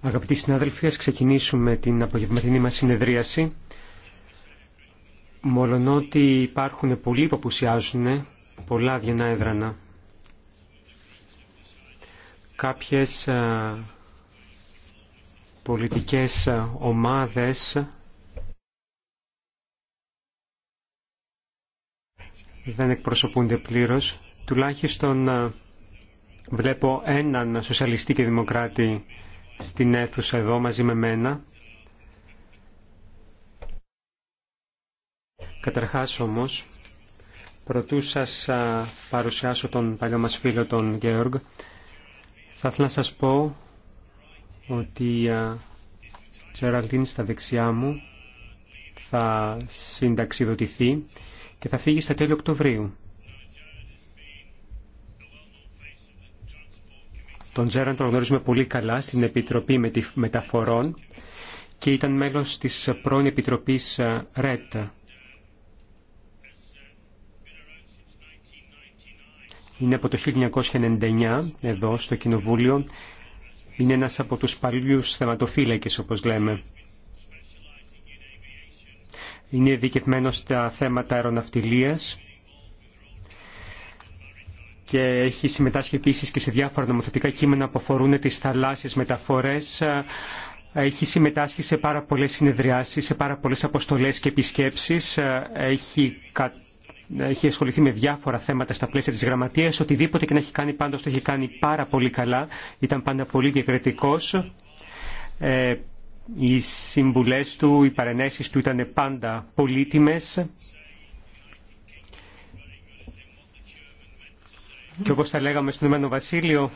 Αγαπητοί συνάδελφοι, ας ξεκινήσουμε την απογευματινή μας συνεδρίαση. ότι υπάρχουν πολλοί που απουσιάζουν, πολλά διενά έδρανα. Κάποιες πολιτικές ομάδες δεν εκπροσωπούνται πλήρως. Τουλάχιστον ε, βλέπω έναν σοσιαλιστή και δημοκράτη στην αίθουσα εδώ μαζί με μένα. Καταρχάς όμως, προτού σας ε, παρουσιάσω τον παλιό μας φίλο τον Γεώργ, θα ήθελα να σας πω ότι η ε, Τζεραλτίν στα δεξιά μου θα συνταξιδοτηθεί και θα φύγει στα τέλη Οκτωβρίου. Τον Τζέραν τον γνωρίζουμε πολύ καλά στην Επιτροπή Μεταφορών και ήταν μέλος της πρώην Επιτροπής ε, ΡΕΤ. Είναι από το 1999 εδώ στο Κοινοβούλιο. Είναι ένας από τους παλιούς θεματοφύλακες όπως λέμε. Είναι ειδικευμένο στα θέματα αεροναυτιλίας και έχει συμμετάσχει επίσης και σε διάφορα νομοθετικά κείμενα που αφορούν τις θαλάσσιες μεταφορές. Έχει συμμετάσχει σε πάρα πολλές συνεδριάσεις, σε πάρα πολλές αποστολές και επισκέψεις. Έχει έχει ασχοληθεί με διάφορα θέματα στα πλαίσια της γραμματείας. Οτιδήποτε και να έχει κάνει πάντως το έχει κάνει πάρα πολύ καλά. Ήταν πάντα πολύ διακριτικός. Ε, οι συμβουλές του, οι παρενέσεις του ήταν πάντα πολύτιμες. και όπως θα λέγαμε στον Ιωμένο Βασίλειο,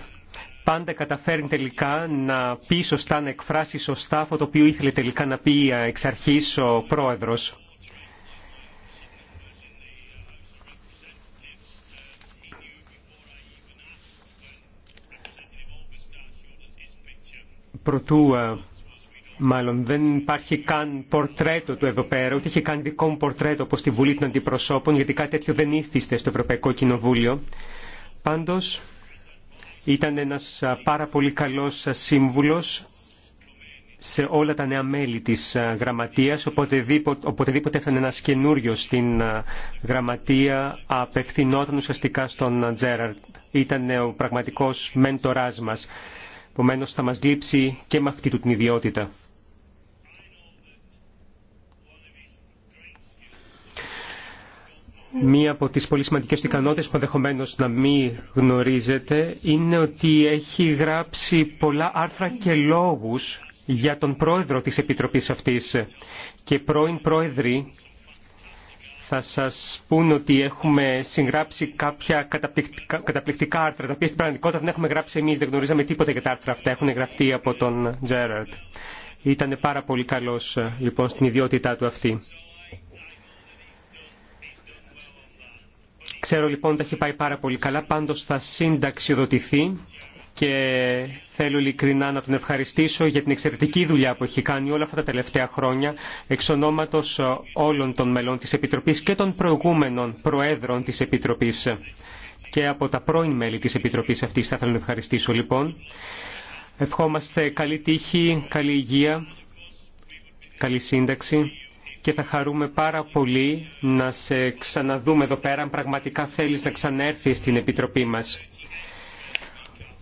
πάντα καταφέρνει τελικά να πει σωστά, να εκφράσει σωστά αυτό το οποίο ήθελε τελικά να πει εξ αρχής ο πρόεδρος. Προτού, ε, μάλλον δεν υπάρχει καν πορτρέτο του εδώ πέρα, ούτε έχει καν δικό μου πορτρέτο όπως στη Βουλή των Αντιπροσώπων, γιατί κάτι τέτοιο δεν ήθιστε στο Ευρωπαϊκό Κοινοβούλιο. Πάντως, ήταν ένας πάρα πολύ καλός σύμβουλος σε όλα τα νέα μέλη της γραμματείας, οποτεδήποτε, οποτεδήποτε έφτανε ένας καινούριο στην γραμματεία, απευθυνόταν ουσιαστικά στον Τζέραρτ. Ήταν ο πραγματικός μέντοράς μας. Επομένω θα μας λείψει και με αυτή του την ιδιότητα. Μία από τις πολύ σημαντικές ικανότητες που ενδεχομένω να μην γνωρίζετε είναι ότι έχει γράψει πολλά άρθρα και λόγους για τον πρόεδρο της Επιτροπής αυτής και πρώην πρόεδροι θα σας πούν ότι έχουμε συγγράψει κάποια καταπληκτικά, καταπληκτικά άρθρα, τα οποία στην πραγματικότητα δεν έχουμε γράψει εμείς, δεν γνωρίζαμε τίποτα για τα άρθρα αυτά, έχουν γραφτεί από τον Τζέραρτ. Ήταν πάρα πολύ καλός λοιπόν στην ιδιότητά του αυτή. Ξέρω λοιπόν ότι έχει πάει πάρα πολύ καλά, πάντως θα συνταξιοδοτηθεί και θέλω ειλικρινά να τον ευχαριστήσω για την εξαιρετική δουλειά που έχει κάνει όλα αυτά τα τελευταία χρόνια εξ ονόματος ε, όλων των μελών της Επιτροπής και των προηγούμενων προέδρων της Επιτροπής και από τα πρώην μέλη της Επιτροπής αυτής θα θέλω να ευχαριστήσω λοιπόν. Ευχόμαστε καλή τύχη, καλή υγεία, καλή σύνταξη και θα χαρούμε πάρα πολύ να σε ξαναδούμε εδώ πέρα αν πραγματικά θέλεις να ξανέρθεις στην Επιτροπή μας.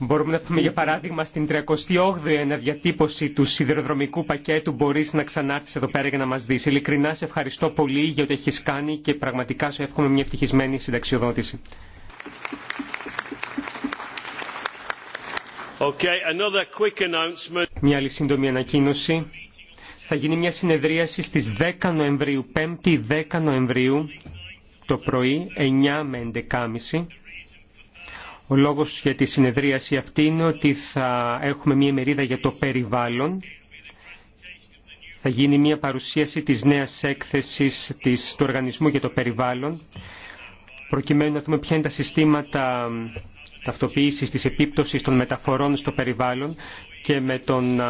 Μπορούμε να πούμε για παράδειγμα στην 38η αναδιατύπωση του σιδηροδρομικού πακέτου μπορείς να ξανάρθεις εδώ πέρα για να μας δεις. Ειλικρινά σε ευχαριστώ πολύ για ό,τι έχεις κάνει και πραγματικά σου εύχομαι μια ευτυχισμένη συνταξιοδότηση. Okay, another quick announcement. Μια άλλη σύντομη ανακοίνωση θα γίνει μια συνεδρίαση στις 10 Νοεμβρίου, 5η 10 Νοεμβρίου το πρωί, 9 με 11.30. Ο λόγος για τη συνεδρίαση αυτή είναι ότι θα έχουμε μια μερίδα για το περιβάλλον. Θα γίνει μια παρουσίαση της νέας έκθεσης του Οργανισμού για το Περιβάλλον, προκειμένου να δούμε ποια είναι τα συστήματα ταυτοποίησης της επίπτωσης των μεταφορών στο περιβάλλον και με τον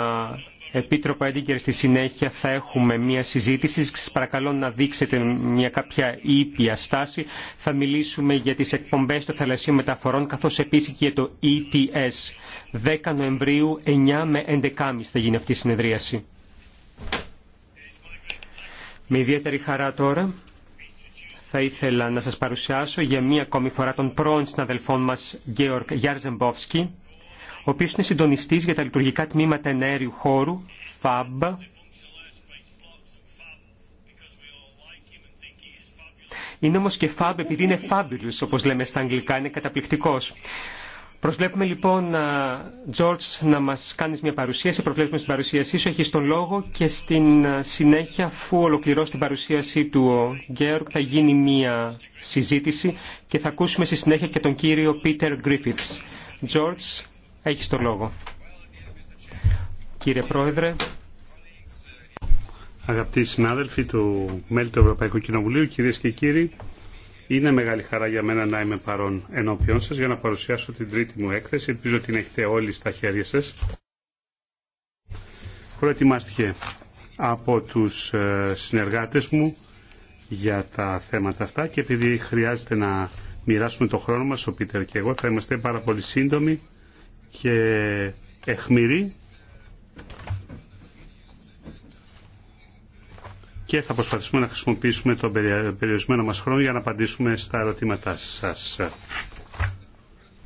Επίτροπο Έντιγκερ στη συνέχεια θα έχουμε μία συζήτηση. Σας παρακαλώ να δείξετε μια κάποια ήπια στάση. Θα μιλήσουμε για τις εκπομπές των θαλασσίων μεταφορών καθώς επίσης και για το ETS. 10 Νοεμβρίου 9 με 11.30 θα γίνει αυτή η συνεδρίαση. Με ιδιαίτερη χαρά τώρα θα ήθελα να σας παρουσιάσω για μία ακόμη φορά τον πρώην συναδελφό μας Γεωργ Γιάρζεμπόφσκι ο οποίος είναι συντονιστής για τα λειτουργικά τμήματα ενέργειου χώρου, FAB. Είναι όμως και FAB επειδή είναι fabulous όπως λέμε στα αγγλικά, είναι καταπληκτικός. Προσβλέπουμε λοιπόν, George, να μας κάνεις μια παρουσίαση. Προβλέπουμε στην παρουσίασή σου, έχεις τον λόγο και στην συνέχεια, αφού ολοκληρώσει την παρουσίασή του ο θα γίνει μια συζήτηση και θα ακούσουμε στη συνέχεια και τον κύριο Πίτερ Γκρίφιτς. Έχεις το λόγο. Κύριε Πρόεδρε. Αγαπητοί συνάδελφοι του μέλη του Ευρωπαϊκού Κοινοβουλίου, κυρίε και κύριοι, είναι μεγάλη χαρά για μένα να είμαι παρόν ενώπιον σα για να παρουσιάσω την τρίτη μου έκθεση. Ελπίζω την έχετε όλοι στα χέρια σα. Προετοιμάστηκε από τους ε, συνεργάτες μου για τα θέματα αυτά και επειδή χρειάζεται να μοιράσουμε το χρόνο μας, ο Πίτερ και εγώ, θα είμαστε πάρα πολύ σύντομοι και εχμηρή και θα προσπαθήσουμε να χρησιμοποιήσουμε τον περιορισμένο μας χρόνο για να απαντήσουμε στα ερωτήματά σας.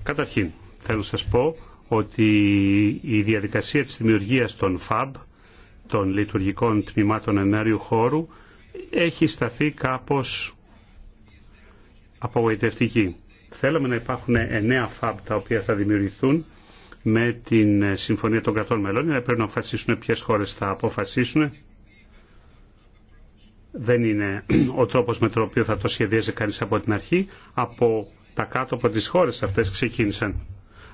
Καταρχήν, θέλω να σας πω ότι η διαδικασία της δημιουργίας των FAB, των λειτουργικών τμήματων ενέργειου χώρου, έχει σταθεί κάπως απογοητευτική. Θέλουμε να υπάρχουν εννέα FAB τα οποία θα δημιουργηθούν με την ε, Συμφωνία των Κρατών Μελών, αλλά πρέπει να αποφασίσουν ποιες χώρες θα αποφασίσουν. Δεν είναι ο τρόπος με τον οποίο θα το σχεδίαζε κανείς από την αρχή. Από τα κάτω από τις χώρες αυτές ξεκίνησαν.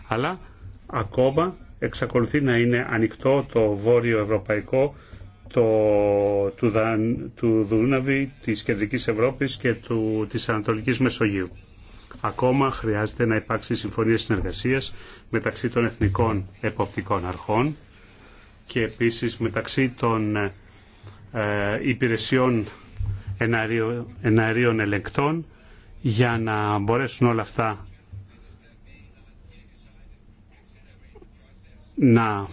Αλλά ακόμα εξακολουθεί να είναι ανοιχτό το βόρειο ευρωπαϊκό το, του, Δούναβη, της Κεντρικής Ευρώπης και του, της Ανατολικής Μεσογείου. Ακόμα χρειάζεται να υπάρξει συμφωνία συνεργασίας μεταξύ των εθνικών εποπτικών αρχών και επίσης μεταξύ των ε, ε, υπηρεσιών Εναρίων Ελεκτών για να μπορέσουν όλα αυτά να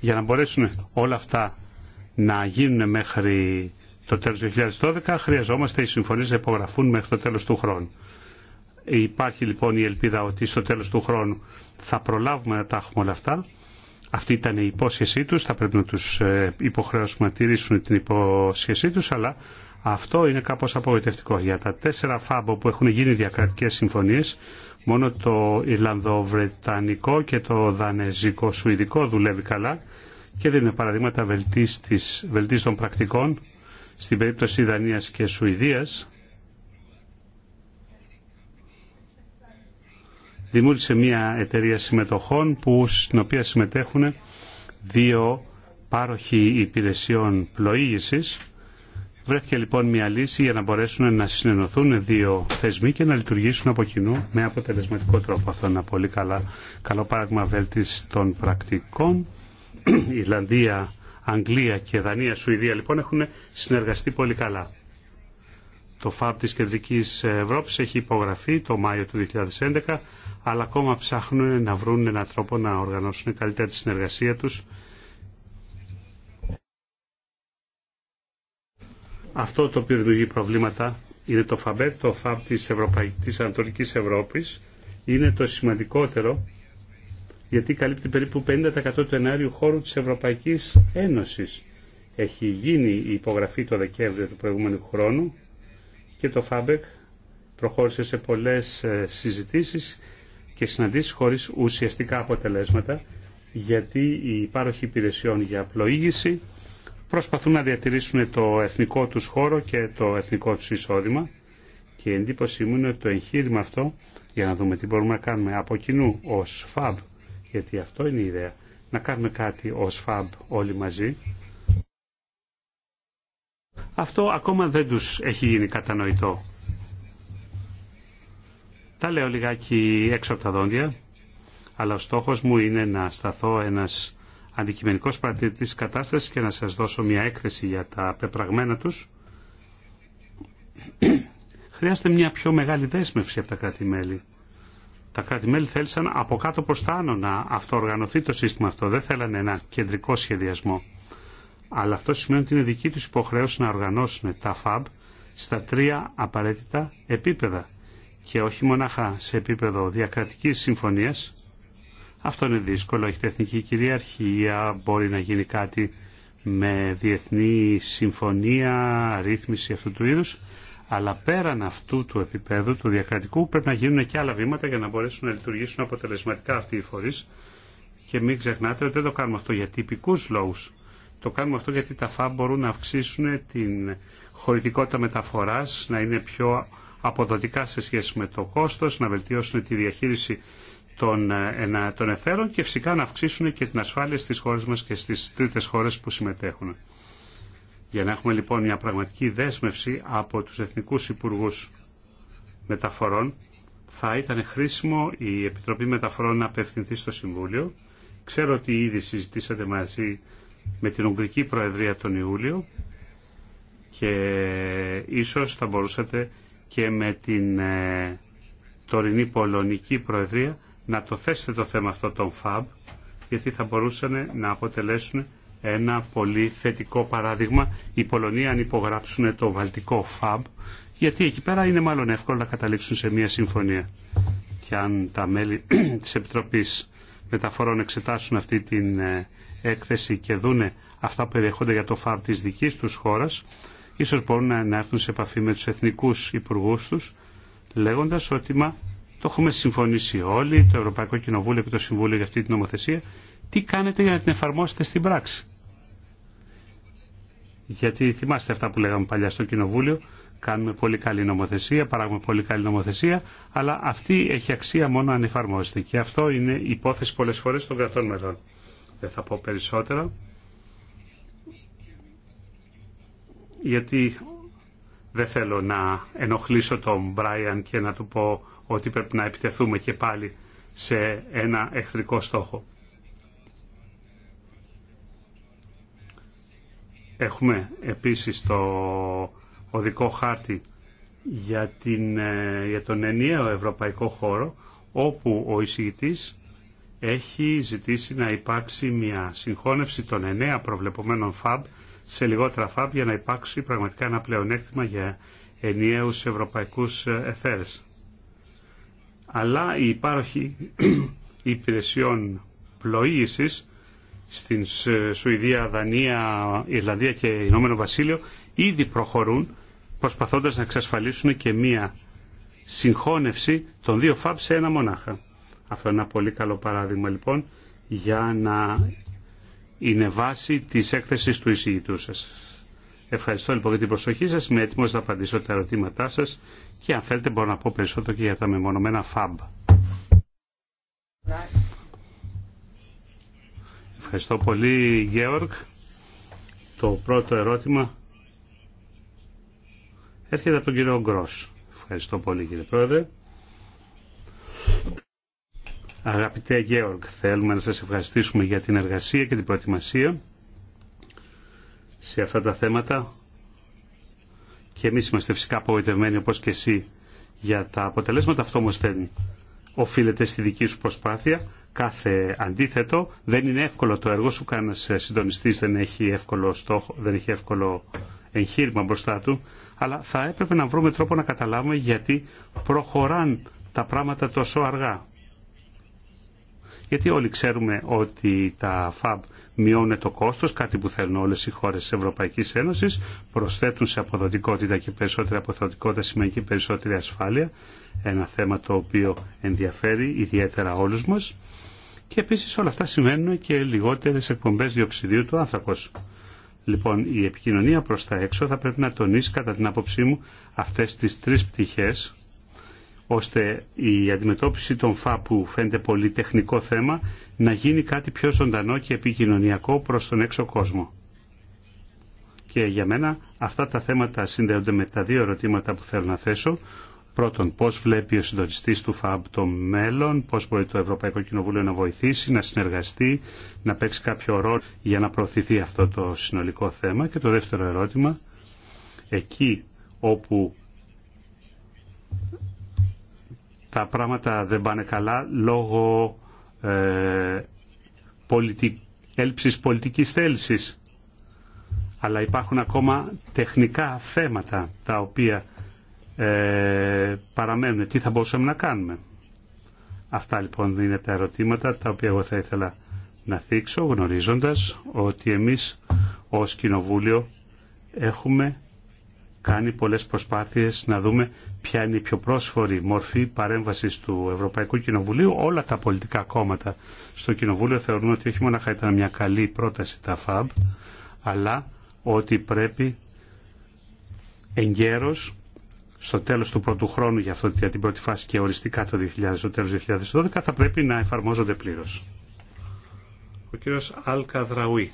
για να μπορέσουν όλα αυτά να γίνουν μέχρι το τέλος 2012 χρειαζόμαστε οι συμφωνίες να υπογραφούν μέχρι το τέλος του χρόνου. Υπάρχει λοιπόν η ελπίδα ότι στο τέλος του χρόνου θα προλάβουμε να τα έχουμε όλα αυτά. Αυτή ήταν η υπόσχεσή τους, θα πρέπει να τους ε, υποχρεώσουμε να τηρήσουν την υπόσχεσή τους, αλλά αυτό είναι κάπως απογοητευτικό. Για τα τέσσερα φάμπο που έχουν γίνει διακρατικές συμφωνίες, μόνο το Ιρλανδοβρετανικό και το Δανεζικό-Σουηδικό δουλεύει καλά και δίνουν παραδείγματα βελτίστων πρακτικών στην περίπτωση Δανίας και Σουηδίας δημιούργησε μια εταιρεία συμμετοχών που, στην οποία συμμετέχουν δύο πάροχοι υπηρεσιών πλοήγησης. Βρέθηκε λοιπόν μια λύση για να μπορέσουν να συνενωθούν δύο θεσμοί και να λειτουργήσουν από κοινού με αποτελεσματικό τρόπο. Αυτό είναι ένα πολύ καλά, καλό παράδειγμα βέλτιση των πρακτικών. Η Αγγλία και Δανία, Σουηδία λοιπόν έχουν συνεργαστεί πολύ καλά. Το ΦΑΠ της Κεντρικής Ευρώπης έχει υπογραφεί το Μάιο του 2011, αλλά ακόμα ψάχνουν να βρουν έναν τρόπο να οργανώσουν καλύτερα τη συνεργασία τους. Αυτό το οποίο δημιουργεί προβλήματα είναι το ΦΑΜΠΕΤ, το ΦΑΠ της, Ευρωπαϊκής, της Ευρώπης. Είναι το σημαντικότερο γιατί καλύπτει περίπου 50% του ενάριου χώρου της Ευρωπαϊκής Ένωσης. Έχει γίνει η υπογραφή το Δεκέμβριο του προηγούμενου χρόνου και το ΦΑΜΠΕΚ προχώρησε σε πολλές ε, συζητήσεις και συναντήσεις χωρίς ουσιαστικά αποτελέσματα γιατί οι υπάροχοι υπηρεσιών για απλοήγηση προσπαθούν να διατηρήσουν το εθνικό τους χώρο και το εθνικό τους εισόδημα και η εντύπωσή μου είναι ότι το εγχείρημα αυτό για να δούμε τι μπορούμε να κάνουμε από κοινού ως ΦΑΜΠ γιατί αυτό είναι η ιδέα, να κάνουμε κάτι ως φαμπ όλοι μαζί. Αυτό ακόμα δεν τους έχει γίνει κατανοητό. Τα λέω λιγάκι έξω από τα δόντια, αλλά ο στόχος μου είναι να σταθώ ένας αντικειμενικός παρατηρητής της κατάστασης και να σας δώσω μια έκθεση για τα πεπραγμένα τους. Χρειάζεται μια πιο μεγάλη δέσμευση από τα κράτη-μέλη τα κράτη-μέλη θέλησαν από κάτω προς τα άνω να αυτοοργανωθεί το σύστημα αυτό. Δεν θέλανε ένα κεντρικό σχεδιασμό. Αλλά αυτό σημαίνει ότι είναι δική τους υποχρέωση να οργανώσουν τα FAB στα τρία απαραίτητα επίπεδα και όχι μονάχα σε επίπεδο διακρατικής συμφωνίας. Αυτό είναι δύσκολο. Έχει τεχνική κυριαρχία, μπορεί να γίνει κάτι με διεθνή συμφωνία, ρύθμιση αυτού του είδους. Αλλά πέραν αυτού του επίπεδου, του διακρατικού, πρέπει να γίνουν και άλλα βήματα για να μπορέσουν να λειτουργήσουν αποτελεσματικά αυτοί οι φορεί. Και μην ξεχνάτε ότι δεν το κάνουμε αυτό για τυπικού λόγου. Το κάνουμε αυτό γιατί τα ΦΑΜ μπορούν να αυξήσουν την χωρητικότητα μεταφορά, να είναι πιο αποδοτικά σε σχέση με το κόστο, να βελτιώσουν τη διαχείριση των, ε, των και φυσικά να αυξήσουν και την ασφάλεια στις χώρες μας και στις τρίτες χώρες που συμμετέχουν. Για να έχουμε λοιπόν μια πραγματική δέσμευση από τους Εθνικούς Υπουργούς Μεταφορών, θα ήταν χρήσιμο η Επιτροπή Μεταφορών να απευθυνθεί στο Συμβούλιο. Ξέρω ότι ήδη συζητήσατε μαζί με την Ουγγρική Προεδρία τον Ιούλιο και ίσως θα μπορούσατε και με την ε, τωρινή Πολωνική Προεδρία να το θέσετε το θέμα αυτό των ΦΑΜ, γιατί θα μπορούσαν να αποτελέσουν ένα πολύ θετικό παράδειγμα η Πολωνία αν υπογράψουν το βαλτικό FAB γιατί εκεί πέρα είναι μάλλον εύκολο να καταλήξουν σε μια συμφωνία. Και αν τα μέλη της Επιτροπής Μεταφορών εξετάσουν αυτή την ε, έκθεση και δούνε αυτά που περιέχονται για το ΦΑΜ της δικής τους χώρας, ίσως μπορούν να έρθουν σε επαφή με τους εθνικούς υπουργούς τους, λέγοντας ότι το έχουμε συμφωνήσει όλοι, το Ευρωπαϊκό Κοινοβούλιο και το Συμβούλιο για αυτή την νομοθεσία τι κάνετε για να την εφαρμόσετε στην πράξη. Γιατί θυμάστε αυτά που λέγαμε παλιά στο Κοινοβούλιο, κάνουμε πολύ καλή νομοθεσία, παράγουμε πολύ καλή νομοθεσία, αλλά αυτή έχει αξία μόνο αν εφαρμόζεται. Και αυτό είναι υπόθεση πολλές φορές των κρατών μελών. Δεν θα πω περισσότερα, γιατί δεν θέλω να ενοχλήσω τον Μπράιαν και να του πω ότι πρέπει να επιτεθούμε και πάλι σε ένα εχθρικό στόχο. Έχουμε επίσης το οδικό χάρτη για, την, ε, για τον ενιαίο ευρωπαϊκό χώρο όπου ο εισηγητής έχει ζητήσει να υπάρξει μια συγχώνευση των εννέα προβλεπωμένων ΦΑΜ σε λιγότερα ΦΑΜ για να υπάρξει πραγματικά ένα πλεονέκτημα για ενιαίους ευρωπαϊκούς ε, εφέρες. Αλλά η υπάρχοι υπηρεσιών πλοήγησης στην Σουηδία, Δανία, Ιρλανδία και Ηνωμένο Βασίλειο ήδη προχωρούν προσπαθώντας να εξασφαλίσουν και μία συγχώνευση των δύο ΦΑΠ σε ένα μονάχα. Αυτό είναι ένα πολύ καλό παράδειγμα λοιπόν για να είναι βάση της έκθεσης του εισηγητού σας. Ευχαριστώ λοιπόν για την προσοχή σας. Είμαι έτοιμος να απαντήσω τα ερωτήματά σας και αν θέλετε μπορώ να πω περισσότερο και για τα μεμονωμένα FAB. Ευχαριστώ πολύ Γεώργ. Το πρώτο ερώτημα έρχεται από τον κύριο Γκρός. Ευχαριστώ πολύ κύριε Πρόεδρε. Αγαπητέ Γεώργ, θέλουμε να σας ευχαριστήσουμε για την εργασία και την προετοιμασία σε αυτά τα θέματα και εμείς είμαστε φυσικά απογοητευμένοι όπως και εσύ για τα αποτελέσματα αυτό όμως Οφείλεται στη δική σου προσπάθεια κάθε αντίθετο. Δεν είναι εύκολο το έργο σου, κανένα ε, συντονιστή δεν έχει εύκολο στόχο, δεν έχει εύκολο εγχείρημα μπροστά του, αλλά θα έπρεπε να βρούμε τρόπο να καταλάβουμε γιατί προχωράν τα πράγματα τόσο αργά. Γιατί όλοι ξέρουμε ότι τα FAB μειώνουν το κόστος, κάτι που θέλουν όλες οι χώρες της Ευρωπαϊκής Ένωσης, προσθέτουν σε αποδοτικότητα και περισσότερη αποδοτικότητα σημαίνει και περισσότερη ασφάλεια, ένα θέμα το οποίο ενδιαφέρει ιδιαίτερα όλους μας και επίσης όλα αυτά σημαίνουν και λιγότερες εκπομπές διοξιδίου του άνθρακος. Λοιπόν, η επικοινωνία προς τα έξω θα πρέπει να τονίσει κατά την άποψή μου αυτές τις τρεις πτυχές ώστε η αντιμετώπιση των ΦΑ που φαίνεται πολύ τεχνικό θέμα να γίνει κάτι πιο ζωντανό και επικοινωνιακό προς τον έξω κόσμο. Και για μένα αυτά τα θέματα συνδέονται με τα δύο ερωτήματα που θέλω να θέσω Πρώτον, πώς βλέπει ο συντονιστής του ΦΑΜ το μέλλον, πώς μπορεί το Ευρωπαϊκό Κοινοβούλιο να βοηθήσει, να συνεργαστεί, να παίξει κάποιο ρόλο για να προωθηθεί αυτό το συνολικό θέμα. Και το δεύτερο ερώτημα, εκεί όπου τα πράγματα δεν πάνε καλά λόγω ε, πολιτι... έλψης πολιτικής θέλησης. Αλλά υπάρχουν ακόμα τεχνικά θέματα τα οποία ε, παραμένουν, τι θα μπορούσαμε να κάνουμε. Αυτά λοιπόν είναι τα ερωτήματα τα οποία εγώ θα ήθελα να θίξω γνωρίζοντας ότι εμείς ως Κοινοβούλιο έχουμε κάνει πολλές προσπάθειες να δούμε ποια είναι η πιο πρόσφορη μορφή παρέμβασης του Ευρωπαϊκού Κοινοβουλίου. Όλα τα πολιτικά κόμματα στο Κοινοβούλιο θεωρούν ότι όχι μόνο ήταν μια καλή πρόταση τα ΦΑΜ, αλλά ότι πρέπει εγκαίρως στο τέλος του πρώτου χρόνου για, αυτό, για την πρώτη φάση και οριστικά το, 2000, το 2012 θα πρέπει να εφαρμόζονται πλήρω. Ο κύριος Αλκαδραουή.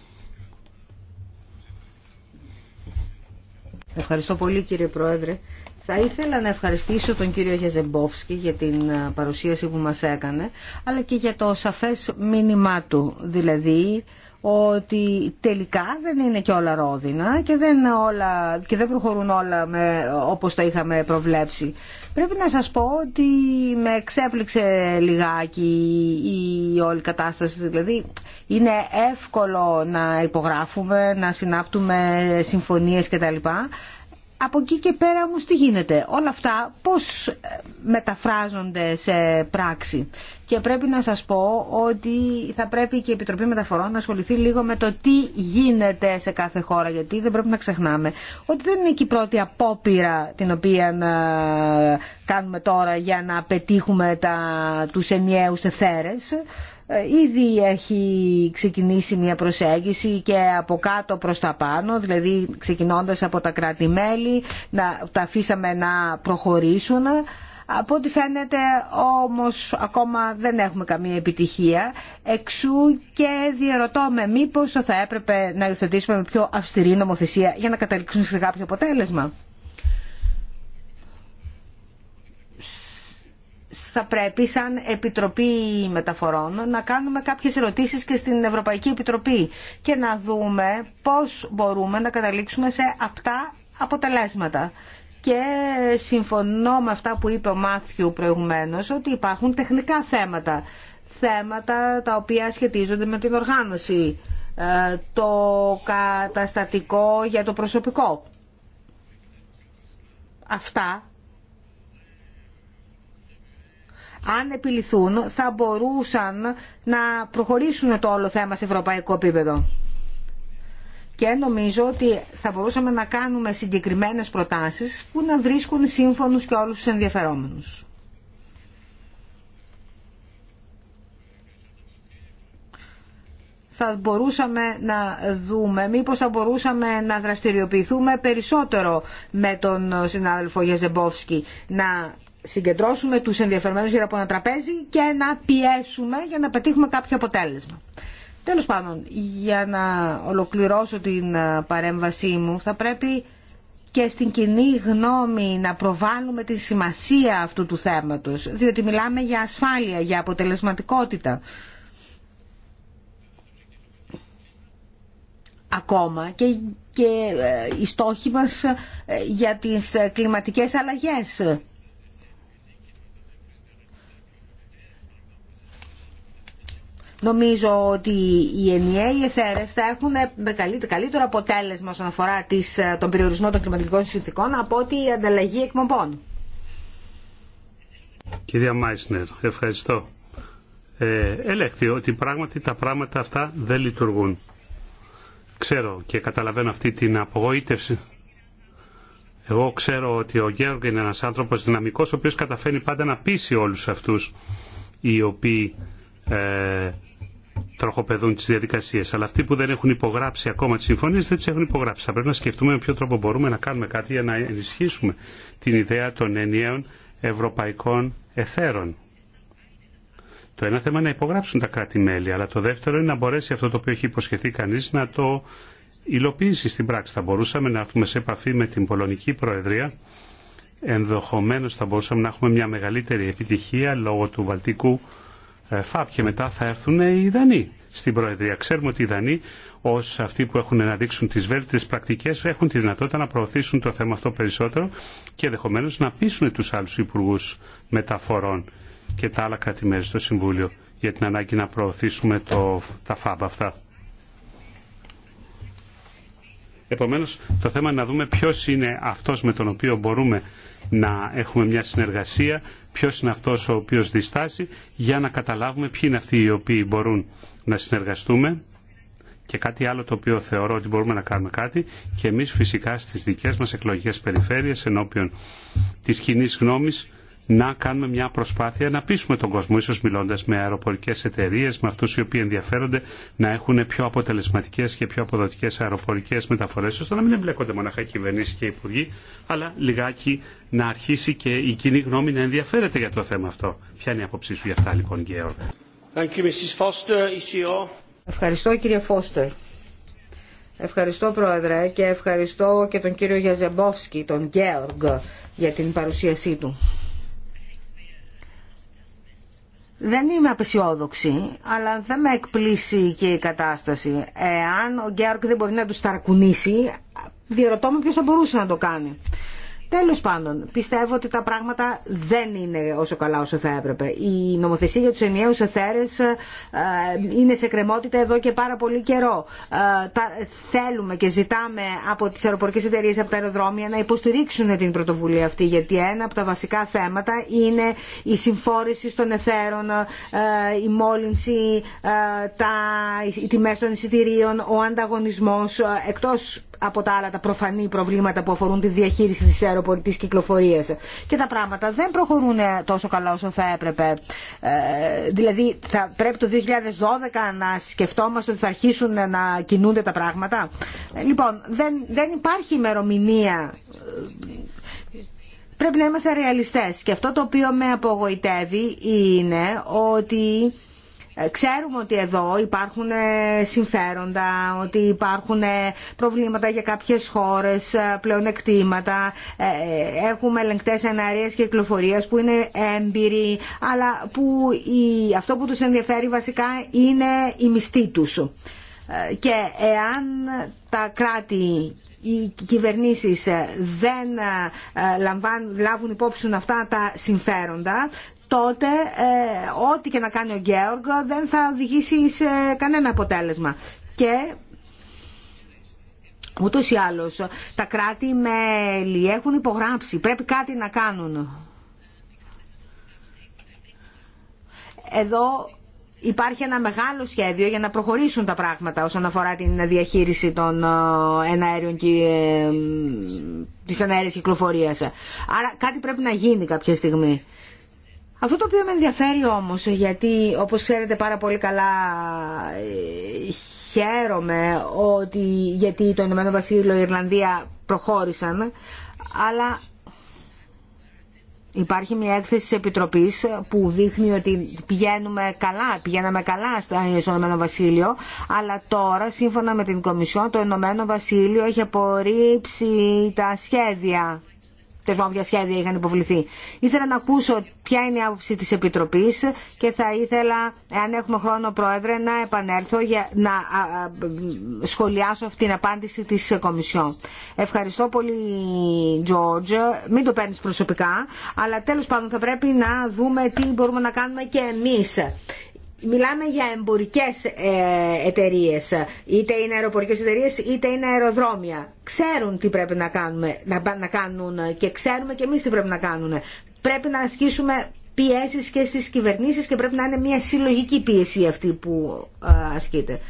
Ευχαριστώ πολύ κύριε Πρόεδρε. Θα ήθελα να ευχαριστήσω τον κύριο Γεζεμπόφσκι για την παρουσίαση που μας έκανε, αλλά και για το σαφές μήνυμά του, δηλαδή ότι τελικά δεν είναι και όλα ρόδινα και δεν, όλα, και δεν προχωρούν όλα με, όπως τα είχαμε προβλέψει. Πρέπει να σας πω ότι με εξέπληξε λιγάκι η, η όλη κατάσταση. Δηλαδή είναι εύκολο να υπογράφουμε, να συνάπτουμε συμφωνίες κτλ από εκεί και πέρα όμω τι γίνεται. Όλα αυτά πώς ε, μεταφράζονται σε πράξη. Και πρέπει να σας πω ότι θα πρέπει και η Επιτροπή Μεταφορών να ασχοληθεί λίγο με το τι γίνεται σε κάθε χώρα. Γιατί δεν πρέπει να ξεχνάμε ότι δεν είναι και η πρώτη απόπειρα την οποία να ε, κάνουμε τώρα για να πετύχουμε τα, τους ενιαίους θέρες. Ε, ήδη έχει ξεκινήσει μια προσέγγιση και από κάτω προς τα πάνω, δηλαδή ξεκινώντας από τα κράτη-μέλη, να τα αφήσαμε να προχωρήσουν. Από ό,τι φαίνεται όμως ακόμα δεν έχουμε καμία επιτυχία, εξού και διαρωτώ με μήπως θα έπρεπε να υιοθετήσουμε πιο αυστηρή νομοθεσία για να καταλήξουμε σε κάποιο αποτέλεσμα. θα πρέπει σαν Επιτροπή Μεταφορών να κάνουμε κάποιες ερωτήσεις και στην Ευρωπαϊκή Επιτροπή και να δούμε πώς μπορούμε να καταλήξουμε σε αυτά αποτελέσματα. Και συμφωνώ με αυτά που είπε ο Μάθιου προηγουμένως ότι υπάρχουν τεχνικά θέματα. Θέματα τα οποία σχετίζονται με την οργάνωση, ε, το καταστατικό για το προσωπικό. Αυτά αν επιληθούν, θα μπορούσαν να προχωρήσουν το όλο θέμα σε ευρωπαϊκό επίπεδο. Και νομίζω ότι θα μπορούσαμε να κάνουμε συγκεκριμένες προτάσεις που να βρίσκουν σύμφωνους και όλους τους ενδιαφερόμενους. θα μπορούσαμε να δούμε, μήπως θα μπορούσαμε να δραστηριοποιηθούμε περισσότερο με τον συνάδελφο Γεζεμπόφσκι, να συγκεντρώσουμε τους ενδιαφερμένους γύρω από ένα τραπέζι και να πιέσουμε για να πετύχουμε κάποιο αποτέλεσμα. Τέλος πάντων, για να ολοκληρώσω την ε, παρέμβασή μου, θα πρέπει και στην κοινή γνώμη να προβάλλουμε τη σημασία αυτού του θέματος, διότι μιλάμε για ασφάλεια, για αποτελεσματικότητα. Ακόμα και, και ε, οι στόχοι μας ε, για τις κλιματικές αλλαγές Νομίζω ότι οι ενιαίοι εθέρες θα έχουν καλύτερο αποτέλεσμα όσον αφορά ε, τον περιορισμό των κλιματικών συνθήκων από ότι η ανταλλαγή εκπομπών. Κυρία Μάισνερ, ευχαριστώ. Ε, ελέγχθη ότι πράγματι τα πράγματα αυτά δεν λειτουργούν. Ξέρω και καταλαβαίνω αυτή την απογοήτευση. Εγώ ξέρω ότι ο Γέργο είναι ένας άνθρωπος δυναμικός, ο οποίος καταφέρνει πάντα να πείσει όλους αυτούς οι οποίοι ε, τροχοπεδούν τις διαδικασίες. Αλλά αυτοί που δεν έχουν υπογράψει ακόμα τις συμφωνίες δεν τις έχουν υπογράψει. Θα πρέπει να σκεφτούμε με ποιο τρόπο μπορούμε να κάνουμε κάτι για να ενισχύσουμε την ιδέα των ενιαίων ευρωπαϊκών εθέρων. Το ένα θέμα είναι να υπογράψουν τα κράτη-μέλη, αλλά το δεύτερο είναι να μπορέσει αυτό το οποίο έχει υποσχεθεί κανεί, να το υλοποιήσει στην πράξη. Θα μπορούσαμε να έρθουμε σε επαφή με την Πολωνική Προεδρία. Ενδεχομένω θα μπορούσαμε να έχουμε μια μεγαλύτερη επιτυχία λόγω του Βαλτικού ε, ΦΑΠ και μετά θα έρθουν οι Δανείοι στην Προεδρία. Ξέρουμε ότι οι Δανείοι ω αυτοί που έχουν να δείξουν τι βέλτιτε πρακτικέ έχουν τη δυνατότητα να προωθήσουν το θέμα αυτό περισσότερο και ενδεχομένω να πείσουν του άλλου υπουργού μεταφορών και τα άλλα κρατημέρια στο Συμβούλιο για την ανάγκη να προωθήσουμε το, τα ΦΑΠ αυτά. Επομένως, το θέμα είναι να δούμε ποιος είναι αυτός με τον οποίο μπορούμε να έχουμε μια συνεργασία ποιο είναι αυτό ο οποίο διστάσει για να καταλάβουμε ποιοι είναι αυτοί οι οποίοι μπορούν να συνεργαστούμε και κάτι άλλο το οποίο θεωρώ ότι μπορούμε να κάνουμε κάτι και εμείς φυσικά στις δικές μας εκλογικές περιφέρειες ενώπιον της κοινή γνώμης να κάνουμε μια προσπάθεια να πείσουμε τον κόσμο, ίσως μιλώντας με αεροπορικές εταιρείες, με αυτούς οι οποίοι ενδιαφέρονται να έχουν πιο αποτελεσματικές και πιο αποδοτικές αεροπορικές μεταφορές, ώστε να μην εμπλέκονται μοναχά οι και οι υπουργοί, αλλά λιγάκι να αρχίσει και η κοινή γνώμη να ενδιαφέρεται για το θέμα αυτό. Ποια είναι η άποψή σου για αυτά λοιπόν, Γκέορ. E ευχαριστώ κύριε Φώστερ. Ευχαριστώ Πρόεδρε και ευχαριστώ και τον κύριο Γιαζεμπόφσκι, τον Γκέοργ, για την παρουσίασή του. Δεν είμαι απεσιόδοξη, αλλά δεν με εκπλήσει και η κατάσταση. Εάν ο Γκέαρκ δεν μπορεί να τους ταρακουνήσει, διαρωτώ με ποιος θα μπορούσε να το κάνει. Τέλος πάντων, πιστεύω ότι τα πράγματα δεν είναι όσο καλά όσο θα έπρεπε. Η νομοθεσία για τους ενιαίους εθέρες ε, είναι σε κρεμότητα εδώ και πάρα πολύ καιρό. Ε, θέλουμε και ζητάμε από τις αεροπορικές εταιρείες από τα αεροδρόμια να υποστηρίξουν την πρωτοβουλία αυτή, γιατί ένα από τα βασικά θέματα είναι η συμφόρηση των εθέρων, ε, η μόλυνση, τα, οι τιμές των εισιτηρίων, ο ανταγωνισμός, εκτός από τα άλλα τα προφανή προβλήματα που αφορούν τη διαχείριση της αεροπορικής κυκλοφορίας. Και τα πράγματα δεν προχωρούν ε, τόσο καλά όσο θα έπρεπε. Ε, δηλαδή θα πρέπει το 2012 να σκεφτόμαστε ότι θα αρχίσουν να κινούνται τα πράγματα. Ε, λοιπόν, δεν, δεν υπάρχει ημερομηνία πρέπει να είμαστε ρεαλιστές και αυτό το οποίο με απογοητεύει είναι ότι ε, ξέρουμε ότι εδώ υπάρχουν ε, συμφέροντα, ότι υπάρχουν ε, προβλήματα για κάποιες χώρες, πλεονεκτήματα, έχουμε ελεγκτές και κυκλοφορίας που είναι έμπειροι, αλλά που η, αυτό που τους ενδιαφέρει βασικά είναι η μισθή τους. Και εάν τα κράτη οι κυβερνήσεις δεν λαμβάνουν, λάβουν υπόψη αυτά τα συμφέροντα, τότε ε, ό,τι και να κάνει ο Γκέοργ δεν θα οδηγήσει σε κανένα αποτέλεσμα. Και ούτω ή άλλως τα κράτη-μέλη έχουν υπογράψει, πρέπει κάτι να κάνουν. Εδώ υπάρχει ένα μεγάλο σχέδιο για να προχωρήσουν τα πράγματα όσον αφορά την διαχείριση των ε, εναέριων και ε, της εναέριας κυκλοφορίας. Άρα κάτι πρέπει να γίνει κάποια στιγμή. Αυτό το οποίο με ενδιαφέρει όμως, γιατί όπως ξέρετε πάρα πολύ καλά ε, χαίρομαι ότι, γιατί το Ηνωμένο Βασίλειο η Ιρλανδία προχώρησαν, αλλά Υπάρχει μια έκθεση της Επιτροπής που δείχνει ότι πηγαίνουμε καλά, πηγαίναμε καλά στο Ηνωμένο Βασίλειο, αλλά τώρα σύμφωνα με την Κομισιόν το Ηνωμένο Βασίλειο έχει απορρίψει τα σχέδια ποια σχέδια είχαν υποβληθεί. Ήθελα να ακούσω ποια είναι η άποψη τη Επιτροπής και θα ήθελα, αν έχουμε χρόνο Πρόεδρε, να επανέλθω για να σχολιάσω αυτήν την απάντηση της Κομισιόν. Ευχαριστώ πολύ, Τζόρτζ. Μην το παίρνει προσωπικά, αλλά τέλος πάντων θα πρέπει να δούμε τι μπορούμε να κάνουμε και εμεί. Μιλάμε για εμπορικές ε, εταιρείε, είτε είναι αεροπορικέ εταιρείε είτε είναι αεροδρόμια. Ξέρουν τι πρέπει να, κάνουμε, να κάνουν και ξέρουμε και εμείς τι πρέπει να κάνουν. Πρέπει να ασκήσουμε πιέσει και στις κυβερνήσεις και πρέπει να είναι μια συλλογική πίεση αυτή που ε, ασκείται.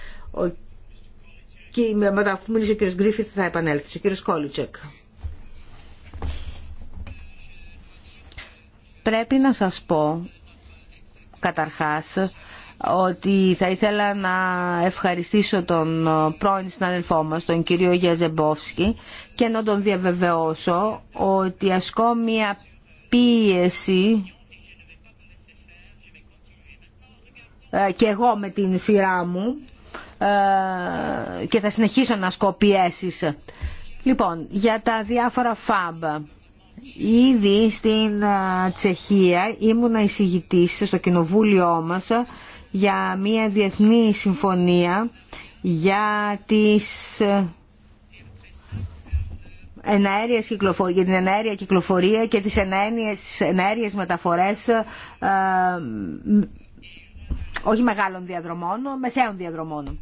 Και μετά αφού μίλησε ο κ. Γκρίφιθ θα επανέλθει, ο κ. Κόλουτσεκ. Πρέπει να σας πω, καταρχάς, ότι θα ήθελα να ευχαριστήσω τον πρώην συναδελφό μας, τον κύριο Γιαζεμπόφσκι και να τον διαβεβαιώσω ότι ασκώ μια πίεση ε, και εγώ με την σειρά μου ε, και θα συνεχίσω να ασκώ πιέσεις. Λοιπόν, για τα διάφορα ΦΑΜΠΑ. Ήδη στην ε, Τσεχία ήμουνα εισηγητής στο κοινοβούλιο μας για μια διεθνή συμφωνία για τις ε, εναέριες κυκλοφορία, για την εναέρια κυκλοφορία και τις εναέριες, εναέριες μεταφορές ε, όχι μεγάλων διαδρομών, μεσαίων διαδρομών.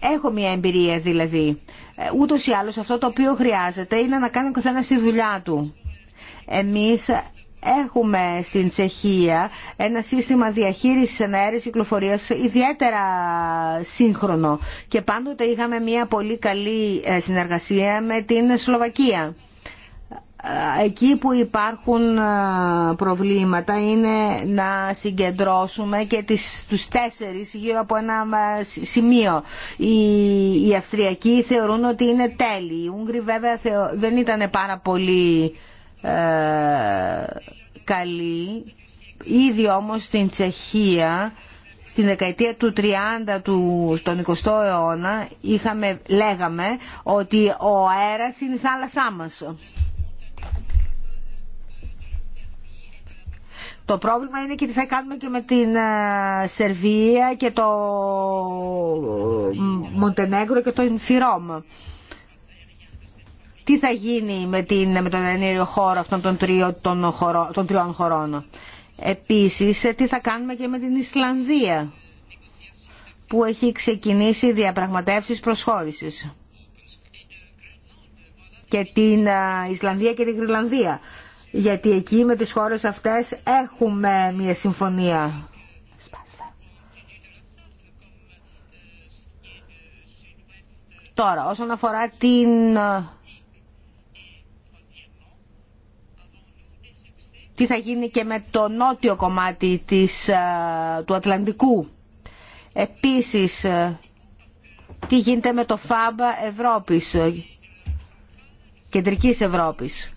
Έχω μια εμπειρία δηλαδή. Ε, ούτως ή άλλως αυτό το οποίο χρειάζεται είναι να κάνει ο καθένας τη δουλειά του. Εμείς Έχουμε στην Τσεχία ένα σύστημα διαχείρισης εναέρης κυκλοφορίας ιδιαίτερα σύγχρονο και πάντοτε είχαμε μια πολύ καλή ε, συνεργασία με την Σλοβακία. Ε, εκεί που υπάρχουν ε, προβλήματα είναι να συγκεντρώσουμε και τις, τους τέσσερις γύρω από ένα σημείο. Οι, οι Αυστριακοί θεωρούν ότι είναι τέλειοι. Οι Ούγγροι βέβαια δεν ήταν πάρα πολύ ε, καλή. Ήδη όμως στην Τσεχία στην δεκαετία του 30 του, στον 20ο αιώνα είχαμε, λέγαμε ότι ο αέρας είναι η θάλασσά μας. Το πρόβλημα είναι και τι θα κάνουμε και με την ε, Σερβία και το Μοντενέγκρο και το Ινθυρόμ τι θα γίνει με, την, με τον ενέργειο χώρο αυτών των, τριών, χωρών, των τριών χωρών. Επίσης, τι θα κάνουμε και με την Ισλανδία, που έχει ξεκινήσει διαπραγματεύσεις προσχώρησης. Και την Ισλανδία και την Γρυλανδία. Γιατί εκεί με τις χώρες αυτές έχουμε μια συμφωνία. Τώρα, όσον αφορά την τι θα γίνει και με το νότιο κομμάτι της, ε, του Ατλαντικού. Επίσης, ε, τι γίνεται με το φάμπα Ευρώπης, ε, Κεντρικής Ευρώπης.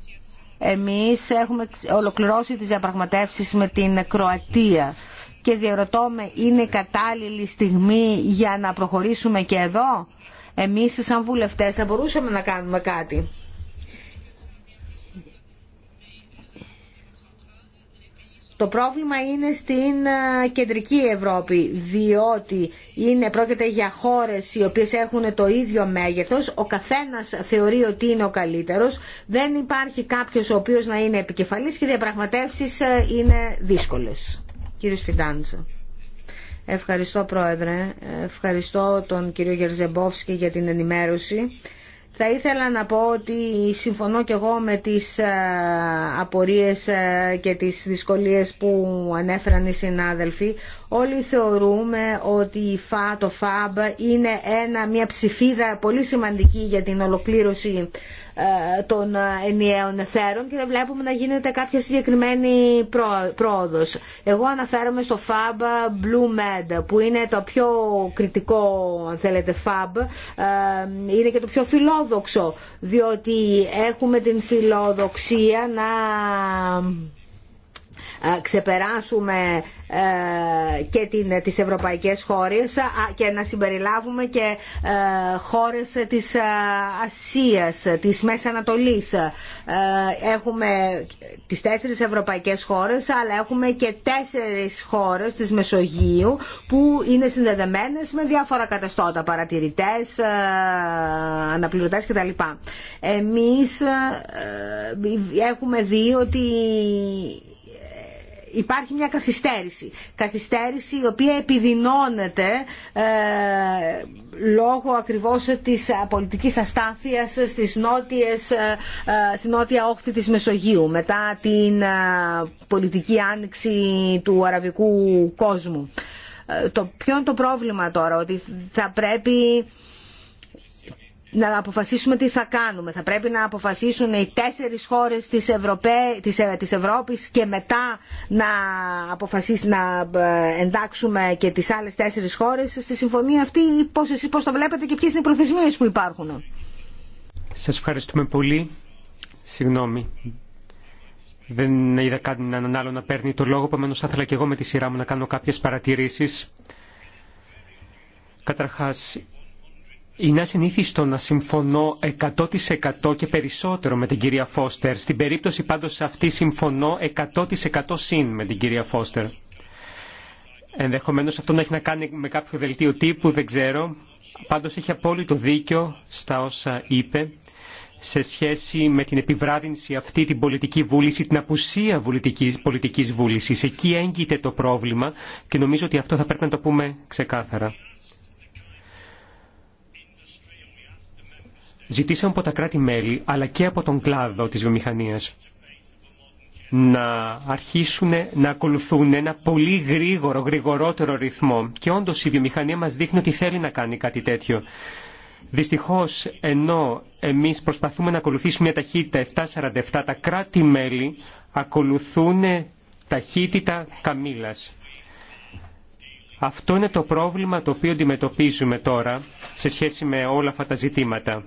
Εμείς έχουμε ολοκληρώσει τις διαπραγματεύσεις με την Κροατία και διαρωτώ με είναι κατάλληλη στιγμή για να προχωρήσουμε και εδώ. Εμείς σαν βουλευτές θα μπορούσαμε να κάνουμε κάτι. Το πρόβλημα είναι στην ε, κεντρική Ευρώπη, διότι είναι, πρόκειται για χώρες οι οποίες έχουν το ίδιο μέγεθος, ο καθένας θεωρεί ότι είναι ο καλύτερος, δεν υπάρχει κάποιος ο οποίος να είναι επικεφαλής και οι διαπραγματεύσεις ε, είναι δύσκολες. Κύριε Σφιντάντσα. Ευχαριστώ Πρόεδρε, ευχαριστώ τον κύριο Γερζεμπόφσκι για την ενημέρωση. Θα ήθελα να πω ότι συμφωνώ και εγώ με τις ε, απορίες ε, και τις δυσκολίες που ανέφεραν οι συνάδελφοι. Όλοι θεωρούμε ότι η ΦΑ, το ΦΑΜΠ είναι ένα, μια ψηφίδα πολύ σημαντική για την ολοκλήρωση ε, των ενιαίων εθέρων και δεν βλέπουμε να γίνεται κάποια συγκεκριμένη πρόοδος. Εγώ αναφέρομαι στο FAB Blue Med που είναι το πιο κριτικό αν θέλετε FAB ε, είναι και το πιο φιλόδοξο διότι έχουμε την φιλοδοξία να ε, ξεπεράσουμε ε, και την, τις ευρωπαϊκές χώρες και να συμπεριλάβουμε και ε, χώρες της Ασίας, της Μέσης Ανατολής. Έχουμε τις τέσσερις ευρωπαϊκές χώρες, αλλά έχουμε και τέσσερις χώρες της Μεσογείου που είναι συνδεδεμένες με διάφορα καταστώτα, παρατηρητές, αναπληρωτές κτλ. Εμείς έχουμε δει ότι υπάρχει μια καθυστέρηση. Καθυστέρηση η οποία επιδεινώνεται ε, λόγω ακριβώς της πολιτικής αστάθειας στις νότιες, ε, ε νότια όχθη της Μεσογείου μετά την ε, πολιτική άνοιξη του αραβικού κόσμου. Ε, το, ποιο είναι το πρόβλημα τώρα, ότι θα πρέπει να αποφασίσουμε τι θα κάνουμε. Θα πρέπει να αποφασίσουν οι τέσσερις χώρες της, ε, Ευρώπης και μετά να, να ε, εντάξουμε και τις άλλες τέσσερις χώρες στη συμφωνία αυτή. Πώς, εσείς, πώς το βλέπετε και ποιες είναι οι προθεσμίες που υπάρχουν. Σας ευχαριστούμε πολύ. Συγγνώμη. Δεν είδα κανέναν άλλο να παίρνει το λόγο, επομένως θα ήθελα και εγώ με τη σειρά μου να κάνω κάποιες παρατηρήσεις. Καταρχάς, είναι ασυνήθιστο να συμφωνώ 100% και περισσότερο με την κυρία Φώστερ. Στην περίπτωση πάντως αυτή συμφωνώ 100% συν με την κυρία Φώστερ. Ενδεχομένως αυτό να έχει να κάνει με κάποιο δελτίο τύπου, δεν ξέρω. Πάντως έχει απόλυτο δίκιο στα όσα είπε σε σχέση με την επιβράδυνση αυτή την πολιτική βούληση, την απουσία πολιτικής, πολιτικής βούλησης. Εκεί έγκυται το πρόβλημα και νομίζω ότι αυτό θα πρέπει να το πούμε ξεκάθαρα. ζητήσαμε από τα κράτη-μέλη αλλά και από τον κλάδο της βιομηχανίας να αρχίσουν να ακολουθούν ένα πολύ γρήγορο, γρηγορότερο ρυθμό. Και όντως η βιομηχανία μας δείχνει ότι θέλει να κάνει κάτι τέτοιο. Δυστυχώς, ενώ εμείς προσπαθούμε να ακολουθήσουμε μια ταχύτητα 747, τα κράτη-μέλη ακολουθούν ταχύτητα καμήλας. Αυτό είναι το πρόβλημα το οποίο αντιμετωπίζουμε τώρα σε σχέση με όλα αυτά τα ζητήματα.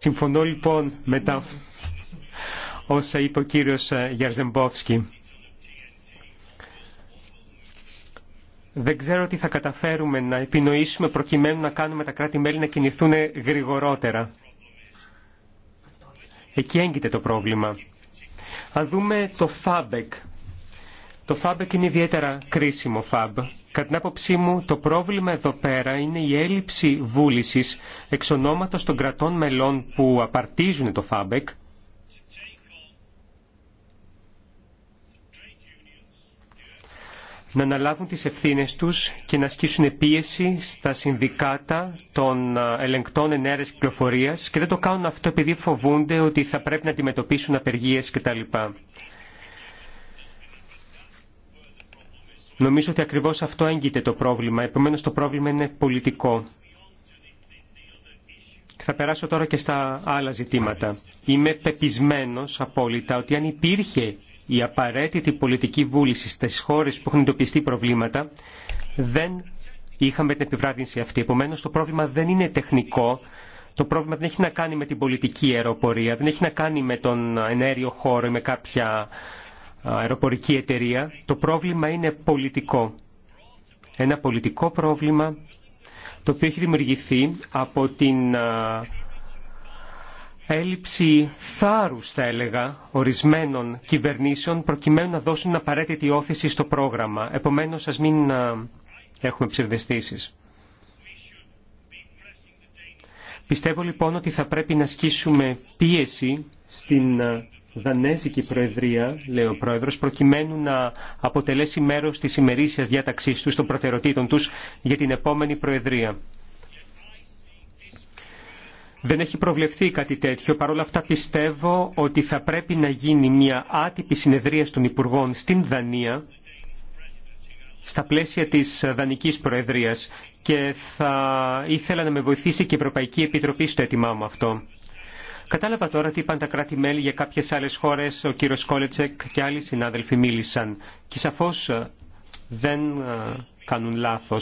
Συμφωνώ λοιπόν με τα όσα είπε ο κύριος ε, Γιαρζεμπόφσκι. Δεν ξέρω τι θα καταφέρουμε να επινοήσουμε προκειμένου να κάνουμε τα κράτη-μέλη να κινηθούν γρηγορότερα. Εκεί έγκυται το πρόβλημα. Αν δούμε το ΦΑΜΠΕΚ, το ΦΑΜΠΕΚ είναι ιδιαίτερα κρίσιμο ΦΑΜΠ. Κατά την άποψή μου, το πρόβλημα εδώ πέρα είναι η έλλειψη βούλησης εξ ονόματος των κρατών μελών που απαρτίζουν το ΦΑΜΠΕΚ να αναλάβουν τις ευθύνες τους και να ασκήσουν πίεση στα συνδικάτα των ε, ελεγκτών ενέργειας κυκλοφορίας και δεν το κάνουν αυτό επειδή φοβούνται ότι θα πρέπει να αντιμετωπίσουν απεργίες κτλ. Νομίζω ότι ακριβώς αυτό έγκυται το πρόβλημα. Επομένως το πρόβλημα είναι πολιτικό. Θα περάσω τώρα και στα άλλα ζητήματα. Είμαι πεπισμένος απόλυτα ότι αν υπήρχε η απαραίτητη πολιτική βούληση στις χώρες που έχουν εντοπιστεί προβλήματα, δεν είχαμε την επιβράδυνση αυτή. Επομένως το πρόβλημα δεν είναι τεχνικό. Το πρόβλημα δεν έχει να κάνει με την πολιτική αεροπορία, δεν έχει να κάνει με τον ενέριο χώρο ή με κάποια αεροπορική εταιρεία, το πρόβλημα είναι πολιτικό. Ένα πολιτικό πρόβλημα το οποίο έχει δημιουργηθεί από την έλλειψη θάρρους, θα έλεγα, ορισμένων κυβερνήσεων προκειμένου να δώσουν απαραίτητη όθηση στο πρόγραμμα. Επομένως, ας μην έχουμε ψευδεστήσεις. Πιστεύω λοιπόν ότι θα πρέπει να ασκήσουμε πίεση στην Δανέζικη Προεδρία, λέει ο Πρόεδρος, προκειμένου να αποτελέσει μέρος της ημερήσιας διάταξής τους, των προτεραιοτήτων τους για την επόμενη Προεδρία. Δεν έχει προβλεφθεί κάτι τέτοιο. παρόλα αυτά πιστεύω ότι θα πρέπει να γίνει μια άτυπη συνεδρία των Υπουργών στην Δανία, στα πλαίσια της Δανικής Προεδρίας και θα ήθελα να με βοηθήσει και η Ευρωπαϊκή Επιτροπή στο έτοιμά μου αυτό. Κατάλαβα τώρα τι είπαν τα κράτη-μέλη για κάποιε άλλε χώρε. Ο κύριο Κόλετσεκ και άλλοι συνάδελφοι μίλησαν. Και σαφώ ε, δεν ε, κάνουν λάθο.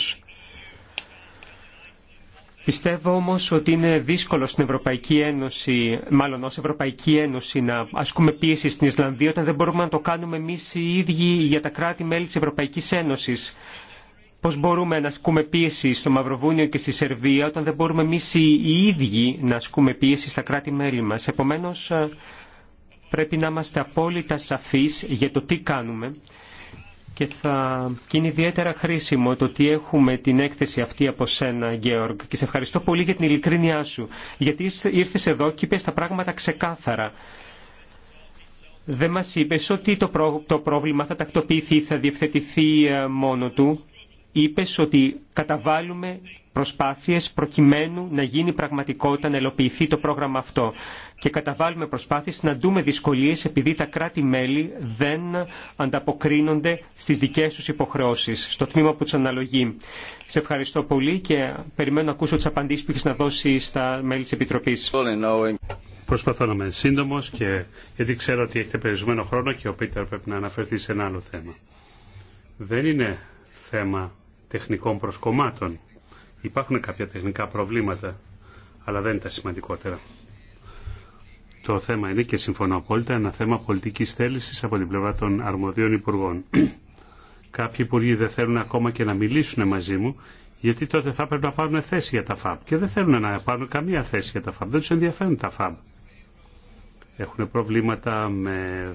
Πιστεύω όμως ότι είναι δύσκολο στην Ευρωπαϊκή Ένωση, μάλλον ως Ευρωπαϊκή Ένωση, να ασκούμε πίεση στην Ισλανδία όταν δεν μπορούμε να το κάνουμε εμείς οι ίδιοι για τα κράτη-μέλη της Ευρωπαϊκής Ένωσης. Πώ μπορούμε να ασκούμε πίεση στο Μαυροβούνιο και στη Σερβία όταν δεν μπορούμε εμεί οι ίδιοι να ασκούμε πίεση στα κράτη-μέλη μα. Επομένω, ε, πρέπει να είμαστε απόλυτα σαφεί για το τι κάνουμε και θα και είναι ιδιαίτερα χρήσιμο το ότι έχουμε την έκθεση αυτή από σένα, Γεώργ, και σε ευχαριστώ πολύ για την ειλικρίνειά σου, γιατί ήρθε εδώ και είπε τα πράγματα ξεκάθαρα. Δεν μα είπε ότι το, πρόβλημα θα τακτοποιηθεί, θα διευθετηθεί ε, μόνο του είπες ότι καταβάλουμε προσπάθειες προκειμένου να γίνει πραγματικότητα, να ελοποιηθεί το πρόγραμμα αυτό. Και καταβάλουμε προσπάθειες να δούμε δυσκολίες επειδή τα κράτη-μέλη δεν ανταποκρίνονται στις δικές τους υποχρεώσεις, στο τμήμα που τους αναλογεί. Σε ευχαριστώ πολύ και περιμένω να ακούσω τις απαντήσεις που έχεις να δώσει στα μέλη της Επιτροπής. Προσπαθώ να είμαι σύντομο και γιατί ξέρω ότι έχετε περιορισμένο χρόνο και ο Πίτερ πρέπει να αναφερθεί σε ένα άλλο θέμα. Δεν είναι θέμα τεχνικών προσκομμάτων. Υπάρχουν κάποια τεχνικά προβλήματα, αλλά δεν είναι τα σημαντικότερα. Το θέμα είναι και συμφωνώ απόλυτα ένα θέμα πολιτικής θέλησης από την πλευρά των αρμοδίων υπουργών. Κάποιοι υπουργοί δεν θέλουν ακόμα και να μιλήσουν μαζί μου, γιατί τότε θα πρέπει να πάρουν θέση για τα ΦΑΜ. Και δεν θέλουν να πάρουν καμία θέση για τα ΦΑΜ. Δεν του ενδιαφέρουν τα ΦΑΜ. Έχουν προβλήματα με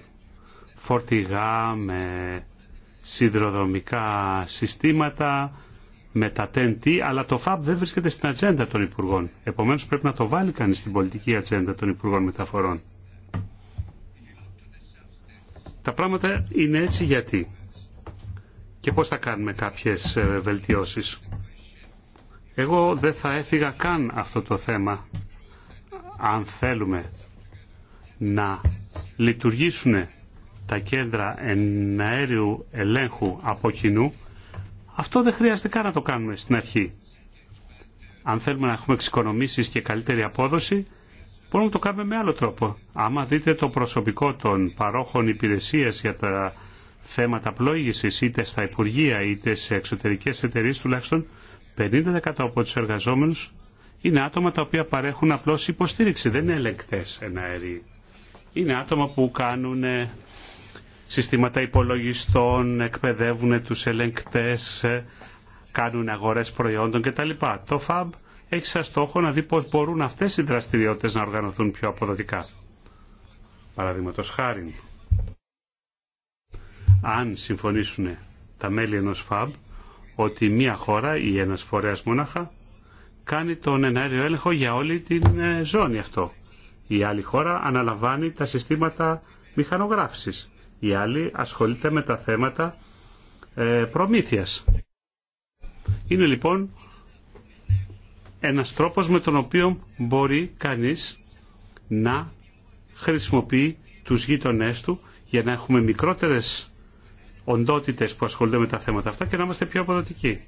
φορτηγά, με σιδηροδρομικά συστήματα, με τα TNT, αλλά το FAB δεν βρίσκεται στην ατζέντα των Υπουργών. Επομένως πρέπει να το βάλει κανείς στην πολιτική ατζέντα των Υπουργών Μεταφορών. Τα πράγματα είναι έτσι γιατί. Και πώς θα κάνουμε κάποιες ε, βελτιώσεις. Εγώ δεν θα έφυγα καν αυτό το θέμα αν θέλουμε να λειτουργήσουν τα κέντρα εν αέριου ελέγχου από κοινού, αυτό δεν χρειάζεται καν να το κάνουμε στην αρχή. Αν θέλουμε να έχουμε εξοικονομήσεις και καλύτερη απόδοση, μπορούμε να το κάνουμε με άλλο τρόπο. Άμα δείτε το προσωπικό των παρόχων υπηρεσίας για τα θέματα πλόγησης είτε στα Υπουργεία είτε σε εξωτερικές εταιρείες τουλάχιστον, 50% από τους εργαζόμενους είναι άτομα τα οποία παρέχουν απλώς υποστήριξη, δεν είναι ελεγκτές εν αερί. Είναι άτομα που κάνουν συστήματα υπολογιστών, εκπαιδεύουν τους ελεγκτές, ε, κάνουν αγορές προϊόντων κτλ. Το ΦΑΜ έχει σαν στόχο να δει πώς μπορούν αυτές οι δραστηριότητες να οργανωθούν πιο αποδοτικά. Παραδείγματος χάρη, αν συμφωνήσουν τα μέλη ενός ΦΑΜ ότι μία χώρα ή ένας φορέας μόναχα κάνει τον εναέριο έλεγχο για όλη την ε, ζώνη αυτό. Η άλλη χώρα αναλαμβάνει τα συστήματα μηχανογράφησης. Η άλλη ασχολείται με τα θέματα ε, προμήθειας. Είναι λοιπόν ένας τρόπος με τον οποίο μπορεί κανείς να χρησιμοποιεί τους γείτονές του για να έχουμε μικρότερες οντότητες που ασχολούνται με τα θέματα αυτά και να είμαστε πιο αποδοτικοί.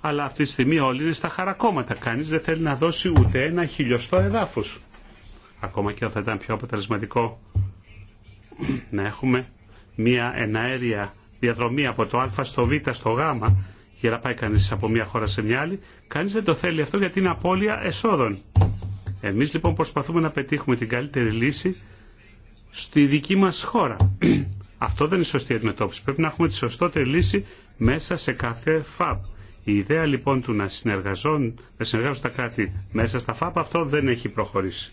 Αλλά αυτή τη στιγμή όλοι είναι στα χαρακόμματα. Κανείς δεν θέλει να δώσει ούτε ένα χιλιοστό εδάφους. Ακόμα και αν θα ήταν πιο αποτελεσματικό να έχουμε μια εναέρια διαδρομή από το α στο β στο γ για να πάει κανείς από μια χώρα σε μια άλλη. Κανείς δεν το θέλει αυτό γιατί είναι απώλεια εσόδων. Εμείς λοιπόν προσπαθούμε να πετύχουμε την καλύτερη λύση στη δική μας χώρα. Αυτό δεν είναι η σωστή αντιμετώπιση. Πρέπει να έχουμε τη σωστότερη λύση μέσα σε κάθε ΦΑΠ. Η ιδέα λοιπόν του να, συνεργαζόν, να συνεργάζονται τα κράτη μέσα στα ΦΑΠ αυτό δεν έχει προχωρήσει.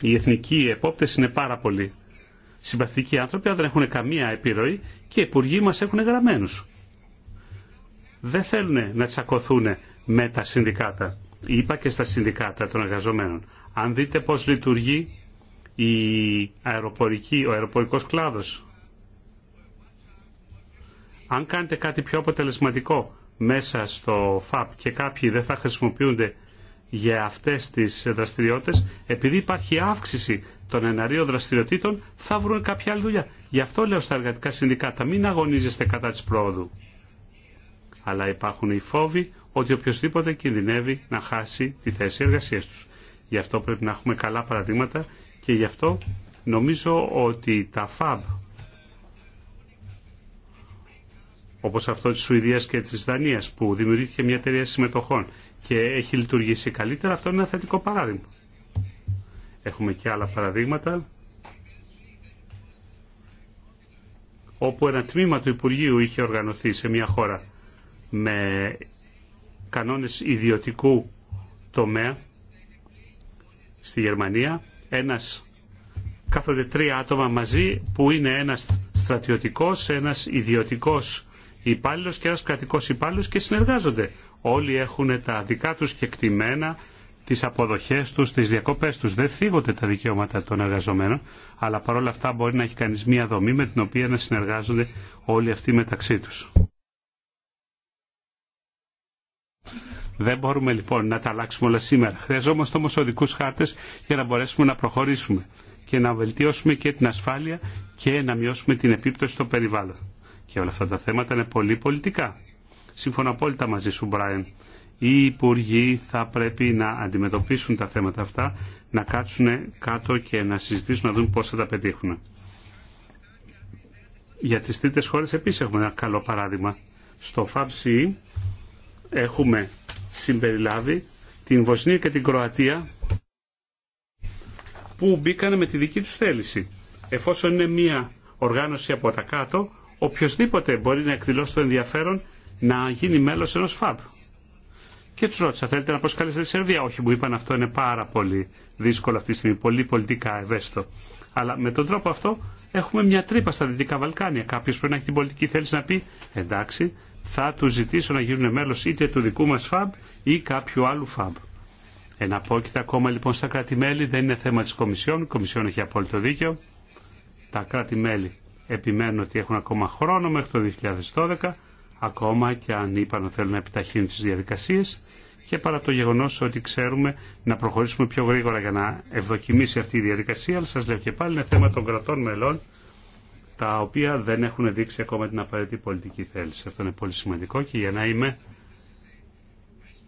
Η εθνική επόπτεση είναι πάρα πολλοί συμπαθητικοί άνθρωποι, αλλά δεν έχουν καμία επιρροή και οι υπουργοί μα έχουν γραμμένους. Δεν θέλουν να τσακωθούν με τα συνδικάτα. Είπα και στα συνδικάτα των εργαζομένων. Αν δείτε πώς λειτουργεί η αεροπορική, ο αεροπορικός κλάδος. Αν κάνετε κάτι πιο αποτελεσματικό μέσα στο ΦΑΠ και κάποιοι δεν θα χρησιμοποιούνται για αυτές τις δραστηριότητες, επειδή υπάρχει αύξηση των εναρίων δραστηριοτήτων θα βρουν κάποια άλλη δουλειά. Γι' αυτό λέω στα εργατικά συνδικάτα μην αγωνίζεστε κατά της πρόοδου. Αλλά υπάρχουν οι φόβοι ότι οποιοδήποτε κινδυνεύει να χάσει τη θέση εργασία του. Γι' αυτό πρέπει να έχουμε καλά παραδείγματα και γι' αυτό νομίζω ότι τα FAB όπως αυτό της Σουηδίας και της Δανίας που δημιουργήθηκε μια εταιρεία συμμετοχών και έχει λειτουργήσει καλύτερα, αυτό είναι ένα θετικό παράδειγμα. Έχουμε και άλλα παραδείγματα όπου ένα τμήμα του Υπουργείου είχε οργανωθεί σε μια χώρα με κανόνες ιδιωτικού τομέα στη Γερμανία ένας κάθονται τρία άτομα μαζί που είναι ένας στρατιωτικός, ένας ιδιωτικός υπάλληλος και ένας κρατικός υπάλληλο και συνεργάζονται. Όλοι έχουν τα δικά τους κεκτημένα, τι αποδοχέ του τις διακοπέ του, Δεν θίγονται τα δικαιώματα των εργαζομένων, αλλά παρόλα αυτά μπορεί να έχει κανεί μία δομή με την οποία να συνεργάζονται όλοι αυτοί μεταξύ του. Δεν μπορούμε λοιπόν να τα αλλάξουμε όλα σήμερα. Χρειαζόμαστε όμω οδικού χάρτες για να μπορέσουμε να προχωρήσουμε και να βελτιώσουμε και την ασφάλεια και να μειώσουμε την επίπτωση στο περιβάλλον. Και όλα αυτά τα θέματα είναι πολύ πολιτικά. Σύμφωνα απόλυτα μαζί σου, Μπράιν οι υπουργοί θα πρέπει να αντιμετωπίσουν τα θέματα αυτά, να κάτσουν κάτω και να συζητήσουν να δουν πώς θα τα πετύχουν. Για τις τρίτες χώρες επίσης έχουμε ένα καλό παράδειγμα. Στο Φάπσι έχουμε συμπεριλάβει την Βοσνία και την Κροατία που μπήκαν με τη δική τους θέληση. Εφόσον είναι μια οργάνωση από τα κάτω, οποιοδήποτε μπορεί να εκδηλώσει το ενδιαφέρον να γίνει μέλος ενός ΦΑΠ και του ρώτησα, θέλετε να προσκαλέσετε τη Σερβία. Όχι, μου είπαν αυτό είναι πάρα πολύ δύσκολο αυτή τη στιγμή, πολύ πολιτικά ευαίσθητο. Αλλά με τον τρόπο αυτό έχουμε μια τρύπα στα Δυτικά Βαλκάνια. Κάποιο πρέπει να έχει την πολιτική θέληση να πει εντάξει, θα του ζητήσω να γίνουν μέλο είτε του δικού μα ΦΑΜ ή κάποιου άλλου ΦΑΜ. Εναπόκειται ακόμα λοιπόν στα κράτη-μέλη, δεν είναι θέμα τη Κομισιόν. Η Κομισιόν έχει απόλυτο δίκιο. Τα κράτη-μέλη επιμένουν ότι έχουν ακόμα χρόνο μέχρι το 2012 ακόμα και αν είπαν ότι θέλουν να επιταχύνουν τις διαδικασίες και παρά το γεγονός ότι ξέρουμε να προχωρήσουμε πιο γρήγορα για να ευδοκιμήσει αυτή η διαδικασία, αλλά σας λέω και πάλι είναι θέμα των κρατών μελών τα οποία δεν έχουν δείξει ακόμα την απαραίτητη πολιτική θέληση. Αυτό είναι πολύ σημαντικό και για να είμαι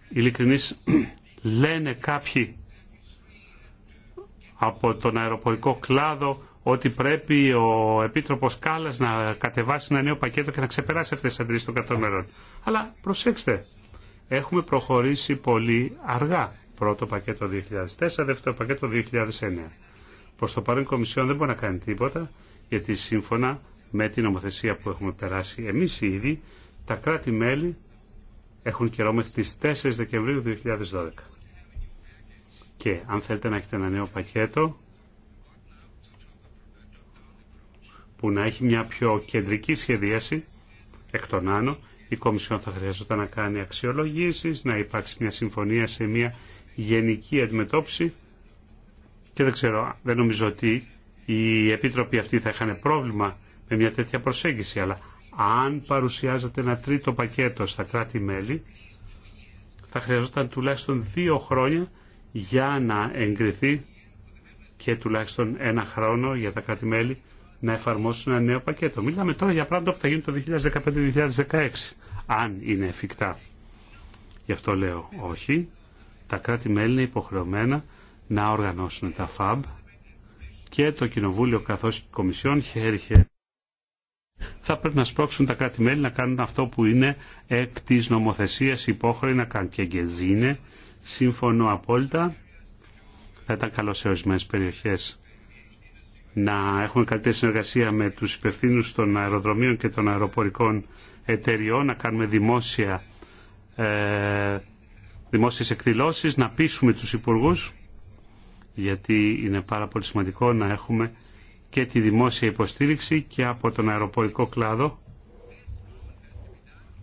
ειλικρινής, λένε κάποιοι από τον αεροπορικό κλάδο ότι πρέπει ο επίτροπο Κάλλα να κατεβάσει ένα νέο πακέτο και να ξεπεράσει αυτέ τι αντιρρήσει των μέρων. Αλλά προσέξτε, έχουμε προχωρήσει πολύ αργά. Πρώτο πακέτο 2004, δεύτερο πακέτο 2009. Προ το παρόν Κομισιόν δεν μπορεί να κάνει τίποτα, γιατί σύμφωνα με την νομοθεσία που έχουμε περάσει εμεί ήδη, τα κράτη-μέλη έχουν καιρό μέχρι τι 4 Δεκεμβρίου 2012. Και αν θέλετε να έχετε ένα νέο πακέτο, που να έχει μια πιο κεντρική σχεδίαση εκ των άνω. Η Κομισιόν θα χρειαζόταν να κάνει αξιολογήσεις, να υπάρξει μια συμφωνία σε μια γενική αντιμετώπιση και δεν ξέρω, δεν νομίζω ότι οι επίτροποι αυτοί θα είχαν πρόβλημα με μια τέτοια προσέγγιση, αλλά αν παρουσιάζεται ένα τρίτο πακέτο στα κράτη-μέλη, θα χρειαζόταν τουλάχιστον δύο χρόνια για να εγκριθεί και τουλάχιστον ένα χρόνο για τα κράτη-μέλη να εφαρμόσουν ένα νέο πακέτο. Μιλάμε τώρα για πράγματα που θα γίνουν το 2015-2016, αν είναι εφικτά. Γι' αυτό λέω όχι. Τα κράτη-μέλη είναι υποχρεωμένα να οργανώσουν τα FAB και το Κοινοβούλιο καθώς και η Κομισιόν Θα πρέπει να σπρώξουν τα κράτη-μέλη να κάνουν αυτό που είναι εκ της νομοθεσίας υπόχρεοι να κάνουν και γεζίνε. Σύμφωνο απόλυτα. Θα ήταν καλό σε ορισμένε περιοχές να έχουμε καλύτερη συνεργασία με τους υπευθύνου των αεροδρομίων και των αεροπορικών εταιριών, να κάνουμε δημόσια, ε, δημόσιες εκδηλώσεις, να πείσουμε τους υπουργούς, γιατί είναι πάρα πολύ σημαντικό να έχουμε και τη δημόσια υποστήριξη και από τον αεροπορικό κλάδο.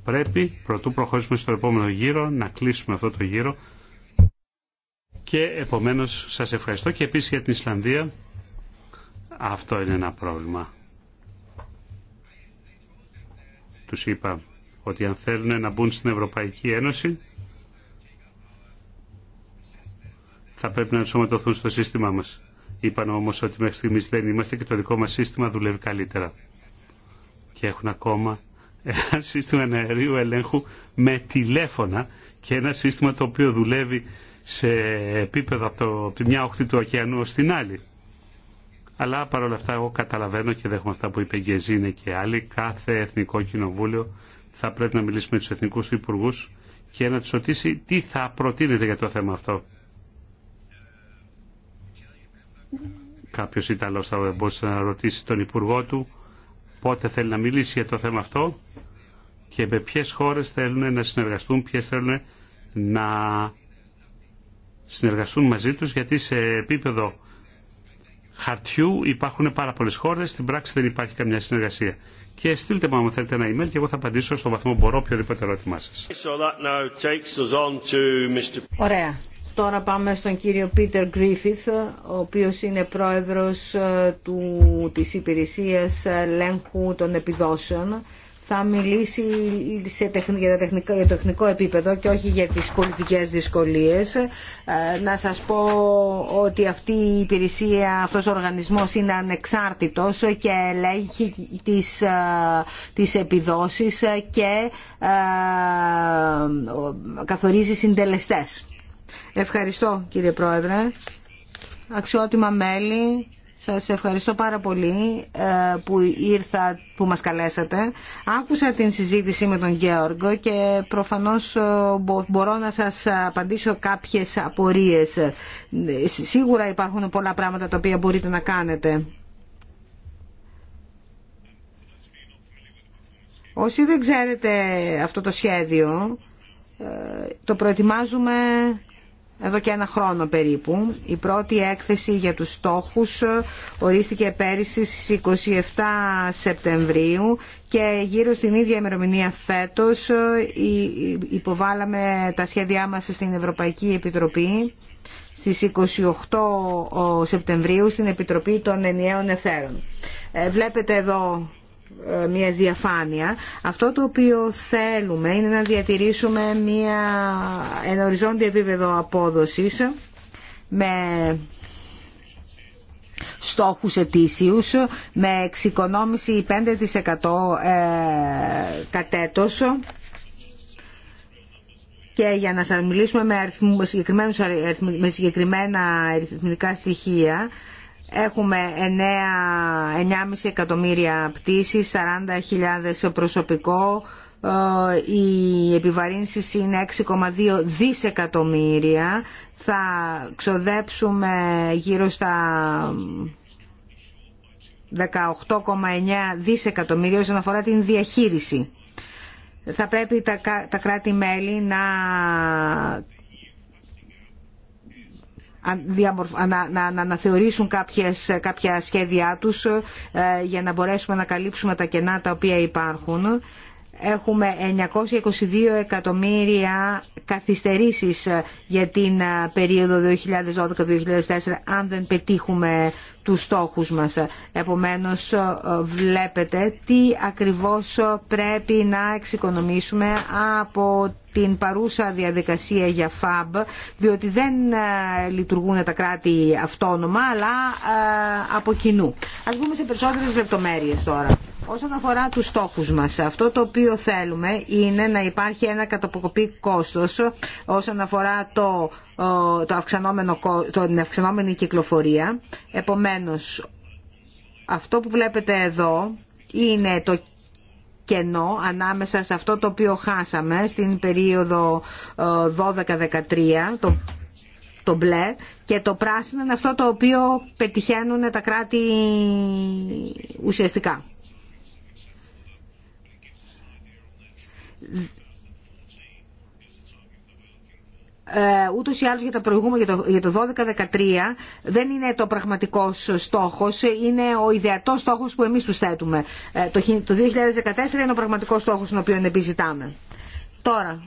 Πρέπει, πρωτού προχωρήσουμε στο επόμενο γύρο, να κλείσουμε αυτό το γύρο. Και επομένως σας ευχαριστώ και επίσης για την Ισλανδία. Αυτό είναι ένα πρόβλημα. Τους είπα ότι αν θέλουν να μπουν στην Ευρωπαϊκή Ένωση θα πρέπει να ενσωματωθούν στο σύστημά μας. Είπαν όμως ότι μέχρι στιγμής δεν είμαστε και το δικό μας σύστημα δουλεύει καλύτερα. Και έχουν ακόμα ένα σύστημα αερίου ελέγχου με τηλέφωνα και ένα σύστημα το οποίο δουλεύει σε επίπεδο από, τη μια όχθη του ωκεανού ως την άλλη. Αλλά παρόλα αυτά εγώ καταλαβαίνω και δέχομαι αυτά που είπε η Γεζίνε και άλλοι. Κάθε εθνικό κοινοβούλιο θα πρέπει να μιλήσει με τους εθνικούς υπουργού και να τους ρωτήσει τι θα προτείνετε για το θέμα αυτό. Κάποιος Ιταλός θα μπορούσε να ρωτήσει τον υπουργό του πότε θέλει να μιλήσει για το θέμα αυτό και με ποιες χώρες θέλουν να συνεργαστούν, ποιες θέλουν να συνεργαστούν μαζί τους γιατί σε επίπεδο χαρτιού υπάρχουν πάρα πολλέ χώρε, στην πράξη δεν υπάρχει καμιά συνεργασία. Και στείλτε μου, αν θέλετε, ένα email και εγώ θα απαντήσω στο βαθμό που μπορώ οποιοδήποτε ερώτημά σα. Ωραία. Τώρα πάμε στον κύριο Πίτερ Γκρίφιθ, ο οποίος είναι πρόεδρος ε, του, της υπηρεσίας ελέγχου των επιδόσεων θα μιλήσει σε τεχνικό, για, τεχνικό, το τεχνικό επίπεδο και όχι για τις πολιτικές δυσκολίες. Ε, να σας πω ότι αυτή η υπηρεσία, αυτός ο οργανισμός είναι ανεξάρτητος και ελέγχει τις, ε, τις επιδόσεις και ε, καθορίζει συντελεστές. Ευχαριστώ κύριε Πρόεδρε. Αξιότιμα μέλη, σας ευχαριστώ πάρα πολύ ε, που ήρθα, που μας καλέσατε. Άκουσα την συζήτηση με τον Γεώργο και προφανώς ε, μπορώ να σας απαντήσω κάποιες απορίες. Σίγουρα υπάρχουν πολλά πράγματα τα οποία μπορείτε να κάνετε. Όσοι δεν ξέρετε αυτό το σχέδιο, ε, το προετοιμάζουμε εδώ και ένα χρόνο περίπου. Η πρώτη έκθεση για τους στόχους ορίστηκε πέρυσι στις 27 Σεπτεμβρίου και γύρω στην ίδια ημερομηνία φέτος υποβάλαμε τα σχέδιά μας στην Ευρωπαϊκή Επιτροπή στις 28 Σεπτεμβρίου στην Επιτροπή των Ενιαίων Εθέρων. Ε, βλέπετε εδώ ε, μια διαφάνεια. Αυτό το οποίο θέλουμε είναι να διατηρήσουμε μια, ένα οριζόντιο επίπεδο απόδοσης με στόχους ετήσιους με εξοικονόμηση 5% ε, κατ' και για να σας μιλήσουμε με, με συγκεκριμένα αριθμητικά στοιχεία Έχουμε 9,5 εκατομμύρια πτήσεις, 40.000 προσωπικό, ε, οι επιβαρύνσεις είναι 6,2 δισεκατομμύρια. Θα ξοδέψουμε γύρω στα 18,9 δισεκατομμύρια όσον αφορά την διαχείριση. Θα πρέπει τα κράτη-μέλη να να αναθεωρήσουν κάποια σχέδιά τους ε, για να μπορέσουμε να καλύψουμε τα κενά τα οποία υπάρχουν. Έχουμε 922 εκατομμύρια καθυστερήσεις ε, για την ε, περίοδο 2012-2004 αν δεν πετύχουμε τους στόχους μας. Επομένως ε, βλέπετε τι ακριβώς πρέπει να εξοικονομήσουμε από την παρούσα διαδικασία για FAB, διότι δεν ε, λειτουργούν τα κράτη αυτόνομα, αλλά ε, από κοινού. Ας δούμε σε περισσότερες λεπτομέρειες τώρα. Όσον αφορά τους στόχους μας, αυτό το οποίο θέλουμε είναι να υπάρχει ένα καταποκοπή κόστος όσον αφορά το το αυξανόμενο, την αυξανόμενη κυκλοφορία. Επομένως, αυτό που βλέπετε εδώ είναι το κενό ανάμεσα σε αυτό το οποίο χάσαμε στην περίοδο 12-13, ε, το, το μπλε, και το πράσινο είναι αυτό το οποίο πετυχαίνουν τα κράτη ουσιαστικά. Ε, ούτως ή άλλως για, το προηγούμενο για το, το 12-13 δεν είναι το πραγματικό στόχος, είναι ο ιδεατός στόχος που εμείς του θέτουμε. Ε, το, 2014 είναι ο πραγματικός στόχος τον οποίο επιζητάμε. Τώρα,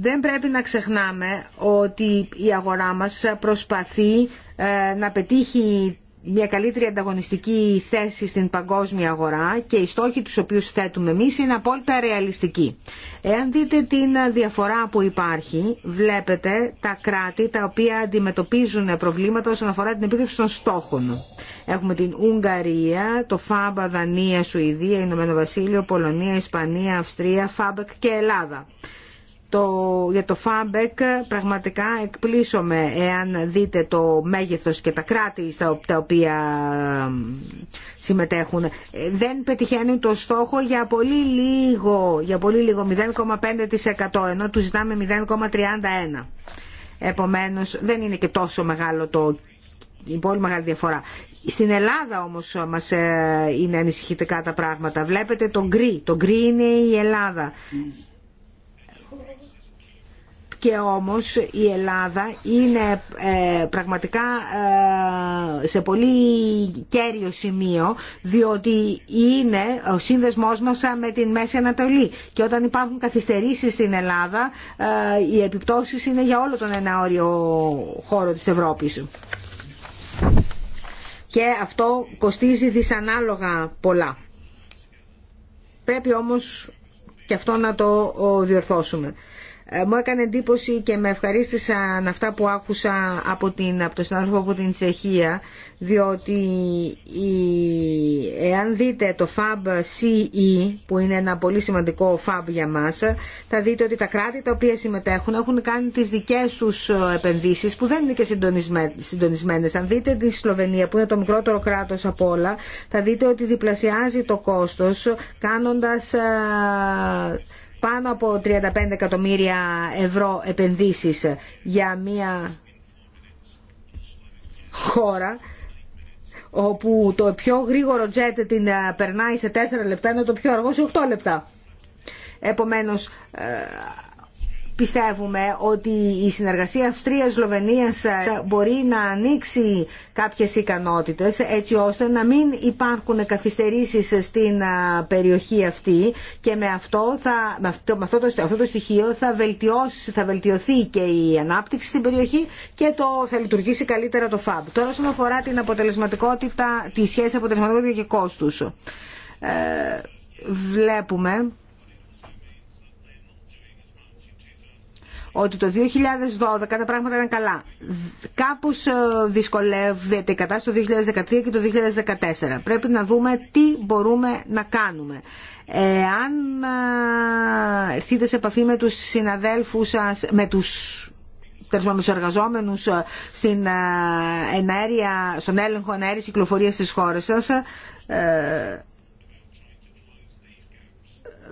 δεν πρέπει να ξεχνάμε ότι η αγορά μας προσπαθεί ε, να πετύχει μια καλύτερη ανταγωνιστική θέση στην παγκόσμια αγορά και οι στόχοι τους οποίους θέτουμε εμείς είναι απόλυτα ρεαλιστικοί. Εάν δείτε την διαφορά που υπάρχει, βλέπετε τα κράτη τα οποία αντιμετωπίζουν προβλήματα όσον αφορά την επίδευση των στόχων. Έχουμε την Ουγγαρία, το ΦΑΜΠΑ, Δανία, Σουηδία, Ηνωμένο Βασίλειο, Πολωνία, Ισπανία, Αυστρία, ΦΑΜΠΕΚ και Ελλάδα το, για το ΦΑΜΠΕΚ πραγματικά εκπλήσωμε εάν δείτε το μέγεθος και τα κράτη στα, τα οποία συμμετέχουν. Ε, δεν πετυχαίνει το στόχο για πολύ λίγο, για πολύ λίγο 0,5% ενώ του ζητάμε 0,31%. Επομένως δεν είναι και τόσο μεγάλο το, η πολύ μεγάλη διαφορά. Στην Ελλάδα όμως μας ε, είναι ανησυχητικά τα πράγματα. Βλέπετε τον γκρι. τον γκρι είναι η Ελλάδα. Mm και όμως η Ελλάδα είναι ε, πραγματικά ε, σε πολύ κέριο σημείο διότι είναι ο σύνδεσμός μας με την Μέση Ανατολή και όταν υπάρχουν καθυστερήσεις στην Ελλάδα ε, οι επιπτώσεις είναι για όλο τον ενάωριο χώρο της Ευρώπης. Και αυτό κοστίζει δυσανάλογα πολλά. Πρέπει όμως και αυτό να το διορθώσουμε. Ε, μου έκανε εντύπωση και με ευχαρίστησαν αυτά που άκουσα από, την, από τον συνάδελφο από την Τσεχία, διότι η, εάν δείτε το FAB CE, που είναι ένα πολύ σημαντικό FAB για μας, θα δείτε ότι τα κράτη τα οποία συμμετέχουν έχουν κάνει τις δικές τους ε, επενδύσεις που δεν είναι και συντονισμένες. Αν δείτε τη Σλοβενία που είναι το μικρότερο κράτος από όλα, θα δείτε ότι διπλασιάζει το κόστος κάνοντας ε, πάνω από 35 εκατομμύρια ευρώ επενδύσεις για μια χώρα όπου το πιο γρήγορο τζέτ την ε, περνάει σε 4 λεπτά ενώ το πιο αργό σε 8 λεπτά. Επομένως ε, πιστεύουμε ότι η συνεργασία Αυστρίας-Σλοβενίας ε, μπορεί να ανοίξει κάποιες ικανότητες έτσι ώστε να μην υπάρχουν καθυστερήσεις στην ε, περιοχή αυτή και με αυτό, θα, με αυτό, αυτό, το, αυτό το στοιχείο θα, θα βελτιωθεί και η ανάπτυξη στην περιοχή και το, θα λειτουργήσει καλύτερα το ΦΑΜ. Τώρα όσον αφορά την αποτελεσματικότητα, τη σχέση αποτελεσματικότητα και κόστους. Ε, βλέπουμε ότι το 2012 τα πράγματα ήταν καλά. Κάπω ε, δυσκολεύεται η κατάσταση το 2013 και το 2014. Πρέπει να δούμε τι μπορούμε να κάνουμε. Ε, αν ε, έρθείτε σε επαφή με τους συναδέλφους σας, με τους τέλο στην στον έλεγχο ενέργεια κυκλοφορία τη χώρα σας,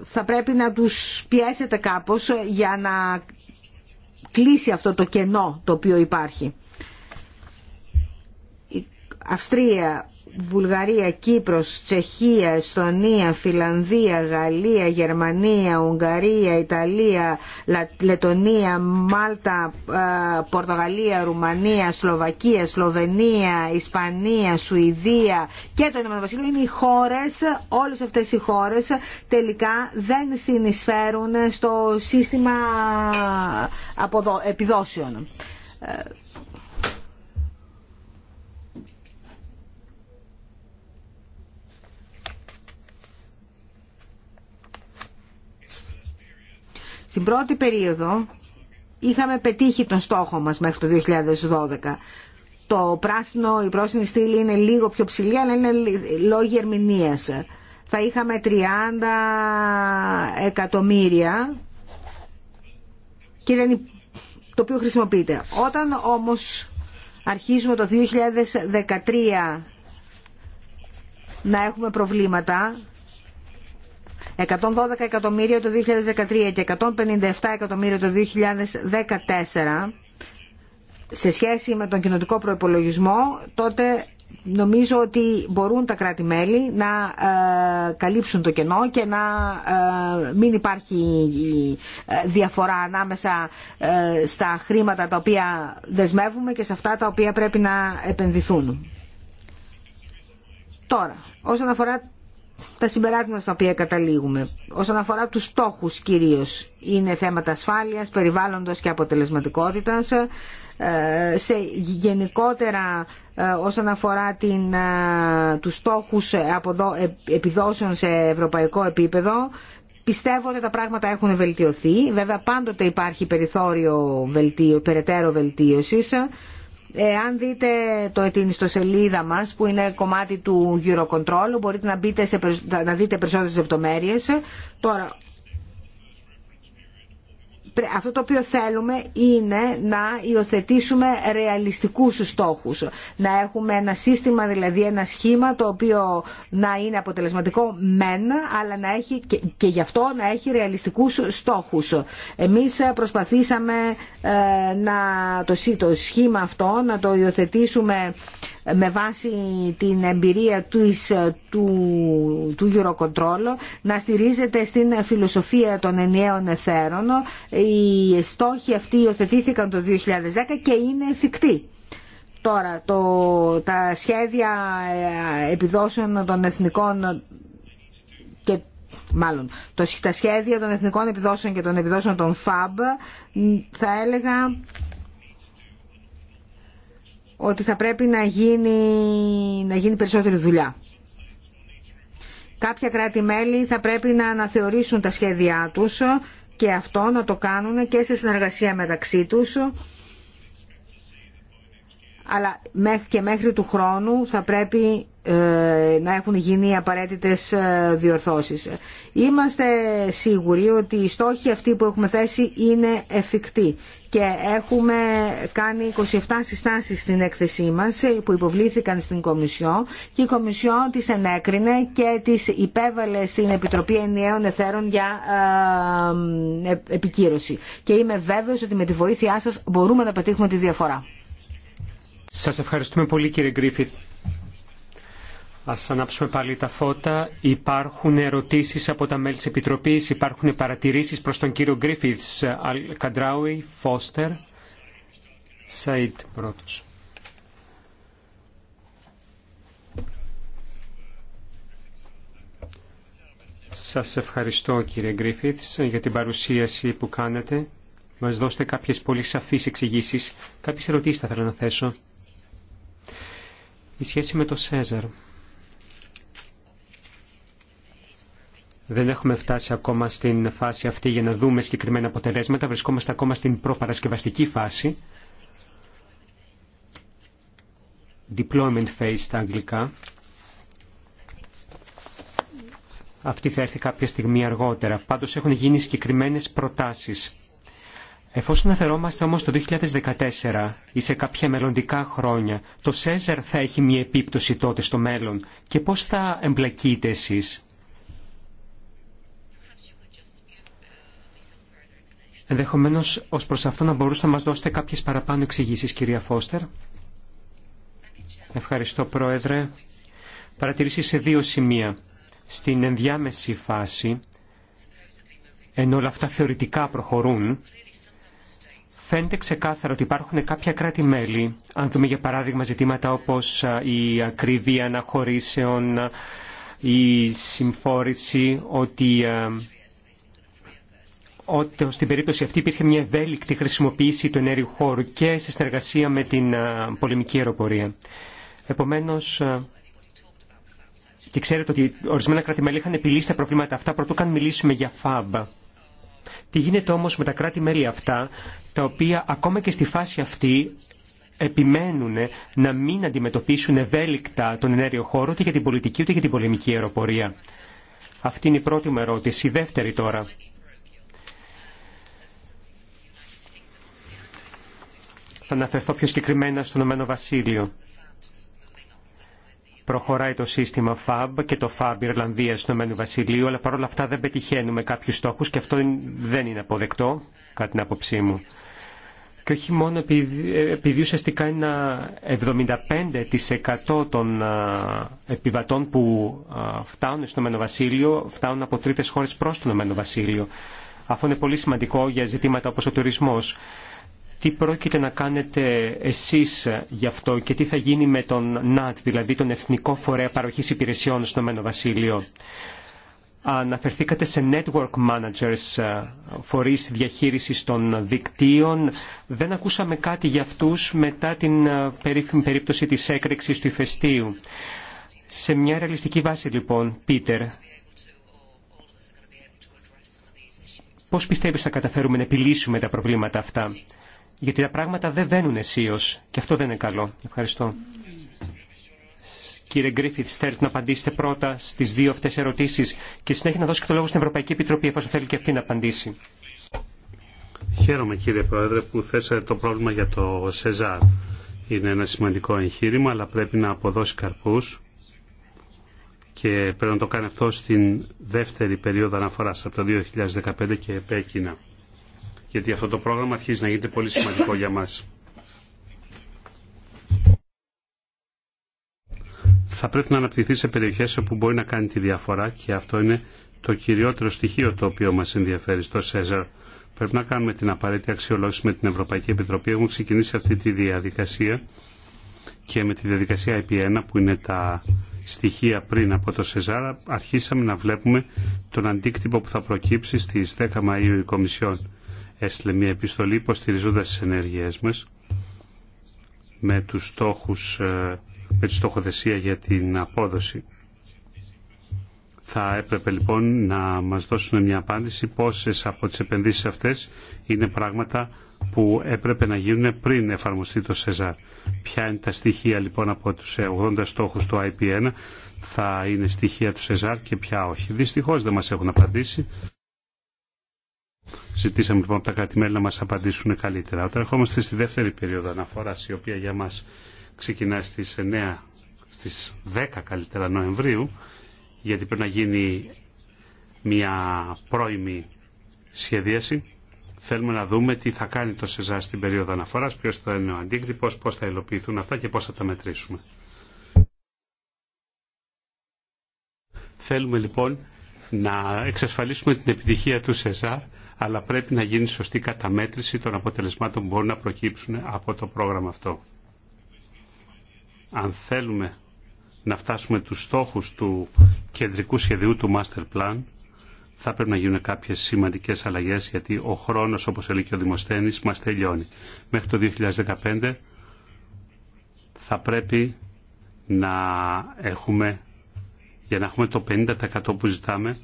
θα πρέπει να τους πιέσετε κάπως για να κλείσει αυτό το κενό το οποίο υπάρχει. Η Αυστρία, Βουλγαρία, Κύπρος, Τσεχία, Εστονία, Φιλανδία, Γαλλία, Γερμανία, Ουγγαρία, Ιταλία, Λετωνία, Μάλτα, ε, Πορτογαλία, Ρουμανία, Σλοβακία, Σλοβενία, Ισπανία, Σουηδία και το Ηνωμένο Βασίλειο είναι οι χώρες, όλες αυτές οι χώρες τελικά δεν συνεισφέρουν στο σύστημα ε, επιδόσεων ε, Στην πρώτη περίοδο είχαμε πετύχει τον στόχο μας μέχρι το 2012. Το πράσινο, η πρόσινη στήλη είναι λίγο πιο ψηλή, αλλά είναι λόγοι ερμηνεία. Θα είχαμε 30 εκατομμύρια και δεν το οποίο χρησιμοποιείται. Όταν όμως αρχίζουμε το 2013 να έχουμε προβλήματα, 112 εκατομμύρια το 2013 και 157 εκατομμύρια το 2014 σε σχέση με τον κοινοτικό προϋπολογισμό, τότε νομίζω ότι μπορούν τα κράτη-μέλη να ε, καλύψουν το κενό και να ε, μην υπάρχει ε, διαφορά ανάμεσα στα χρήματα τα οποία δεσμεύουμε και σε αυτά τα οποία πρέπει να επενδυθούν. Τώρα, όσον αφορά τα συμπεράσματα στα οποία καταλήγουμε. Όσον αφορά τους στόχους κυρίως, είναι θέματα ασφάλειας, περιβάλλοντος και αποτελεσματικότητας, ε, σε γενικότερα ε, όσον αφορά την, ε, τους στόχους επιδόσεων σε ευρωπαϊκό επίπεδο, Πιστεύω ότι τα πράγματα έχουν βελτιωθεί. Βέβαια πάντοτε υπάρχει περιθώριο βελτίω, περαιτέρω βελτίωσης ε, αν δείτε το, την ιστοσελίδα μας που είναι κομμάτι του Eurocontrol μπορείτε να, να δείτε περισσότερες λεπτομέρειες. Τώρα, αυτό το οποίο θέλουμε είναι να υιοθετήσουμε ρεαλιστικούς στόχους. Να έχουμε ένα σύστημα, δηλαδή ένα σχήμα το οποίο να είναι αποτελεσματικό μεν, αλλά να έχει και γι' αυτό να έχει ρεαλιστικούς στόχους. Εμείς προσπαθήσαμε ε, να το, το σχήμα αυτό να το υιοθετήσουμε με βάση την εμπειρία του, του, του Eurocontrol να στηρίζεται στην φιλοσοφία των ενιαίων εθέρων. Οι στόχοι αυτοί υιοθετήθηκαν το 2010 και είναι εφικτοί. Τώρα, το, τα σχέδια ε, επιδόσεων των εθνικών και μάλλον τα σχέδια των εθνικών επιδόσεων και των επιδόσεων των FAB θα έλεγα ότι θα πρέπει να γίνει, να γίνει περισσότερη δουλειά. Κάποια κράτη-μέλη θα πρέπει να αναθεωρήσουν τα σχέδιά τους και αυτό να το κάνουν και σε συνεργασία μεταξύ τους αλλά και μέχρι του χρόνου θα πρέπει ε, να έχουν γίνει οι απαραίτητες ε, διορθώσεις. Είμαστε σίγουροι ότι οι στόχοι αυτοί που έχουμε θέσει είναι εφικτοί και έχουμε κάνει 27 συστάσεις στην έκθεσή μας ε, που υποβλήθηκαν στην Κομισιό και η Κομισιό τις ενέκρινε και τις υπέβαλε στην Επιτροπή Ενιαίων Εθέρων για επικύρωση. Και είμαι βέβαιος ότι με τη βοήθειά σας μπορούμε να πετύχουμε τη διαφορά. Σας ευχαριστούμε πολύ κύριε Γκρίφιθ. Ας ανάψουμε πάλι τα φώτα. Υπάρχουν ερωτήσεις από τα μέλη της Επιτροπής, υπάρχουν παρατηρήσεις προς τον κύριο Γκρίφιθ. Καντράουι, Φώστερ, Σαΐτ πρώτος. Σας ευχαριστώ κύριε Γκρίφιθ, για την παρουσίαση που κάνετε. Μας δώσετε κάποιες πολύ σαφείς εξηγήσεις. Κάποιες ερωτήσεις θα ήθελα να θέσω. Η σχέση με το ΣΕΖΑΡ. Δεν έχουμε φτάσει ακόμα στην φάση αυτή για να δούμε συγκεκριμένα αποτελέσματα. Βρισκόμαστε ακόμα στην προπαρασκευαστική φάση. Deployment phase στα αγγλικά. Αυτή θα έρθει κάποια στιγμή αργότερα. Πάντως έχουν γίνει συγκεκριμένε προτάσεις. Εφόσον αφαιρόμαστε όμως το 2014 ή σε κάποια μελλοντικά χρόνια, το Σέζερ θα έχει μια επίπτωση τότε στο μέλλον και πώς θα εμπλακείτε εσείς. Ενδεχομένω ως προς αυτό να μπορούσατε να μα δώσετε κάποιε παραπάνω εξηγήσεις, κυρία Φώστερ. Ευχαριστώ, Πρόεδρε. Παρατηρήσει σε δύο σημεία. Στην ενδιάμεση φάση, ενώ όλα αυτά θεωρητικά προχωρούν, Φαίνεται ξεκάθαρο ότι υπάρχουν κάποια κράτη-μέλη, αν δούμε για παράδειγμα ζητήματα όπως η ακριβή αναχωρήσεων, η συμφόρηση, ότι ότι στην περίπτωση αυτή υπήρχε μια ευέλικτη χρησιμοποίηση του ενέργειου χώρου και σε συνεργασία με την πολεμική αεροπορία. Επομένως, και ξέρετε ότι ορισμένα κράτη-μέλη είχαν επιλύσει τα προβλήματα αυτά πρωτού καν μιλήσουμε για φάμπα. Τι γίνεται όμως με τα κράτη-μέλη αυτά, τα οποία ακόμα και στη φάση αυτή επιμένουν να μην αντιμετωπίσουν ευέλικτα τον ενέργειο χώρο ούτε για την πολιτική ούτε για την πολεμική αεροπορία. Αυτή είναι η πρώτη μου ερώτηση. Η δεύτερη τώρα. Θα αναφερθώ πιο συγκεκριμένα στον Ομένο Βασίλειο προχωράει το σύστημα FAB και το FAB ιρλανδια στο Ηνωμένου Βασιλείου, αλλά παρόλα αυτά δεν πετυχαίνουμε κάποιους στόχους και αυτό δεν είναι αποδεκτό, κατά την άποψή μου. Και όχι μόνο επειδή, επειδή ουσιαστικά ένα 75% των επιβατών που φτάνουν στο Μένο Βασίλειο, φτάνουν από τρίτες χώρες προς το μένο Βασίλειο. Αυτό είναι πολύ σημαντικό για ζητήματα όπως ο τουρισμός τι πρόκειται να κάνετε εσείς γι' αυτό και τι θα γίνει με τον ΝΑΤ, δηλαδή τον Εθνικό Φορέα Παροχής Υπηρεσιών στο Μένο Βασίλειο. Αναφερθήκατε σε network managers, ε, φορείς διαχείρισης των δικτύων. Δεν ακούσαμε κάτι για αυτούς μετά την ε, περίφημη περίπτωση της έκρηξης του ηφαιστείου. Σε μια ρεαλιστική βάση λοιπόν, Πίτερ, πώς πιστεύεις θα καταφέρουμε να επιλύσουμε τα προβλήματα αυτά γιατί τα πράγματα δεν βαίνουν αισίω και αυτό δεν είναι καλό. Ευχαριστώ. Κύριε Γκρίφιτ, θέλετε να απαντήσετε πρώτα στι δύο αυτέ ερωτήσει και συνέχεια να δώσω και το λόγο στην Ευρωπαϊκή Επιτροπή, εφόσον θέλει και αυτή να απαντήσει. Χαίρομαι κύριε Πρόεδρε που θέσατε το πρόβλημα για το ΣΕΖΑΡ. Είναι ένα σημαντικό εγχείρημα, αλλά πρέπει να αποδώσει καρπούς και πρέπει να το κάνει αυτό στην δεύτερη περίοδο αναφοράς από το 2015 και επέκεινα γιατί αυτό το πρόγραμμα αρχίζει να γίνεται πολύ σημαντικό για μας. Θα πρέπει να αναπτυχθεί σε περιοχές όπου μπορεί να κάνει τη διαφορά και αυτό είναι το κυριότερο στοιχείο το οποίο μας ενδιαφέρει στο ΣΕΖΑΡ. Πρέπει να κάνουμε την απαραίτητη αξιολόγηση με την Ευρωπαϊκή Επιτροπή. Έχουμε ξεκινήσει αυτή τη διαδικασία και με τη διαδικασία IP1 που είναι τα στοιχεία πριν από το ΣΕΖΑΡ αρχίσαμε να βλέπουμε τον αντίκτυπο που θα προκύψει στις 10 Μαΐου η Κομισιόν έστειλε μια επιστολή υποστηριζοντας τις ενέργειές μας με, τους στόχους, ε, με τη στόχοθεσία για την απόδοση. Θα έπρεπε λοιπόν να μας δώσουν μια απάντηση πόσες από τις επενδύσεις αυτές είναι πράγματα που έπρεπε να γίνουν πριν εφαρμοστεί το ΣΕΖΑΡ. Ποια είναι τα στοιχεία λοιπόν από τους 80 στόχους του IP1 θα είναι στοιχεία του ΣΕΖΑΡ και ποια όχι. Δυστυχώς δεν μας έχουν απαντήσει. Ζητήσαμε λοιπόν από τα κρατη να μας απαντήσουν καλύτερα. Όταν ερχόμαστε στη δεύτερη περίοδο αναφοράς, η οποία για μας ξεκινά στις 9, στις 10 καλύτερα Νοεμβρίου, γιατί πρέπει να γίνει μια πρώιμη σχεδίαση. Θέλουμε να δούμε τι θα κάνει το ΣΕΖΑ στην περίοδο αναφοράς, ποιος θα είναι ο αντίκτυπος, πώς θα υλοποιηθούν αυτά και πώς θα τα μετρήσουμε. Θέλουμε λοιπόν να εξασφαλίσουμε την επιτυχία του ΣΕΖΑ αλλά πρέπει να γίνει σωστή καταμέτρηση των αποτελεσμάτων που μπορούν να προκύψουν από το πρόγραμμα αυτό. Αν θέλουμε να φτάσουμε τους στόχους του κεντρικού σχεδίου του Master Plan, θα πρέπει να γίνουν κάποιες σημαντικές αλλαγές, γιατί ο χρόνος, όπως έλεγε και ο Δημοσθένης, μας τελειώνει. Μέχρι το 2015 θα πρέπει να έχουμε για να έχουμε το 50% που ζητάμε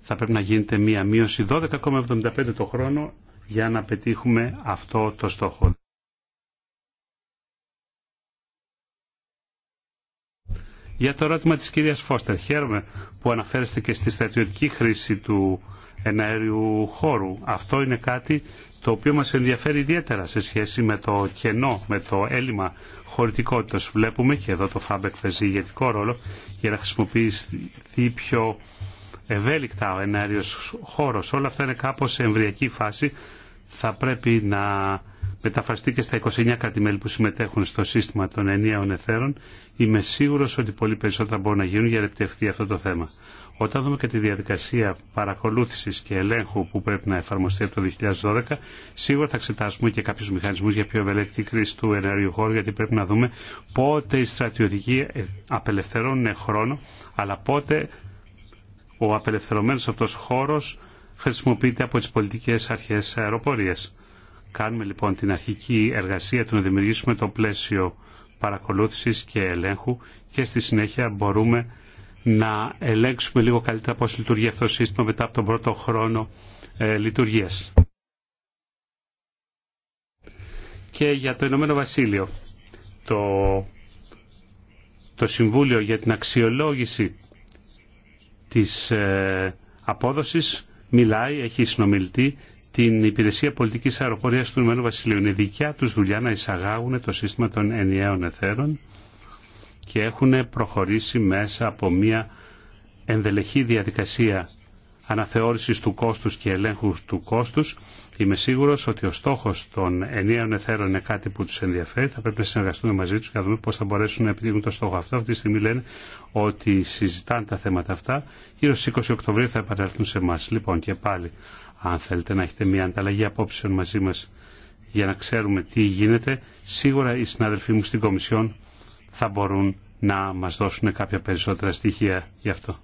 θα πρέπει να γίνεται μία μείωση 12,75 το χρόνο για να πετύχουμε αυτό το στόχο. Για το ερώτημα της κυρίας Φώστερ, χαίρομαι που αναφέρεστε και στη στρατιωτική χρήση του εναέριου χώρου. Αυτό είναι κάτι το οποίο μας ενδιαφέρει ιδιαίτερα σε σχέση με το κενό, με το έλλειμμα χωρητικότητας. Βλέπουμε και εδώ το ΦΑΜΠΕΚ παίζει ηγετικό ρόλο για να χρησιμοποιηθεί πιο ευέλικτα ο ενάριος χώρος. Όλα αυτά είναι κάπως σε εμβριακή φάση. Θα πρέπει να μεταφραστεί και στα 29 κρατη που συμμετέχουν στο σύστημα των ενιαίων εθέρων. Είμαι σίγουρο ότι πολύ περισσότερα μπορούν να γίνουν για να επιτευχθεί αυτό το θέμα. Όταν δούμε και τη διαδικασία παρακολούθηση και ελέγχου που πρέπει να εφαρμοστεί από το 2012, σίγουρα θα εξετάσουμε και κάποιου μηχανισμού για πιο ευελέκτη κρίση του ενεργείου χώρου, γιατί πρέπει να δούμε πότε οι στρατιωτικοί ε, απελευθερώνουν χρόνο, αλλά πότε ο απελευθερωμένος αυτός χώρος χρησιμοποιείται από τις πολιτικές αρχές αεροπορίας. Κάνουμε λοιπόν την αρχική εργασία του να δημιουργήσουμε το πλαίσιο παρακολούθησης και ελέγχου και στη συνέχεια μπορούμε να ελέγξουμε λίγο καλύτερα πώς λειτουργεί αυτό το σύστημα μετά από τον πρώτο χρόνο ε, λειτουργίας. Και για το Ηνωμένο Βασίλειο, το, το Συμβούλιο για την Αξιολόγηση της ε, απόδοσης μιλάει, έχει συνομιλητή την Υπηρεσία Πολιτικής Αεροπορίας του Ηνωμένου Βασιλείου. Είναι δικιά τους δουλειά να εισαγάγουν το σύστημα των ενιαίων εθέρων και έχουν προχωρήσει μέσα από μια ενδελεχή διαδικασία αναθεώρησης του κόστους και ελέγχου του κόστους. Είμαι σίγουρος ότι ο στόχος των ενιαίων εθέρων είναι κάτι που τους ενδιαφέρει. Θα πρέπει να συνεργαστούμε μαζί τους και να δούμε πώς θα μπορέσουν να επιτύχουν το στόχο αυτό. Αυτή τη στιγμή λένε ότι συζητάνε τα θέματα αυτά. Γύρω στις 20 Οκτωβρίου θα επανέλθουν σε εμά. Λοιπόν και πάλι, αν θέλετε να έχετε μια ανταλλαγή απόψεων μαζί μας για να ξέρουμε τι γίνεται, σίγουρα οι συνάδελφοί μου στην Κομισιόν θα μπορούν να μας δώσουν κάποια περισσότερα στοιχεία γι' αυτό.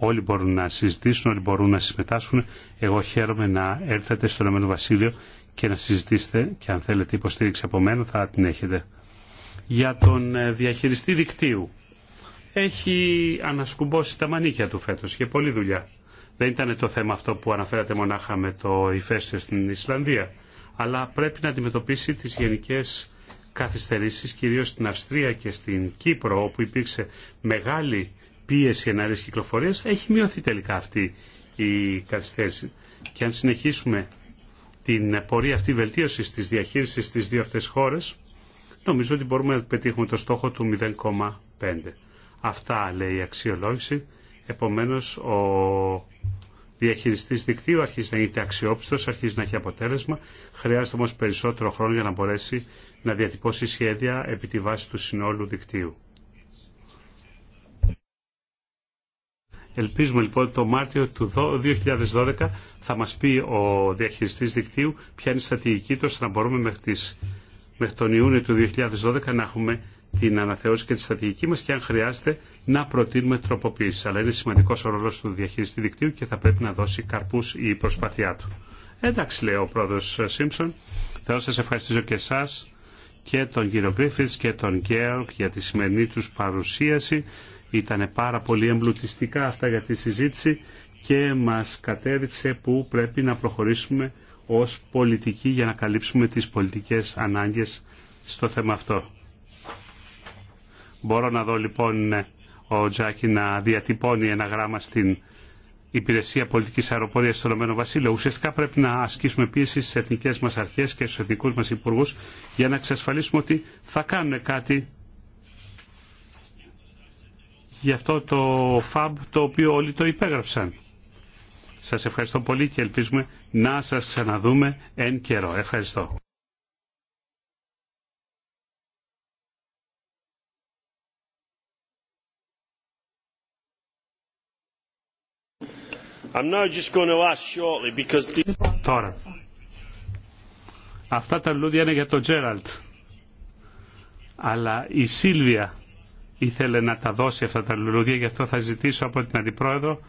Όλοι μπορούν να συζητήσουν, όλοι μπορούν να συμμετάσχουν. Εγώ χαίρομαι να έρθετε στο Ηνωμένο Βασίλειο και να συζητήσετε και αν θέλετε υποστήριξη από μένα θα την έχετε. Για τον ε, διαχειριστή δικτύου. Έχει ανασκουμπώσει τα μανίκια του φέτος και πολλή δουλειά. Δεν ήταν το θέμα αυτό που αναφέρατε μονάχα με το ηφαίστειο στην Ισλανδία, αλλά πρέπει να αντιμετωπίσει τις γενικές καθυστερήσεις, κυρίως στην Αυστρία και στην Κύπρο, όπου υπήρξε μεγάλη πίεση ενάρειας κυκλοφορία, έχει μειωθεί τελικά αυτή η καθυστέρηση. Και αν συνεχίσουμε την πορεία αυτή βελτίωση της διαχείρισης στις δύο αυτέ χώρες, νομίζω ότι μπορούμε να πετύχουμε το στόχο του 0,5. Αυτά λέει η αξιολόγηση. Επομένως, ο διαχειριστής δικτύου αρχίζει να είναι αξιόπιστος, αρχίζει να έχει αποτέλεσμα. Χρειάζεται όμως περισσότερο χρόνο για να μπορέσει να διατυπώσει σχέδια επί τη βάση του συνόλου δικτύου. Ελπίζουμε λοιπόν το Μάρτιο του 2012 θα μας πει ο διαχειριστής δικτύου ποια είναι η στρατηγική του ώστε να μπορούμε μέχρι, τις, μέχρι τον Ιούνιο του 2012 να έχουμε την αναθεώρηση και τη στρατηγική μας και αν χρειάζεται να προτείνουμε τροποποίηση. Αλλά είναι σημαντικός ο ρόλος του διαχειριστή δικτύου και θα πρέπει να δώσει καρπούς η προσπάθειά του. Εντάξει λέει ο πρόεδρος Σίμψον. Θέλω να σας ευχαριστήσω και εσάς και τον κύριο Γκρίφιτς και τον Γκέορκ για τη σημερινή τους παρουσίαση. Ήταν πάρα πολύ εμπλουτιστικά αυτά για τη συζήτηση και μας κατέδειξε που πρέπει να προχωρήσουμε ως πολιτικοί για να καλύψουμε τις πολιτικές ανάγκες στο θέμα αυτό. Μπορώ να δω λοιπόν ο Τζάκι να διατυπώνει ένα γράμμα στην Υπηρεσία Πολιτική Αεροπορία στο Ηνωμένο Βασίλειο. Ουσιαστικά πρέπει να ασκήσουμε πίεση στι εθνικέ μα αρχέ και στου εθνικού μα υπουργού για να εξασφαλίσουμε ότι θα κάνουν κάτι για αυτό το FAB το οποίο όλοι το υπέγραψαν. Σας ευχαριστώ πολύ και ελπίζουμε να σας ξαναδούμε εν καιρό. Ευχαριστώ. I'm now just going to ask shortly because... Τώρα. Αυτά τα λουλούδια είναι για τον Τζέραλτ. Αλλά η Σίλβια ήθελε να τα δώσει αυτά τα λουλούδια, γι' αυτό θα ζητήσω από την Αντιπρόεδρο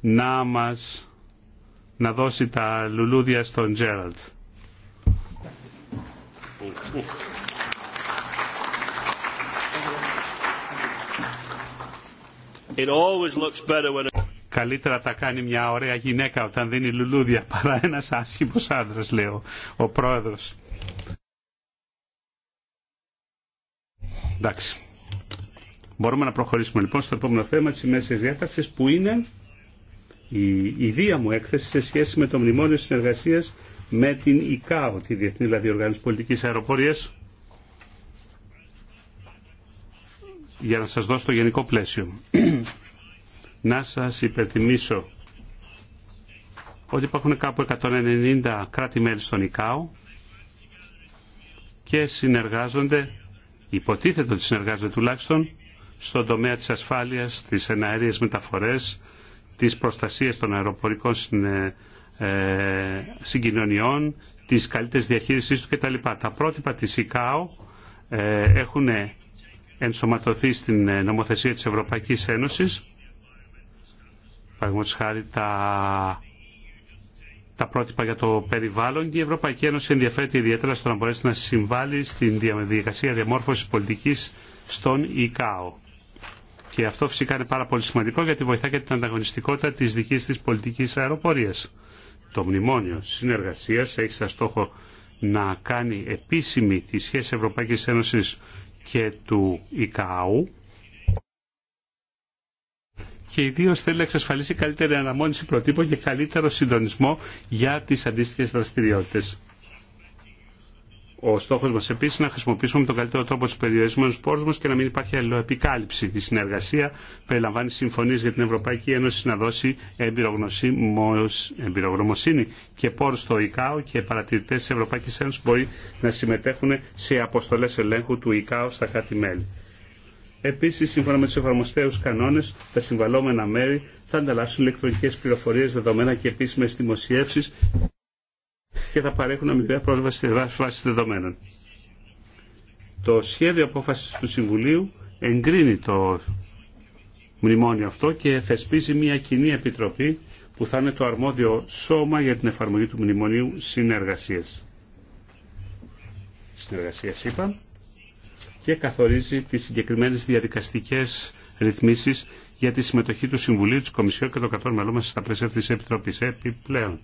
να μας να δώσει τα λουλούδια στον Τζέραλτ. Καλύτερα τα κάνει μια ωραία γυναίκα όταν δίνει λουλούδια παρά ένας άσχημος άντρας, λέω, ο πρόεδρος. Εντάξει. Μπορούμε να προχωρήσουμε λοιπόν στο επόμενο θέμα τη ημέρας διάταξη που είναι η ιδία μου έκθεση σε σχέση με το Μνημόνιο συνεργασία με την ΙΚΑΟ, τη Διεθνή δηλαδή Οργάνωση πολιτική Αεροπορίας, για να σας δώσω το γενικό πλαίσιο. να σας υπενθυμίσω ότι υπάρχουν κάπου 190 κράτη-μέλη στον ΙΚΑΟ και συνεργάζονται, υποτίθεται ότι συνεργάζονται τουλάχιστον, στον τομέα της ασφάλειας, της εναερίες μεταφορές, της προστασίας των αεροπορικών ε, ε, συγκοινωνιών, της καλύτερης διαχείρισής του κτλ. Τα πρότυπα της ΙΚΑΟ ε, έχουν ενσωματωθεί στην νομοθεσία της Ευρωπαϊκής Ένωσης. Παραδείγματος χάρη τα, τα πρότυπα για το περιβάλλον και η Ευρωπαϊκή Ένωση ενδιαφέρεται ιδιαίτερα στο να μπορέσει να συμβάλλει στην διαδικασία διαμόρφωσης πολιτικής στον ΙΚΑΟ. Και αυτό φυσικά είναι πάρα πολύ σημαντικό γιατί βοηθά και την ανταγωνιστικότητα της δικής της πολιτικής αεροπορίας. Το Μνημόνιο συνεργασία έχει σαν στόχο να κάνει επίσημη τη σχέση Ευρωπαϊκής Ένωσης και του ΙΚΑΟΥ και ιδίω θέλει να εξασφαλίσει καλύτερη αναμόνιση προτύπων και καλύτερο συντονισμό για τι αντίστοιχε δραστηριότητε. Ο στόχο μα επίση είναι να χρησιμοποιήσουμε τον καλύτερο τρόπο του περιορισμένου πόρου μας και να μην υπάρχει αλληλοεπικάλυψη. Η συνεργασία περιλαμβάνει συμφωνίε για την Ευρωπαϊκή Ένωση να δώσει εμπειρογνωμοσύνη και πόρου στο ΙΚΑΟ και παρατηρητέ τη Ευρωπαϊκής Ένωσης μπορεί να συμμετέχουν σε αποστολέ ελέγχου του ΙΚΑΟ στα κάτι μελη Επίση, σύμφωνα με του εφαρμοστέου κανόνε, τα συμβαλώμενα μέρη θα ανταλλάσσουν ηλεκτρονικέ πληροφορίε, δεδομένα και επίσημε δημοσιεύσει και θα παρέχουν αμοιβαία πρόσβαση σε βάσει δεδομένων. Το σχέδιο απόφασης του Συμβουλίου εγκρίνει το μνημόνιο αυτό και θεσπίζει μια κοινή επιτροπή που θα είναι το αρμόδιο σώμα για την εφαρμογή του μνημονίου συνεργασίας. Συνεργασίας είπα και καθορίζει τις συγκεκριμένες διαδικαστικές ρυθμίσεις για τη συμμετοχή του Συμβουλίου της Κομισιόν και των 100 μελών μας στα πλαίσια της Επιτροπής. Επιπλέον,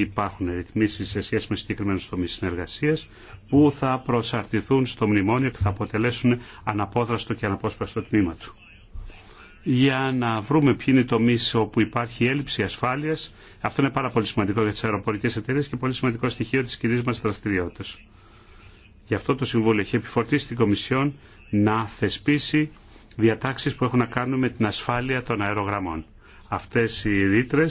υπάρχουν ρυθμίσει σε σχέση με συγκεκριμένου τομεί συνεργασία που θα προσαρτηθούν στο μνημόνιο και θα αποτελέσουν αναπόδραστο και αναπόσπαστο τμήμα του. Για να βρούμε ποιοι είναι οι τομεί όπου υπάρχει έλλειψη ασφάλεια, αυτό είναι πάρα πολύ σημαντικό για τι αεροπορικέ εταιρείε και πολύ σημαντικό στοιχείο τη κοινή μα δραστηριότητα. Γι' αυτό το Συμβούλιο έχει επιφορτήσει την Κομισιόν να θεσπίσει διατάξει που έχουν να κάνουν με την ασφάλεια των αερογραμμών. Αυτέ οι ρήτρε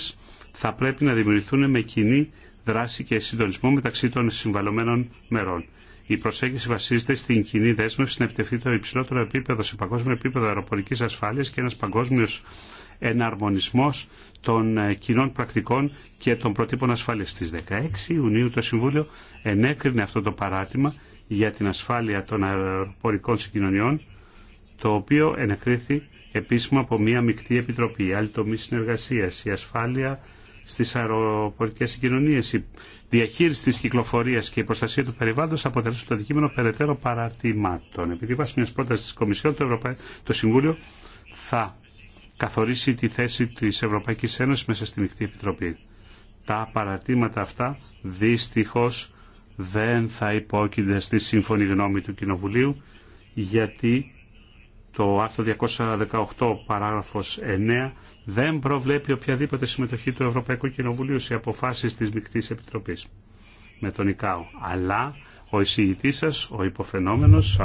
θα πρέπει να δημιουργηθούν με κοινή δράση και συντονισμό μεταξύ των συμβαλωμένων μερών. Η προσέγγιση βασίζεται στην κοινή δέσμευση να επιτευχθεί το υψηλότερο επίπεδο σε παγκόσμιο επίπεδο αεροπορική ασφάλεια και ένα παγκόσμιο εναρμονισμό των ε, κοινών πρακτικών και των προτύπων ασφάλεια. Στι 16 Ιουνίου το Συμβούλιο ενέκρινε αυτό το παράτημα για την ασφάλεια των αεροπορικών συγκοινωνιών, το οποίο ενεκρίθη επίσημα από μια μεικτή επιτροπή. άλλη τομή συνεργασία, η ασφάλεια στις αεροπορικές συγκοινωνίες. Η διαχείριση της κυκλοφορίας και η προστασία του περιβάλλοντος αποτελέσουν το αντικείμενο περαιτέρω παρατημάτων. Επειδή βάσει μιας πρότασης της Κομισιόν, το, το Συμβούλιο θα καθορίσει τη θέση της Ευρωπαϊκής Ένωσης μέσα στη Μικτή Επιτροπή. Τα παρατήματα αυτά δυστυχώς δεν θα υπόκεινται στη σύμφωνη γνώμη του Κοινοβουλίου γιατί το άρθρο 218 παράγραφος 9 δεν προβλέπει οποιαδήποτε συμμετοχή του Ευρωπαϊκού Κοινοβουλίου σε αποφάσεις της Μικτής Επιτροπής με τον ΙΚΑΟ. Αλλά ο εισηγητής σας, ο υποφαινόμενος,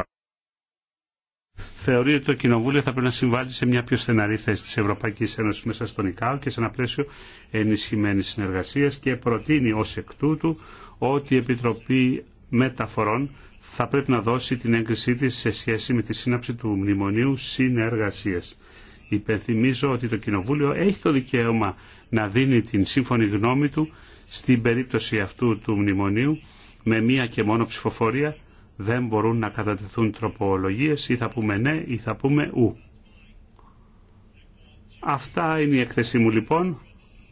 θεωρεί ότι το Κοινοβούλιο θα πρέπει να συμβάλλει σε μια πιο στεναρή θέση της Ευρωπαϊκής Ένωσης μέσα στον ΙΚΑΟ και σε ένα πλαίσιο ενισχυμένης συνεργασίας και προτείνει ως εκ τούτου ότι η Επιτροπή Μεταφορών θα πρέπει να δώσει την έγκρισή της σε σχέση με τη σύναψη του Μνημονίου Συνεργασίας. Υπενθυμίζω ότι το Κοινοβούλιο έχει το δικαίωμα να δίνει την σύμφωνη γνώμη του στην περίπτωση αυτού του Μνημονίου με μία και μόνο ψηφοφορία δεν μπορούν να κατατεθούν τροπολογίες ή θα πούμε ναι ή θα πούμε ου. Αυτά είναι η έκθεσή μου λοιπόν.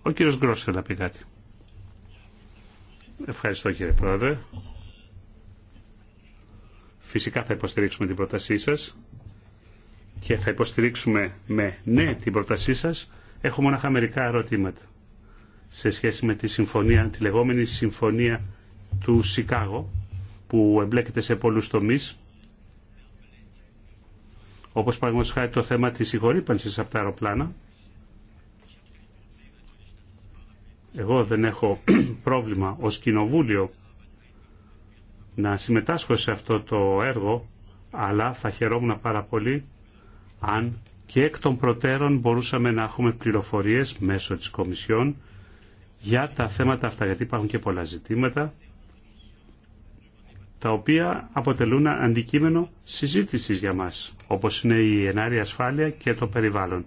Ο κύριος Γκρός θέλει πει κάτι. Ευχαριστώ κύριε Πρόεδρε. Φυσικά θα υποστηρίξουμε την πρότασή σας και θα υποστηρίξουμε με ναι την πρότασή σας. Έχω μόνο μερικά ερωτήματα σε σχέση με τη, συμφωνία, τη λεγόμενη συμφωνία του Σικάγο που εμπλέκεται σε πολλούς τομείς όπως παραδείγματος το θέμα της συγχωρήπανσης από τα αεροπλάνα. Εγώ δεν έχω πρόβλημα ως κοινοβούλιο να συμμετάσχω σε αυτό το έργο, αλλά θα χαιρόμουν πάρα πολύ αν και εκ των προτέρων μπορούσαμε να έχουμε πληροφορίες μέσω της Κομισιόν για τα θέματα αυτά, γιατί υπάρχουν και πολλά ζητήματα τα οποία αποτελούν αντικείμενο συζήτησης για μας, όπως είναι η ενάρια ασφάλεια και το περιβάλλον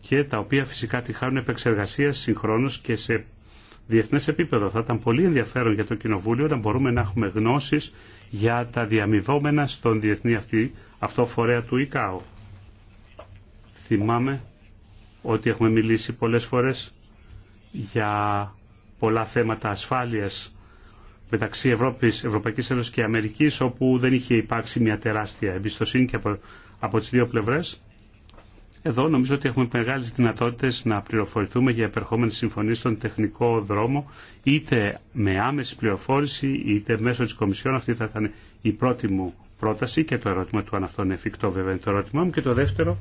και τα οποία φυσικά τη χάνουν επεξεργασία συγχρόνως και σε διεθνές επίπεδο. Θα ήταν πολύ ενδιαφέρον για το Κοινοβούλιο να μπορούμε να έχουμε γνώσεις για τα διαμοιβόμενα στον διεθνή αυτή, αυτό φορέα του ΙΚΑΟ. Θυμάμαι ότι έχουμε μιλήσει πολλές φορές για πολλά θέματα ασφάλειας μεταξύ Ευρώπης, Ευρωπαϊκής Ένωσης και Αμερικής όπου δεν είχε υπάρξει μια τεράστια εμπιστοσύνη και από, από τις δύο πλευρές εδώ νομίζω ότι έχουμε μεγάλε δυνατότητε να πληροφορηθούμε για επερχόμενες συμφωνίες στον τεχνικό δρόμο, είτε με άμεση πληροφόρηση, είτε μέσω τη Κομισιόν. Αυτή θα ήταν η πρώτη μου πρόταση και το ερώτημα του αν αυτό είναι εφικτό βέβαια είναι το ερώτημά μου. Και το δεύτερο,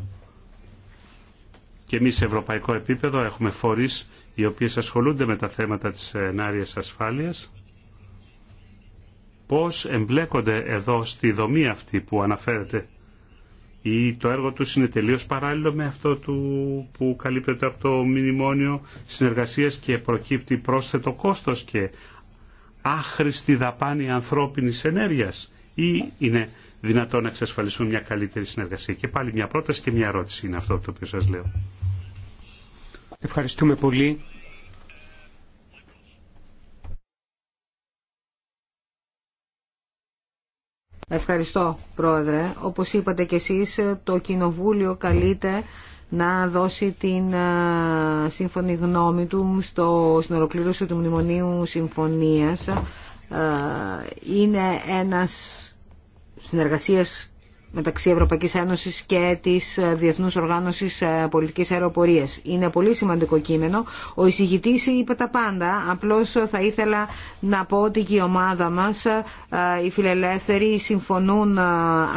και εμεί σε ευρωπαϊκό επίπεδο έχουμε φορεί οι οποίε ασχολούνται με τα θέματα τη ενάρεια ασφάλεια, Πώς εμπλέκονται εδώ στη δομή αυτή που αναφέρεται ή το έργο τους είναι τελείως παράλληλο με αυτό του που καλύπτεται από το μνημόνιο συνεργασίας και προκύπτει πρόσθετο κόστος και άχρηστη δαπάνη ανθρώπινης ενέργειας ή είναι δυνατόν να εξασφαλιστούν μια καλύτερη συνεργασία. Και πάλι μια πρόταση και μια ερώτηση είναι αυτό το οποίο σας λέω. Ευχαριστούμε πολύ. Ευχαριστώ, Πρόεδρε. Όπως είπατε και εσείς, το Κοινοβούλιο καλείται να δώσει την σύμφωνη γνώμη του στο, στην ολοκλήρωση του Μνημονίου Συμφωνίας. Είναι ένας συνεργασίας μεταξύ Ευρωπαϊκής Ένωσης και της ε, Διεθνούς Οργάνωσης ε, Πολιτικής Αεροπορίας. Είναι πολύ σημαντικό κείμενο. Ο εισηγητής είπε τα πάντα. Απλώς ε, θα ήθελα να πω ότι και η ομάδα μας, οι φιλελεύθεροι, συμφωνούν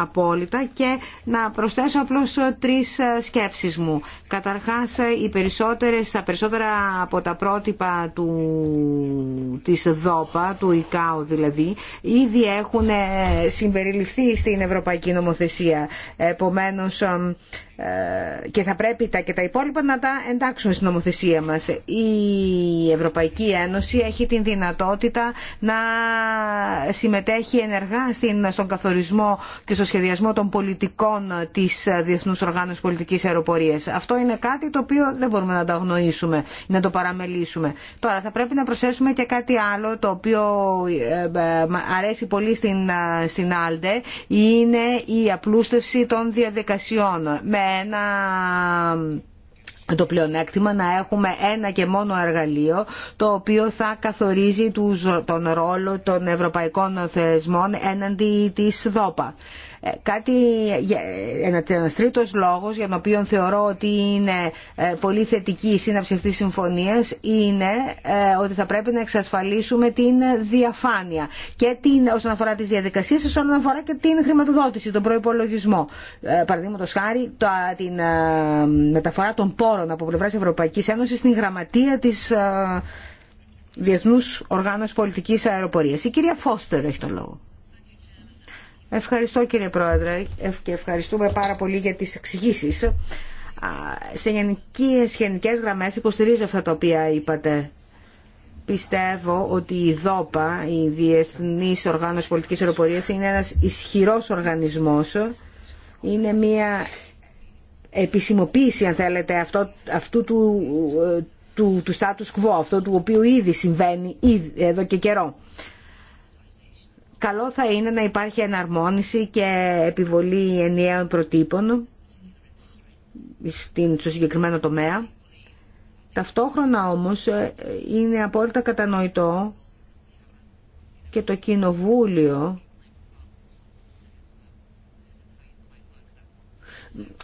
απόλυτα και να προσθέσω απλώς τρεις σκέψεις μου. Καταρχάς, οι περισσότερες, τα περισσότερα από τα πρότυπα του, της ΔΟΠΑ, του ΙΚΑΟ δηλαδή, ήδη έχουν συμπεριληφθεί στην Ευρωπαϊκή Νομοθεσία νομοθεσία. Ε, και θα πρέπει τα και τα υπόλοιπα να τα εντάξουμε στην νομοθεσία μας. Η Ευρωπαϊκή Ένωση έχει την δυνατότητα να συμμετέχει ενεργά στην, στον καθορισμό και στο σχεδιασμό των πολιτικών τη Διεθνού Οργάνωση πολιτική Αεροπορία. Αυτό είναι κάτι το οποίο δεν μπορούμε να το αγνοήσουμε, να το παραμελήσουμε. Τώρα θα πρέπει να προσθέσουμε και κάτι άλλο το οποίο ε, ε, αρέσει πολύ στην, στην Άλντε είναι η απλούστευση των διαδικασιών με ένα το πλεονέκτημα να έχουμε ένα και μόνο εργαλείο το οποίο θα καθορίζει τον ρόλο των ευρωπαϊκών θεσμών έναντι της ΔΟΠΑ. Ε, κάτι, ένας τρίτος λόγος για τον οποίο θεωρώ ότι είναι ε, πολύ θετική η σύναψη αυτής της συμφωνίας είναι ε, ότι θα πρέπει να εξασφαλίσουμε την διαφάνεια και την, όσον αφορά τις διαδικασίες, όσον αφορά και την χρηματοδότηση, τον προϋπολογισμό. Παραδείγματο χάρη, την μεταφορά των πόρων από πλευράς Ευρωπαϊκή Ένωση στην γραμματεία της Διεθνούς Οργάνωσης Πολιτικής Αεροπορίας. Η κυρία Φώστερ έχει το λόγο. Ευχαριστώ κύριε Πρόεδρε και ευχαριστούμε πάρα πολύ για τις εξηγήσει. Σε γενικές, γενικές γραμμές υποστηρίζω αυτά τα οποία είπατε. Πιστεύω ότι η ΔΟΠΑ, η Διεθνής Οργάνωση Πολιτικής Αεροπορίας, είναι ένας ισχυρός οργανισμός. Είναι μια επισημοποίηση, αν θέλετε, αυτού του, ε, του, του status quo, αυτό του οποίου ήδη συμβαίνει εδώ και καιρό καλό θα είναι να υπάρχει εναρμόνιση και επιβολή ενιαίων προτύπων στο συγκεκριμένο τομέα. Ταυτόχρονα όμως ε, είναι απόλυτα κατανοητό και το κοινοβούλιο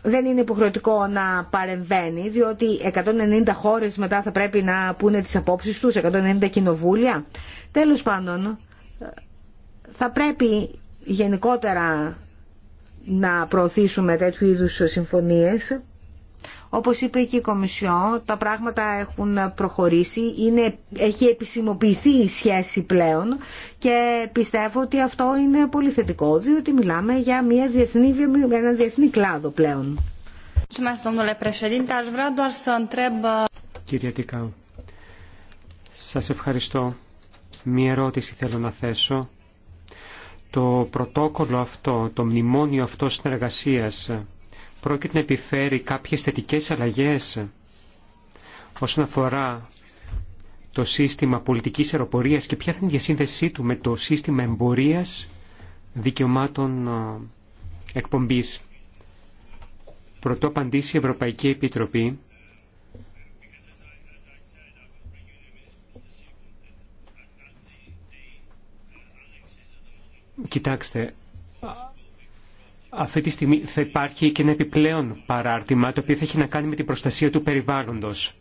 δεν είναι υποχρεωτικό να παρεμβαίνει, διότι 190 χώρες μετά θα πρέπει να πούνε τις απόψεις τους, 190 κοινοβούλια. Τέλος πάντων, θα πρέπει γενικότερα να προωθήσουμε τέτοιου είδους συμφωνίες. Όπως είπε και η Κομισιό, τα πράγματα έχουν προχωρήσει, είναι, έχει επισημοποιηθεί η σχέση πλέον και πιστεύω ότι αυτό είναι πολύ θετικό, διότι μιλάμε για μια διεθνή, ένα διεθνή κλάδο πλέον. Uh, Κύριε Τικά, σας ευχαριστώ. Μία ερώτηση θέλω να θέσω το πρωτόκολλο αυτό, το μνημόνιο αυτό συνεργασίας, πρόκειται να επιφέρει κάποιες θετικές αλλαγές όσον αφορά το σύστημα πολιτικής αεροπορίας και ποια θα είναι η διασύνδεσή του με το σύστημα εμπορίας δικαιωμάτων ε, εκπομπής. Πρωτό απαντήσει η Ευρωπαϊκή Επιτροπή Κοιτάξτε, αυτή τη στιγμή θα υπάρχει και ένα επιπλέον παράρτημα το οποίο θα έχει να κάνει με την προστασία του περιβάλλοντος.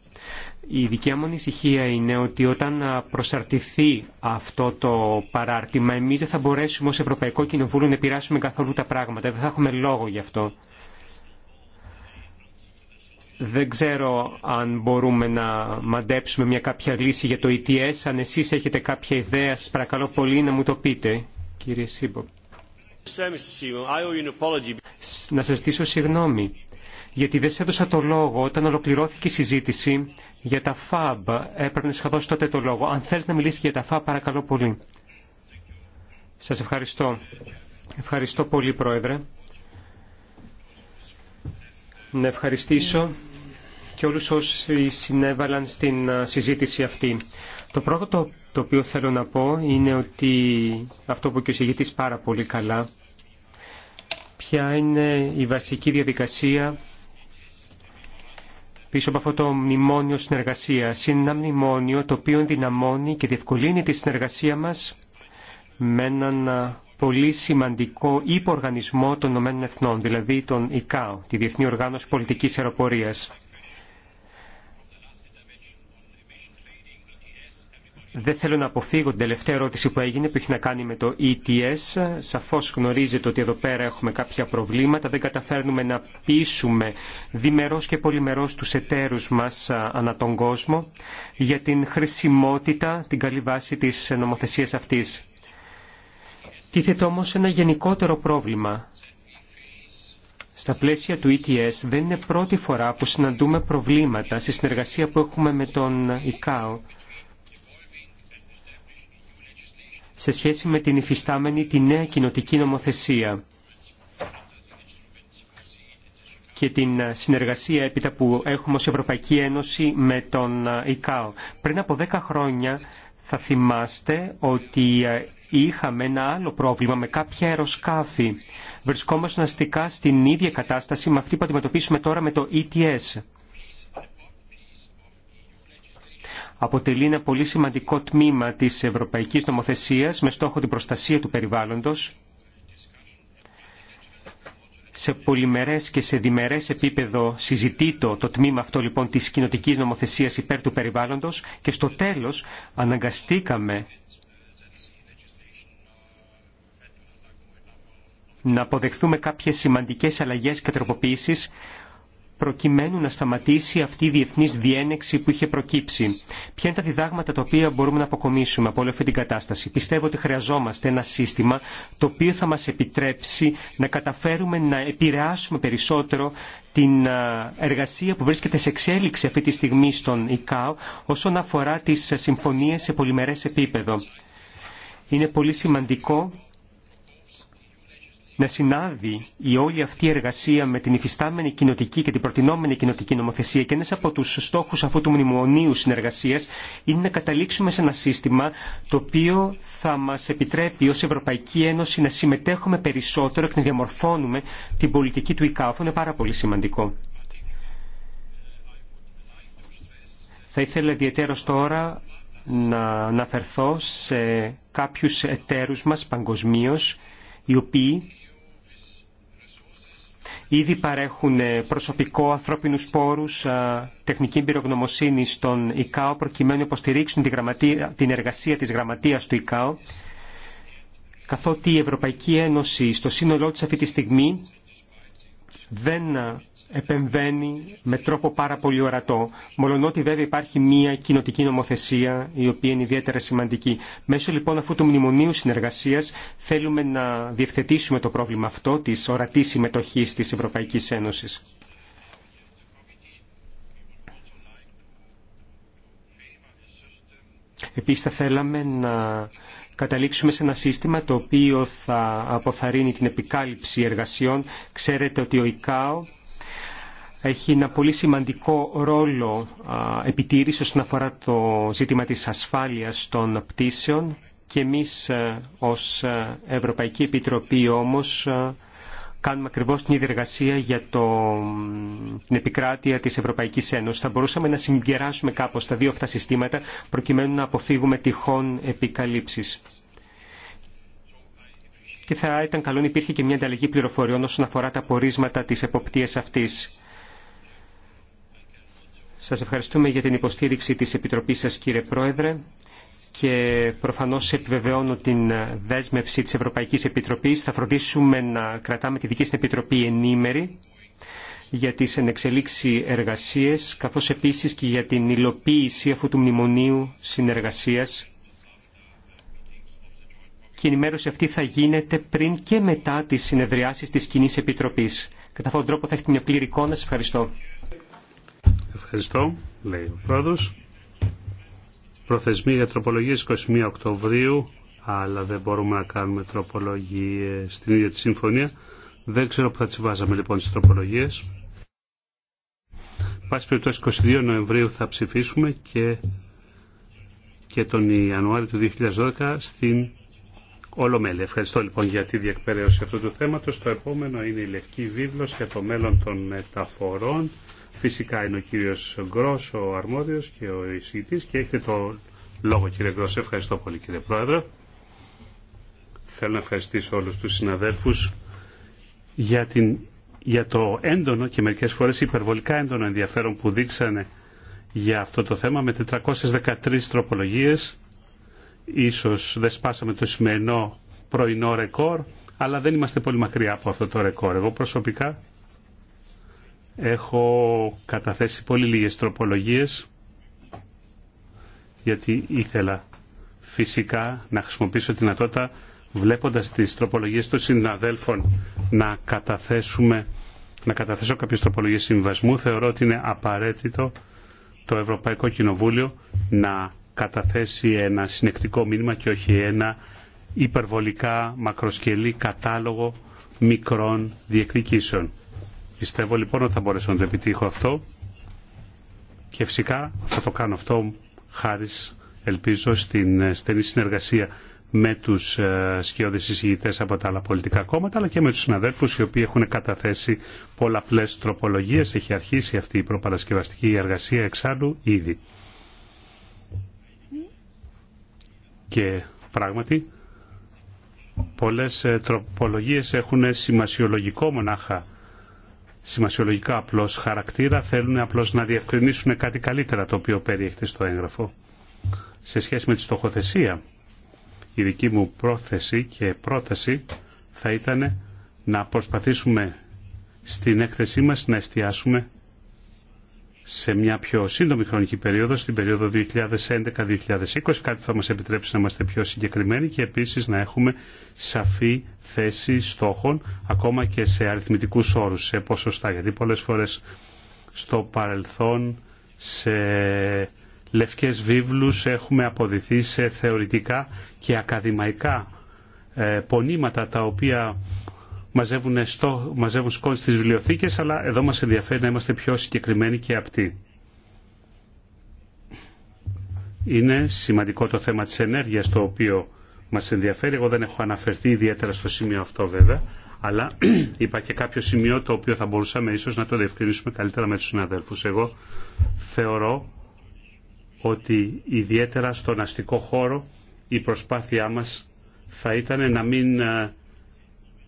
Η δικιά μου ανησυχία είναι ότι όταν προσαρτηθεί αυτό το παράρτημα εμείς δεν θα μπορέσουμε ως Ευρωπαϊκό Κοινοβούλιο να πειράσουμε καθόλου τα πράγματα. Δεν θα έχουμε λόγο γι' αυτό. Δεν ξέρω αν μπορούμε να μαντέψουμε μια κάποια λύση για το ETS. Αν εσείς έχετε κάποια ιδέα, σας παρακαλώ πολύ να μου το πείτε κύριε Σίμπο. Να σας ζητήσω συγγνώμη, γιατί δεν σε έδωσα το λόγο όταν ολοκληρώθηκε η συζήτηση για τα ΦΑΜΠ. Έπρεπε να σας δώσω τότε το λόγο. Αν θέλετε να μιλήσετε για τα ΦΑΜΠ, παρακαλώ πολύ. Σας ευχαριστώ. Ευχαριστώ πολύ, Πρόεδρε. Να ευχαριστήσω και όλους όσοι συνέβαλαν στην ε, συζήτηση αυτή. Το πρώτο το οποίο θέλω να πω είναι ότι αυτό που και ο συγγητής πάρα πολύ καλά, ποια είναι η βασική διαδικασία πίσω από αυτό το μνημόνιο συνεργασία. Είναι ένα μνημόνιο το οποίο ενδυναμώνει και διευκολύνει τη συνεργασία μας με έναν πολύ σημαντικό υποοργανισμό των ΗΠΑ Εθνών, δηλαδή τον ΙΚΑΟ, τη Διεθνή Οργάνωση Πολιτικής Αεροπορίας. Δεν θέλω να αποφύγω την τελευταία ερώτηση που έγινε που έχει να κάνει με το ETS. Σαφώς γνωρίζετε ότι εδώ πέρα έχουμε κάποια προβλήματα. Δεν καταφέρνουμε να πείσουμε διμερός και πολυμερός τους εταίρους μας ανά τον κόσμο για την χρησιμότητα, την καλή βάση της νομοθεσίας αυτής. Τίθεται όμως ένα γενικότερο πρόβλημα. Στα πλαίσια του ETS δεν είναι πρώτη φορά που συναντούμε προβλήματα στη συνεργασία που έχουμε με τον ICAO σε σχέση με την υφιστάμενη τη νέα κοινοτική νομοθεσία και την συνεργασία έπειτα που έχουμε ως Ευρωπαϊκή Ένωση με τον ΙΚΑΟ. Πριν από δέκα χρόνια θα θυμάστε ότι ε, είχαμε ένα άλλο πρόβλημα με κάποια αεροσκάφη. Βρισκόμαστε αστικά στην ίδια κατάσταση με αυτή που αντιμετωπίσουμε τώρα με το ETS. αποτελεί ένα πολύ σημαντικό τμήμα της ευρωπαϊκής νομοθεσίας με στόχο την προστασία του περιβάλλοντος σε πολυμερές και σε διμερές επίπεδο συζητεί το, τμήμα αυτό λοιπόν της κοινοτικής νομοθεσίας υπέρ του περιβάλλοντος και στο τέλος αναγκαστήκαμε να αποδεχθούμε κάποιες σημαντικές αλλαγές και τροποποίησεις προκειμένου να σταματήσει αυτή η διεθνής διένεξη που είχε προκύψει. Ποια είναι τα διδάγματα τα οποία μπορούμε να αποκομίσουμε από όλη αυτή την κατάσταση. Πιστεύω ότι χρειαζόμαστε ένα σύστημα το οποίο θα μας επιτρέψει να καταφέρουμε να επηρεάσουμε περισσότερο την εργασία που βρίσκεται σε εξέλιξη αυτή τη στιγμή στον ΙΚΑΟ όσον αφορά τις συμφωνίες σε πολυμερές επίπεδο. Είναι πολύ σημαντικό να συνάδει η όλη αυτή η εργασία με την υφιστάμενη κοινοτική και την προτινόμενη κοινοτική νομοθεσία και ένας από τους στόχους αυτού του μνημονίου συνεργασίας είναι να καταλήξουμε σε ένα σύστημα το οποίο θα μας επιτρέπει ως Ευρωπαϊκή Ένωση να συμμετέχουμε περισσότερο και να διαμορφώνουμε την πολιτική του ΙΚΑΟ. Είναι πάρα πολύ σημαντικό. Θα ήθελα ιδιαίτερος τώρα να αναφερθώ σε κάποιους εταίρους μας παγκοσμίως οι οποίοι Ήδη παρέχουν ε, προσωπικό, ανθρώπινου πόρου, ε, τεχνική εμπειρογνωμοσύνη στον ΙΚΑΟ προκειμένου να υποστηρίξουν τη την εργασία τη γραμματεία του ΙΚΑΟ. Καθότι η Ευρωπαϊκή Ένωση στο σύνολό τη αυτή τη στιγμή δεν επεμβαίνει με τρόπο πάρα πολύ ορατό, μολονότι βέβαια υπάρχει μια κοινοτική νομοθεσία η οποία είναι ιδιαίτερα σημαντική. Μέσω λοιπόν αυτού του μνημονίου συνεργασίας θέλουμε να διευθετήσουμε το πρόβλημα αυτό της ορατής συμμετοχής της Ευρωπαϊκής Ένωσης. Επίσης θα θέλαμε να καταλήξουμε σε ένα σύστημα το οποίο θα αποθαρρύνει την επικάλυψη εργασιών. Ξέρετε ότι ο ΙΚΑΟ έχει ένα πολύ σημαντικό ρόλο επιτήρηση όσον αφορά το ζήτημα της ασφάλειας των πτήσεων και εμείς ως Ευρωπαϊκή Επιτροπή όμως κάνουμε ακριβώς την ίδια για το, την επικράτεια της Ευρωπαϊκής Ένωσης. Θα μπορούσαμε να συγκεράσουμε κάπως τα δύο αυτά συστήματα προκειμένου να αποφύγουμε τυχόν επικαλύψεις. Και θα ήταν καλό να υπήρχε και μια ανταλλαγή πληροφοριών όσον αφορά τα πορίσματα της εποπτείας αυτής. Σας ευχαριστούμε για την υποστήριξη της Επιτροπής σας κύριε Πρόεδρε και προφανώς επιβεβαιώνω την δέσμευση της Ευρωπαϊκής Επιτροπής. Θα φροντίσουμε να κρατάμε τη δική σας Επιτροπή ενήμερη για τις ενεξελίξει εργασίες καθώς επίσης και για την υλοποίηση αυτού του μνημονίου συνεργασίας και η ενημέρωση αυτή θα γίνεται πριν και μετά τις συνεδριάσεις της κοινή Επιτροπής. Κατά αυτόν τον τρόπο θα έχετε μια πλήρη εικόνα. Σας ευχαριστώ. Ευχαριστώ, λέει ο πρόεδρο. Προθεσμοί για τροπολογίε 21 Οκτωβρίου, αλλά δεν μπορούμε να κάνουμε τροπολογίε στην ίδια τη συμφωνία. Δεν ξέρω που θα τις βάζαμε λοιπόν στις τροπολογίες. Πάση περιπτώσει 22 Νοεμβρίου θα ψηφίσουμε και, και τον Ιανουάριο του 2012 στην Ολομέλη. Ευχαριστώ λοιπόν για τη διεκπαιρέωση αυτού του θέματος. Το επόμενο είναι η Λευκή Βίβλος για το μέλλον των μεταφορών. Φυσικά είναι ο κύριο Γκρό, ο αρμόδιος και ο εισηγητής και έχετε το λόγο κύριε Γκρός. Ευχαριστώ πολύ κύριε Πρόεδρε. Θέλω να ευχαριστήσω όλου του συναδέλφου για, για το έντονο και μερικές φορές υπερβολικά έντονο ενδιαφέρον που δείξανε για αυτό το θέμα με 413 τροπολογίες. Ίσως δεν σπάσαμε το σημερινό πρωινό ρεκόρ, αλλά δεν είμαστε πολύ μακριά από αυτό το ρεκόρ. Εγώ προσωπικά Έχω καταθέσει πολύ λίγες τροπολογίες γιατί ήθελα φυσικά να χρησιμοποιήσω τη δυνατότητα βλέποντας τις τροπολογίες των συναδέλφων να καταθέσουμε να καταθέσω κάποιες τροπολογίες συμβασμού θεωρώ ότι είναι απαραίτητο το Ευρωπαϊκό Κοινοβούλιο να καταθέσει ένα συνεκτικό μήνυμα και όχι ένα υπερβολικά μακροσκελή κατάλογο μικρών διεκδικήσεων. Πιστεύω λοιπόν ότι θα μπορέσω να το επιτύχω αυτό και φυσικά θα το κάνω αυτό χάρη ελπίζω στην ε, στενή συνεργασία με τους ε, σκιώδες εισηγητές από τα άλλα πολιτικά κόμματα αλλά και με τους συναδέλφους οι οποίοι έχουν καταθέσει πολλαπλές τροπολογίες. Έχει αρχίσει αυτή η προπαρασκευαστική εργασία εξάλλου ήδη. Και πράγματι πολλές ε, τροπολογίες έχουν σημασιολογικό μονάχα σημασιολογικά απλώς χαρακτήρα, θέλουν απλώς να διευκρινίσουν κάτι καλύτερα το οποίο περιέχεται στο έγγραφο. Σε σχέση με τη στοχοθεσία, η δική μου πρόθεση και πρόταση θα ήταν να προσπαθήσουμε στην έκθεσή μας να εστιάσουμε σε μια πιο σύντομη χρονική περίοδο, στην περίοδο 2011-2020, κάτι θα μας επιτρέψει να είμαστε πιο συγκεκριμένοι και επίσης να έχουμε σαφή θέση στόχων, ακόμα και σε αριθμητικούς όρους, σε ποσοστά, γιατί πολλές φορές στο παρελθόν σε λευκές βίβλους έχουμε αποδηθεί σε θεωρητικά και ακαδημαϊκά ε, πονήματα τα οποία μαζεύουν, στο, μαζεύουν σκόνη στις βιβλιοθήκες, αλλά εδώ μας ενδιαφέρει να είμαστε πιο συγκεκριμένοι και απτοί. Είναι σημαντικό το θέμα της ενέργειας το οποίο μας ενδιαφέρει. Εγώ δεν έχω αναφερθεί ιδιαίτερα στο σημείο αυτό βέβαια, αλλά είπα και κάποιο σημείο το οποίο θα μπορούσαμε ίσως να το διευκρινίσουμε καλύτερα με τους συναδέλφους. Εγώ θεωρώ ότι ιδιαίτερα στον αστικό χώρο η προσπάθειά μας θα ήταν να μην ε,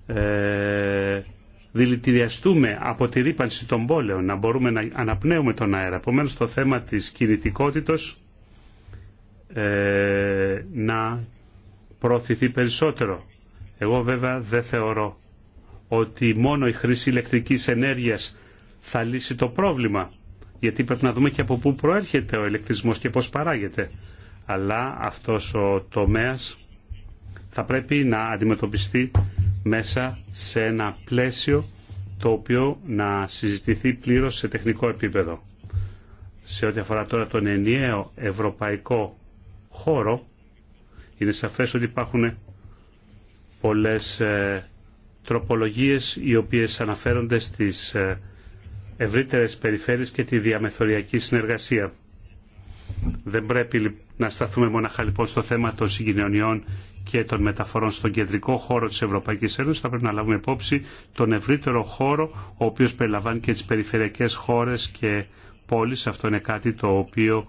ε, δηλητηριαστούμε από τη ρήπανση των πόλεων, να μπορούμε να αναπνέουμε τον αέρα. Επομένως το θέμα της κινητικότητος ε, να προωθηθεί περισσότερο. Εγώ βέβαια δεν θεωρώ ότι μόνο η χρήση ηλεκτρικής ενέργειας θα λύσει το πρόβλημα, γιατί πρέπει να δούμε και από πού προέρχεται ο ηλεκτρισμός και πώς παράγεται. Αλλά αυτός ο τομέας θα πρέπει να αντιμετωπιστεί μέσα σε ένα πλαίσιο το οποίο να συζητηθεί πλήρως σε τεχνικό επίπεδο. Σε ό,τι αφορά τώρα τον ενιαίο ευρωπαϊκό χώρο, είναι σαφές ότι υπάρχουν πολλές ε, τροπολογίες οι οποίες αναφέρονται στις ε, ευρύτερες περιφέρειες και τη διαμεθοριακή συνεργασία. Δεν πρέπει να σταθούμε μοναχα λοιπόν στο θέμα των συγκοινωνιών και των μεταφορών στον κεντρικό χώρο της Ευρωπαϊκής Ένωσης θα πρέπει να λάβουμε υπόψη τον ευρύτερο χώρο ο οποίος περιλαμβάνει και τις περιφερειακές χώρες και πόλεις. Αυτό είναι κάτι το οποίο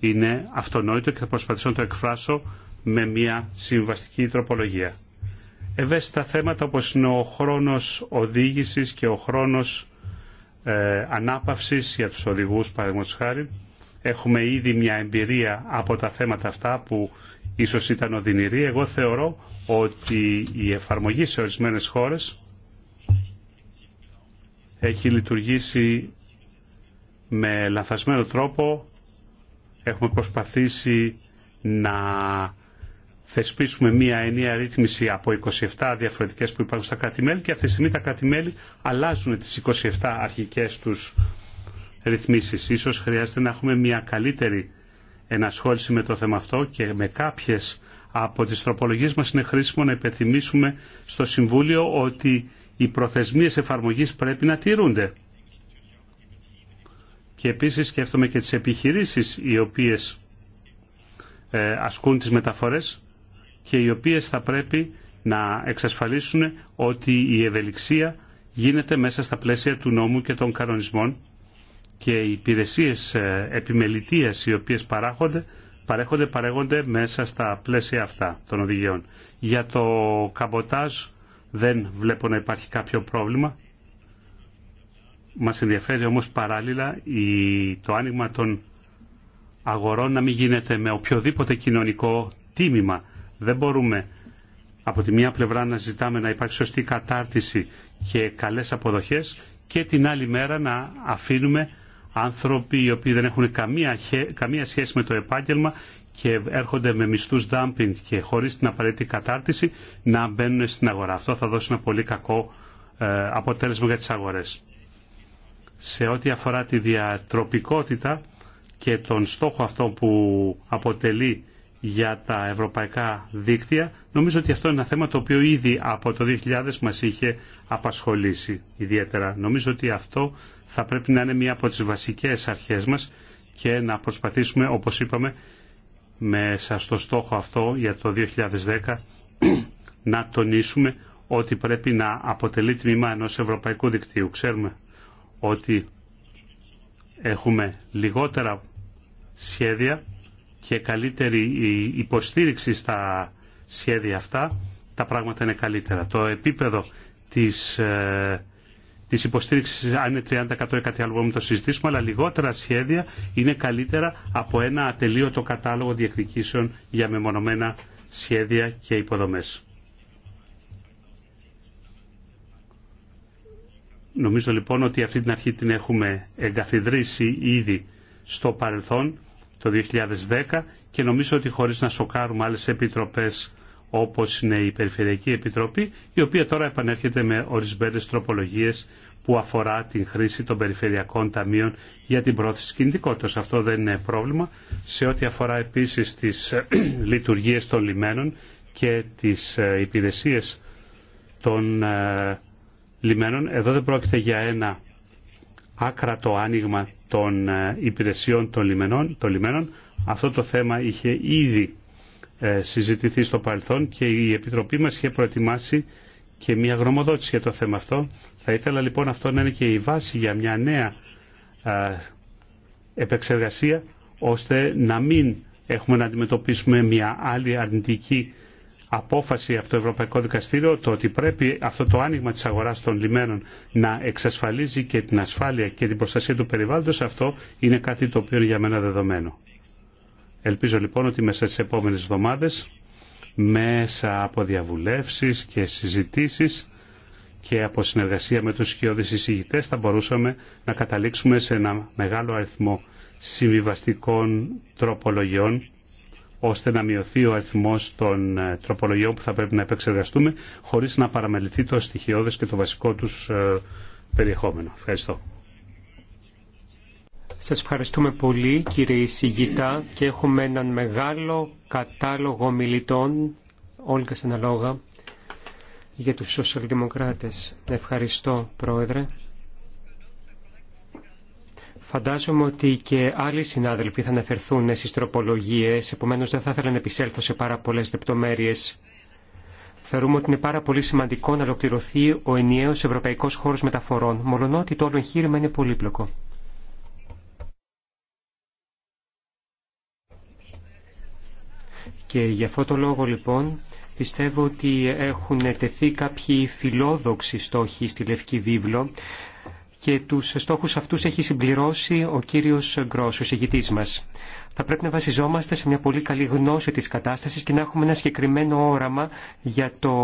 είναι αυτονόητο και θα προσπαθήσω να το εκφράσω με μια συμβαστική τροπολογία. Ευαίσθητα θέματα όπως είναι ο χρόνος οδήγησης και ο χρόνος ε, ανάπαυσης για τους οδηγούς παραδείγματος χάρη. Έχουμε ήδη μια εμπειρία από τα θέματα αυτά που ίσως ήταν οδυνηρή. Εγώ θεωρώ ότι η εφαρμογή σε ορισμένες χώρες έχει λειτουργήσει με λανθασμένο τρόπο. Έχουμε προσπαθήσει να θεσπίσουμε μία ενιαία ρύθμιση από 27 διαφορετικές που υπάρχουν στα κράτη-μέλη και αυτή τη στιγμή τα κράτη-μέλη αλλάζουν τις 27 αρχικές τους ρυθμίσεις. Ίσως χρειάζεται να έχουμε μία καλύτερη ενασχόληση με το θέμα αυτό και με κάποιες από τις τροπολογίες μας είναι χρήσιμο να υπενθυμίσουμε στο Συμβούλιο ότι οι προθεσμίες εφαρμογής πρέπει να τηρούνται. Και επίσης σκέφτομαι και τις επιχειρήσεις οι οποίες ε, ασκούν τις μεταφορές και οι οποίες θα πρέπει να εξασφαλίσουν ότι η ευελιξία γίνεται μέσα στα πλαίσια του νόμου και των κανονισμών και οι υπηρεσίες ε, επιμελητίας οι οποίες παράγονται, παρέχονται παρέχονται μέσα στα πλαίσια αυτά των οδηγιών. Για το καμποτάζ δεν βλέπω να υπάρχει κάποιο πρόβλημα. Μας ενδιαφέρει όμως παράλληλα η, το άνοιγμα των αγορών να μην γίνεται με οποιοδήποτε κοινωνικό τίμημα. Δεν μπορούμε από τη μία πλευρά να ζητάμε να υπάρχει σωστή κατάρτιση και καλές αποδοχές και την άλλη μέρα να αφήνουμε άνθρωποι οι οποίοι δεν έχουν καμία, καμία σχέση με το επάγγελμα και έρχονται με μισθούς dumping και χωρίς την απαραίτητη κατάρτιση να μπαίνουν στην αγορά. Αυτό θα δώσει ένα πολύ κακό ε, αποτέλεσμα για τις αγορές. Σε ό,τι αφορά τη διατροπικότητα και τον στόχο αυτό που αποτελεί για τα ευρωπαϊκά δίκτυα, νομίζω ότι αυτό είναι ένα θέμα το οποίο ήδη από το 2000 μας είχε απασχολήσει ιδιαίτερα. Νομίζω ότι αυτό θα πρέπει να είναι μία από τις βασικές αρχές μας και να προσπαθήσουμε, όπως είπαμε, μέσα στο στόχο αυτό για το 2010 να τονίσουμε ότι πρέπει να αποτελεί τμήμα ενός ευρωπαϊκού δικτύου. Ξέρουμε ότι έχουμε λιγότερα σχέδια και καλύτερη υποστήριξη στα σχέδια αυτά, τα πράγματα είναι καλύτερα. Το επίπεδο της, ε, της υποστήριξης, αν είναι 30% ή κάτι άλλο μπορούμε το συζητήσουμε, αλλά λιγότερα σχέδια είναι καλύτερα από ένα ατελείωτο κατάλογο διεκδικήσεων για μεμονωμένα σχέδια και υποδομές. Νομίζω λοιπόν ότι αυτή την αρχή την έχουμε εγκαθιδρύσει ήδη στο παρελθόν το 2010 και νομίζω ότι χωρίς να σοκάρουμε άλλες επιτροπές όπως είναι η Περιφερειακή Επιτροπή, η οποία τώρα επανέρχεται με ορισμένες τροπολογίες που αφορά την χρήση των περιφερειακών ταμείων για την πρόθεση κινητικότητας. Αυτό δεν είναι πρόβλημα. Σε ό,τι αφορά επίσης τις λειτουργίες των λιμένων και τις ε, υπηρεσίες των ε, λιμένων, εδώ δεν πρόκειται για ένα άκρατο άνοιγμα των ε, υπηρεσιών των λιμένων, Αυτό το θέμα είχε ήδη ε, συζητηθεί στο παρελθόν και η Επιτροπή μας είχε προετοιμάσει και μια γνωμοδότηση για το θέμα αυτό. Θα ήθελα λοιπόν αυτό να είναι και η βάση για μια νέα ε, επεξεργασία ώστε να μην έχουμε να αντιμετωπίσουμε μια άλλη αρνητική απόφαση από το Ευρωπαϊκό Δικαστήριο το ότι πρέπει αυτό το άνοιγμα της αγοράς των λιμένων να εξασφαλίζει και την ασφάλεια και την προστασία του περιβάλλοντος, αυτό είναι κάτι το οποίο είναι για μένα δεδομένο. Ελπίζω λοιπόν ότι μέσα στις επόμενες εβδομάδες, μέσα από διαβουλεύσεις και συζητήσεις και από συνεργασία με τους σκιώδεις εισηγητές θα μπορούσαμε να καταλήξουμε σε ένα μεγάλο αριθμό συμβιβαστικών τροπολογιών ώστε να μειωθεί ο αριθμό των ε, τροπολογιών που θα πρέπει να επεξεργαστούμε χωρίς να παραμεληθεί το στοιχειώδες και το βασικό τους ε, περιεχόμενο. Ευχαριστώ. Σας ευχαριστούμε πολύ κύριε Ισηγητά και έχουμε έναν μεγάλο κατάλογο μιλητών όλκα αναλόγα για τους σοσιαλδημοκράτες. Ευχαριστώ πρόεδρε. Φαντάζομαι ότι και άλλοι συνάδελφοι θα αναφερθούν στις τροπολογίες, επομένως δεν θα ήθελα να επισέλθω σε πάρα πολλές λεπτομέρειε. Θεωρούμε ότι είναι πάρα πολύ σημαντικό να ολοκληρωθεί ο ενιαίος ευρωπαϊκός χώρος μεταφορών, μολονότι το όλο εγχείρημα είναι πολύπλοκο. Και για αυτό το λόγο λοιπόν πιστεύω ότι έχουν τεθεί κάποιοι φιλόδοξοι στόχοι στη Λευκή Βίβλο και τους στόχους αυτούς έχει συμπληρώσει ο κύριος Γκρός, ο συγητής μας. Θα πρέπει να βασιζόμαστε σε μια πολύ καλή γνώση της κατάστασης και να έχουμε ένα συγκεκριμένο όραμα για το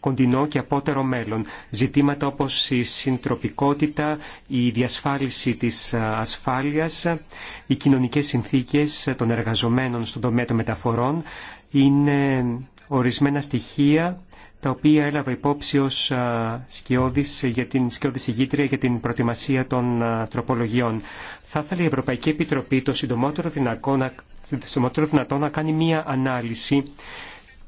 κοντινό και απότερο μέλλον. Ζητήματα όπως η συντροπικότητα, η διασφάλιση της ασφάλειας, οι κοινωνικές συνθήκες των εργαζομένων στον τομέα των μεταφορών είναι ορισμένα στοιχεία τα οποία έλαβε υπόψη ω σκιώδης για την ηγήτρια για την προετοιμασία των τροπολογιών. Θα ήθελε η Ευρωπαϊκή Επιτροπή το συντομότερο δυνατό να, δυνατό να κάνει μία ανάλυση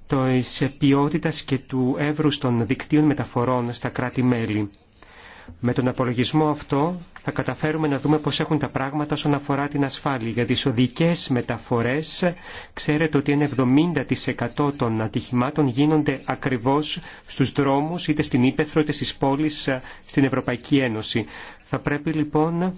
τη ποιότητα και του εύρου των δικτύων μεταφορών στα κράτη-μέλη. Με τον απολογισμό αυτό θα καταφέρουμε να δούμε πώς έχουν τα πράγματα όσον αφορά την ασφάλεια. Για τις οδικές μεταφορές ξέρετε ότι ένα 70% των ατυχημάτων γίνονται ακριβώς στους δρόμους είτε στην Ήπεθρο είτε στις πόλεις ε, στην Ευρωπαϊκή Ένωση. Θα πρέπει λοιπόν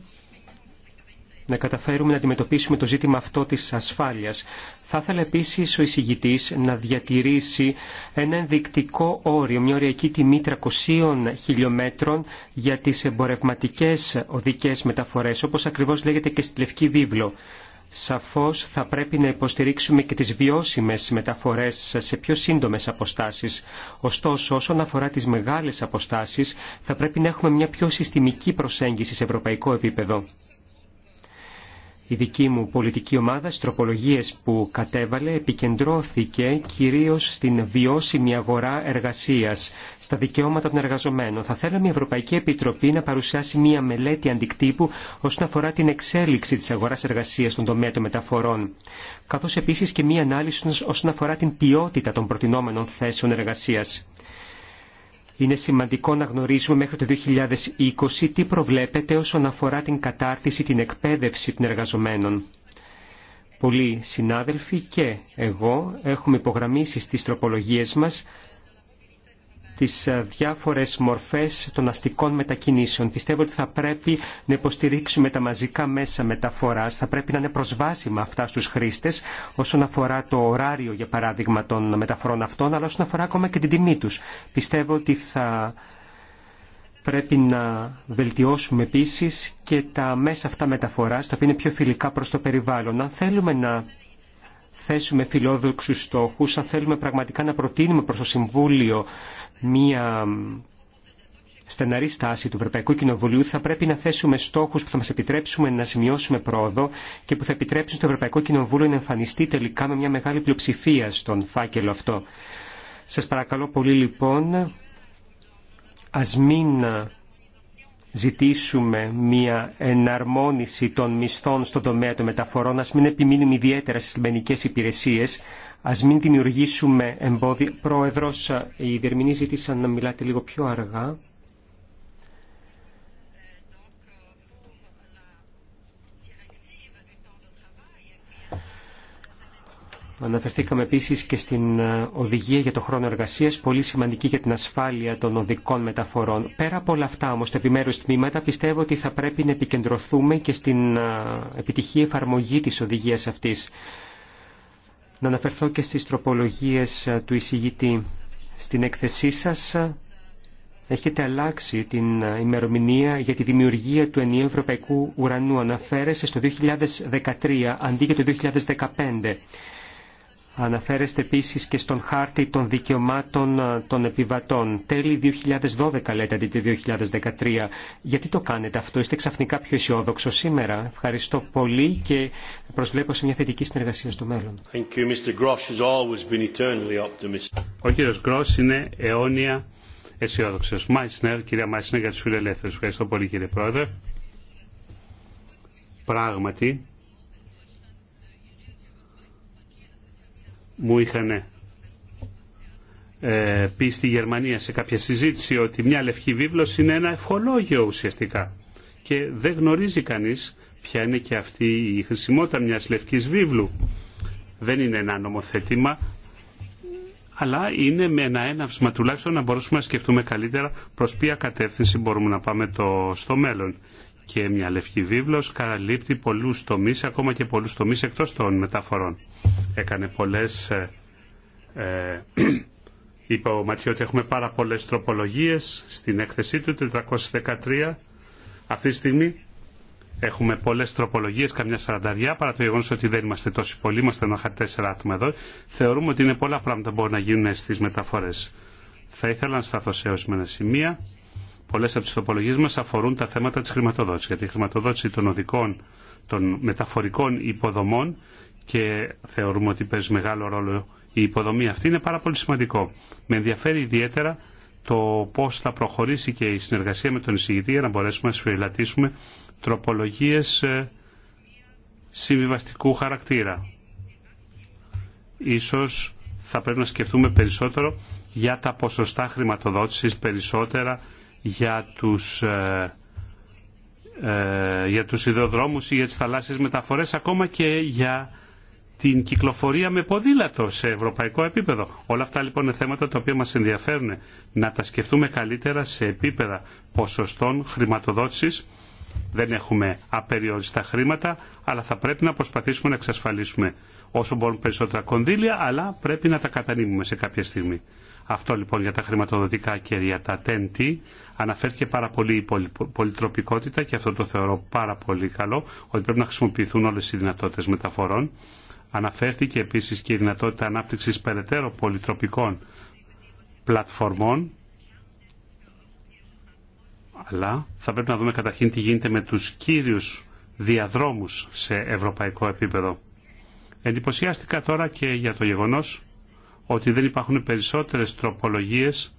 να καταφέρουμε να αντιμετωπίσουμε το ζήτημα αυτό της ασφάλειας. Θα ήθελα επίσης ο εισηγητής να διατηρήσει ένα ενδεικτικό όριο, μια οριακή τιμή 300 χιλιόμετρων για τις εμπορευματικές οδικές μεταφορές, όπως ακριβώς λέγεται και στη Λευκή Βίβλο. Σαφώς θα πρέπει να υποστηρίξουμε και τις βιώσιμες μεταφορές σε πιο σύντομες αποστάσεις. Ωστόσο, όσον αφορά τις μεγάλες αποστάσεις, θα πρέπει να έχουμε μια πιο συστημική προσέγγιση σε ευρωπαϊκό επίπεδο η δική μου πολιτική ομάδα στις τροπολογίες που κατέβαλε επικεντρώθηκε κυρίως στην βιώσιμη αγορά εργασίας, στα δικαιώματα των εργαζομένων. Θα θέλαμε η Ευρωπαϊκή Επιτροπή να παρουσιάσει μία μελέτη αντικτύπου όσον αφορά την εξέλιξη της αγοράς εργασίας στον τομέα των μεταφορών, καθώς επίσης και μία ανάλυση όσον αφορά την ποιότητα των προτινόμενων θέσεων εργασίας. Είναι σημαντικό να γνωρίζουμε μέχρι το 2020 τι προβλέπεται όσον αφορά την κατάρτιση, την εκπαίδευση των εργαζομένων. Πολλοί συνάδελφοι και εγώ έχουμε υπογραμμίσει στις τροπολογίες μας τις ε, διάφορες μορφές των αστικών μετακινήσεων. Πιστεύω ότι θα πρέπει να υποστηρίξουμε τα μαζικά μέσα μεταφοράς, θα πρέπει να είναι προσβάσιμα αυτά στους χρήστες όσον αφορά το ωράριο για παράδειγμα των μεταφορών αυτών, αλλά όσον αφορά ακόμα και την τιμή τους. Πιστεύω ότι θα πρέπει να βελτιώσουμε επίσης και τα μέσα αυτά μεταφοράς, τα οποία είναι πιο φιλικά προς το περιβάλλον. Αν θέλουμε να θέσουμε φιλόδοξους στόχους, αν θέλουμε πραγματικά να προτείνουμε προς το Συμβούλιο μία στεναρή στάση του Ευρωπαϊκού Κοινοβουλίου θα πρέπει να θέσουμε στόχους που θα μας επιτρέψουμε να σημειώσουμε πρόοδο και που θα επιτρέψουν στο Ευρωπαϊκό Κοινοβούλιο να εμφανιστεί τελικά με μια μεγάλη πλειοψηφία στον φάκελο αυτό. Σας παρακαλώ πολύ λοιπόν, ας μην ζητήσουμε μια εναρμόνιση των μισθών στον τομέα των μεταφορών, ας μην επιμείνουμε ιδιαίτερα στις λιμενικές υπηρεσίες, ας μην δημιουργήσουμε εμπόδια. Πρόεδρος, οι ε, διερμηνείς ζήτησαν να μιλάτε λίγο πιο αργά. Αναφερθήκαμε επίση και στην ε, οδηγία για το χρόνο εργασία, πολύ σημαντική για την ασφάλεια των οδικών μεταφορών. Πέρα από όλα αυτά όμω τα επιμέρου τμήματα πιστεύω ότι θα πρέπει να επικεντρωθούμε και στην ε, επιτυχή εφαρμογή τη οδηγία αυτή. Να αναφερθώ και στι τροπολογίε ε, του εισηγητή. Στην έκθεσή σα έχετε αλλάξει την ημερομηνία για τη δημιουργία του ενιαίου ευρωπαϊκού ουρανού. Αναφέρεσαι στο 2013 αντί για το 2015. Αναφέρεστε επίσης και στον χάρτη των δικαιωμάτων ε, των επιβατών. Τέλη 2012 λέτε αντί το 2013. Γιατί το κάνετε αυτό, είστε ξαφνικά πιο αισιόδοξο σήμερα. Ευχαριστώ πολύ και προσβλέπω σε μια θετική συνεργασία στο μέλλον. Ο κύριος Γκρός είναι αιώνια αισιόδοξος. Μάισνερ, κυρία Μάισνερ για τους φιλελεύθερους. Ευχαριστώ πολύ κύριε Πρόεδρε. Πράγματι, μου είχαν ε, πει στη Γερμανία σε κάποια συζήτηση ότι μια λευκή βίβλος είναι ένα ευχολόγιο ουσιαστικά και δεν γνωρίζει κανείς ποια είναι και αυτή η χρησιμότητα μιας λευκής βίβλου. Δεν είναι ένα νομοθέτημα, αλλά είναι με ένα έναυσμα τουλάχιστον να μπορούμε να σκεφτούμε καλύτερα προς ποια κατεύθυνση μπορούμε να πάμε το, στο μέλλον και μια λευκή βίβλος καλύπτει πολλούς τομείς, ακόμα και πολλούς τομείς εκτός των μεταφορών. Έκανε πολλές... Ε, ε είπε ο Ματιώτη ότι έχουμε πάρα πολλές τροπολογίες στην έκθεσή του, 413. Αυτή τη στιγμή έχουμε πολλές τροπολογίες, καμιά σαρανταριά, παρά το γεγονό ότι δεν είμαστε τόσοι πολλοί, είμαστε ένα τέσσερα άτομα εδώ. Θεωρούμε ότι είναι πολλά πράγματα που μπορούν να γίνουν στις μεταφορές. Θα ήθελα να σταθώ σε ορισμένα σημεία πολλές από τις τροπολογίες μας αφορούν τα θέματα της χρηματοδότησης, γιατί η χρηματοδότηση των οδικών, των μεταφορικών υποδομών και θεωρούμε ότι παίζει μεγάλο ρόλο η υποδομή αυτή είναι πάρα πολύ σημαντικό. Με ενδιαφέρει ιδιαίτερα το πώς θα προχωρήσει και η συνεργασία με τον εισηγητή για να μπορέσουμε να σφυριλατήσουμε τροπολογίες ε, συμβιβαστικού χαρακτήρα. Ίσως θα πρέπει να σκεφτούμε περισσότερο για τα ποσοστά χρηματοδότηση περισσότερα για τους, ε, ε για τους ιδεοδρόμους ή για τις θαλάσσιες μεταφορές, ακόμα και για την κυκλοφορία με ποδήλατο σε ευρωπαϊκό επίπεδο. Όλα αυτά λοιπόν είναι θέματα τα οποία μας ενδιαφέρουν να τα σκεφτούμε καλύτερα σε επίπεδα ποσοστών χρηματοδότησης. Δεν έχουμε απεριόριστα χρήματα, αλλά θα πρέπει να προσπαθήσουμε να εξασφαλίσουμε όσο μπορούν περισσότερα κονδύλια, αλλά πρέπει να τα κατανείμουμε σε κάποια στιγμή. Αυτό λοιπόν για τα χρηματοδοτικά και για τα TNT, Αναφέρθηκε πάρα πολύ η πολυτροπικότητα και αυτό το θεωρώ πάρα πολύ καλό, ότι πρέπει να χρησιμοποιηθούν όλες οι δυνατότητες μεταφορών. Αναφέρθηκε επίσης και η δυνατότητα ανάπτυξης περαιτέρω πολυτροπικών πλατφορμών, αλλά θα πρέπει να δούμε καταρχήν τι γίνεται με τους κύριους διαδρόμους σε ευρωπαϊκό επίπεδο. Εντυπωσιάστηκα τώρα και για το γεγονός ότι δεν υπάρχουν περισσότερες τροπολογίες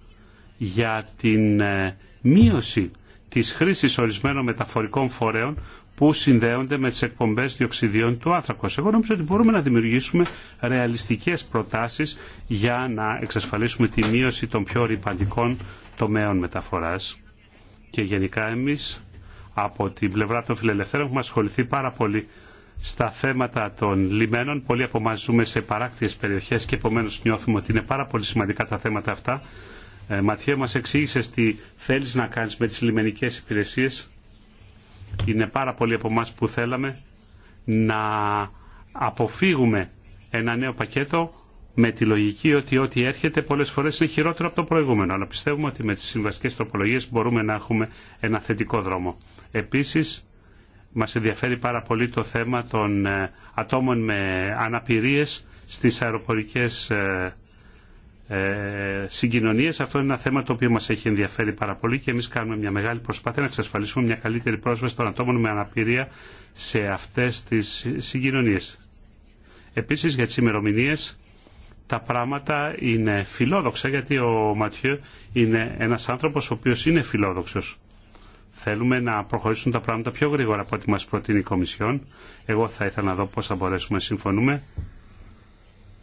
για την ε, μείωση της χρήσης ορισμένων μεταφορικών φορέων που συνδέονται με τις εκπομπές διοξιδίων του άνθρακος. Εγώ νομίζω ότι μπορούμε να δημιουργήσουμε ρεαλιστικές προτάσεις για να εξασφαλίσουμε τη μείωση των πιο ρηπαντικών τομέων μεταφοράς. Και γενικά εμείς από την πλευρά των φιλελευθέρων έχουμε ασχοληθεί πάρα πολύ στα θέματα των λιμένων. Πολλοί από εμάς ζούμε σε παράκτιες περιοχές και επομένως νιώθουμε ότι είναι πάρα πολύ σημαντικά τα θέματα αυτά. Ε, Ματιέ, μας εξήγησες τι θέλεις να κάνεις με τις λιμενικές υπηρεσίες. Είναι πάρα πολλοί από εμά που θέλαμε να αποφύγουμε ένα νέο πακέτο με τη λογική ότι ό,τι έρχεται πολλές φορές είναι χειρότερο από το προηγούμενο. Αλλά πιστεύουμε ότι με τις συμβαστικές τροπολογίες μπορούμε να έχουμε ένα θετικό δρόμο. Επίσης, μας ενδιαφέρει πάρα πολύ το θέμα των ε, ατόμων με αναπηρίες στις αεροπορικές ε, ε, συγκοινωνίες. Αυτό είναι ένα θέμα το οποίο μα έχει ενδιαφέρει πάρα πολύ και εμεί κάνουμε μια μεγάλη προσπάθεια να εξασφαλίσουμε μια καλύτερη πρόσβαση των ατόμων με αναπηρία σε αυτέ τι συγκοινωνίε. Επίση, για τι ημερομηνίε τα πράγματα είναι φιλόδοξα γιατί ο Ματιού είναι ένας άνθρωπος ο οποίος είναι φιλόδοξος. Θέλουμε να προχωρήσουν τα πράγματα πιο γρήγορα από ό,τι μας προτείνει η Κομισιόν. Εγώ θα ήθελα να δω πώ θα μπορέσουμε να συμφωνούμε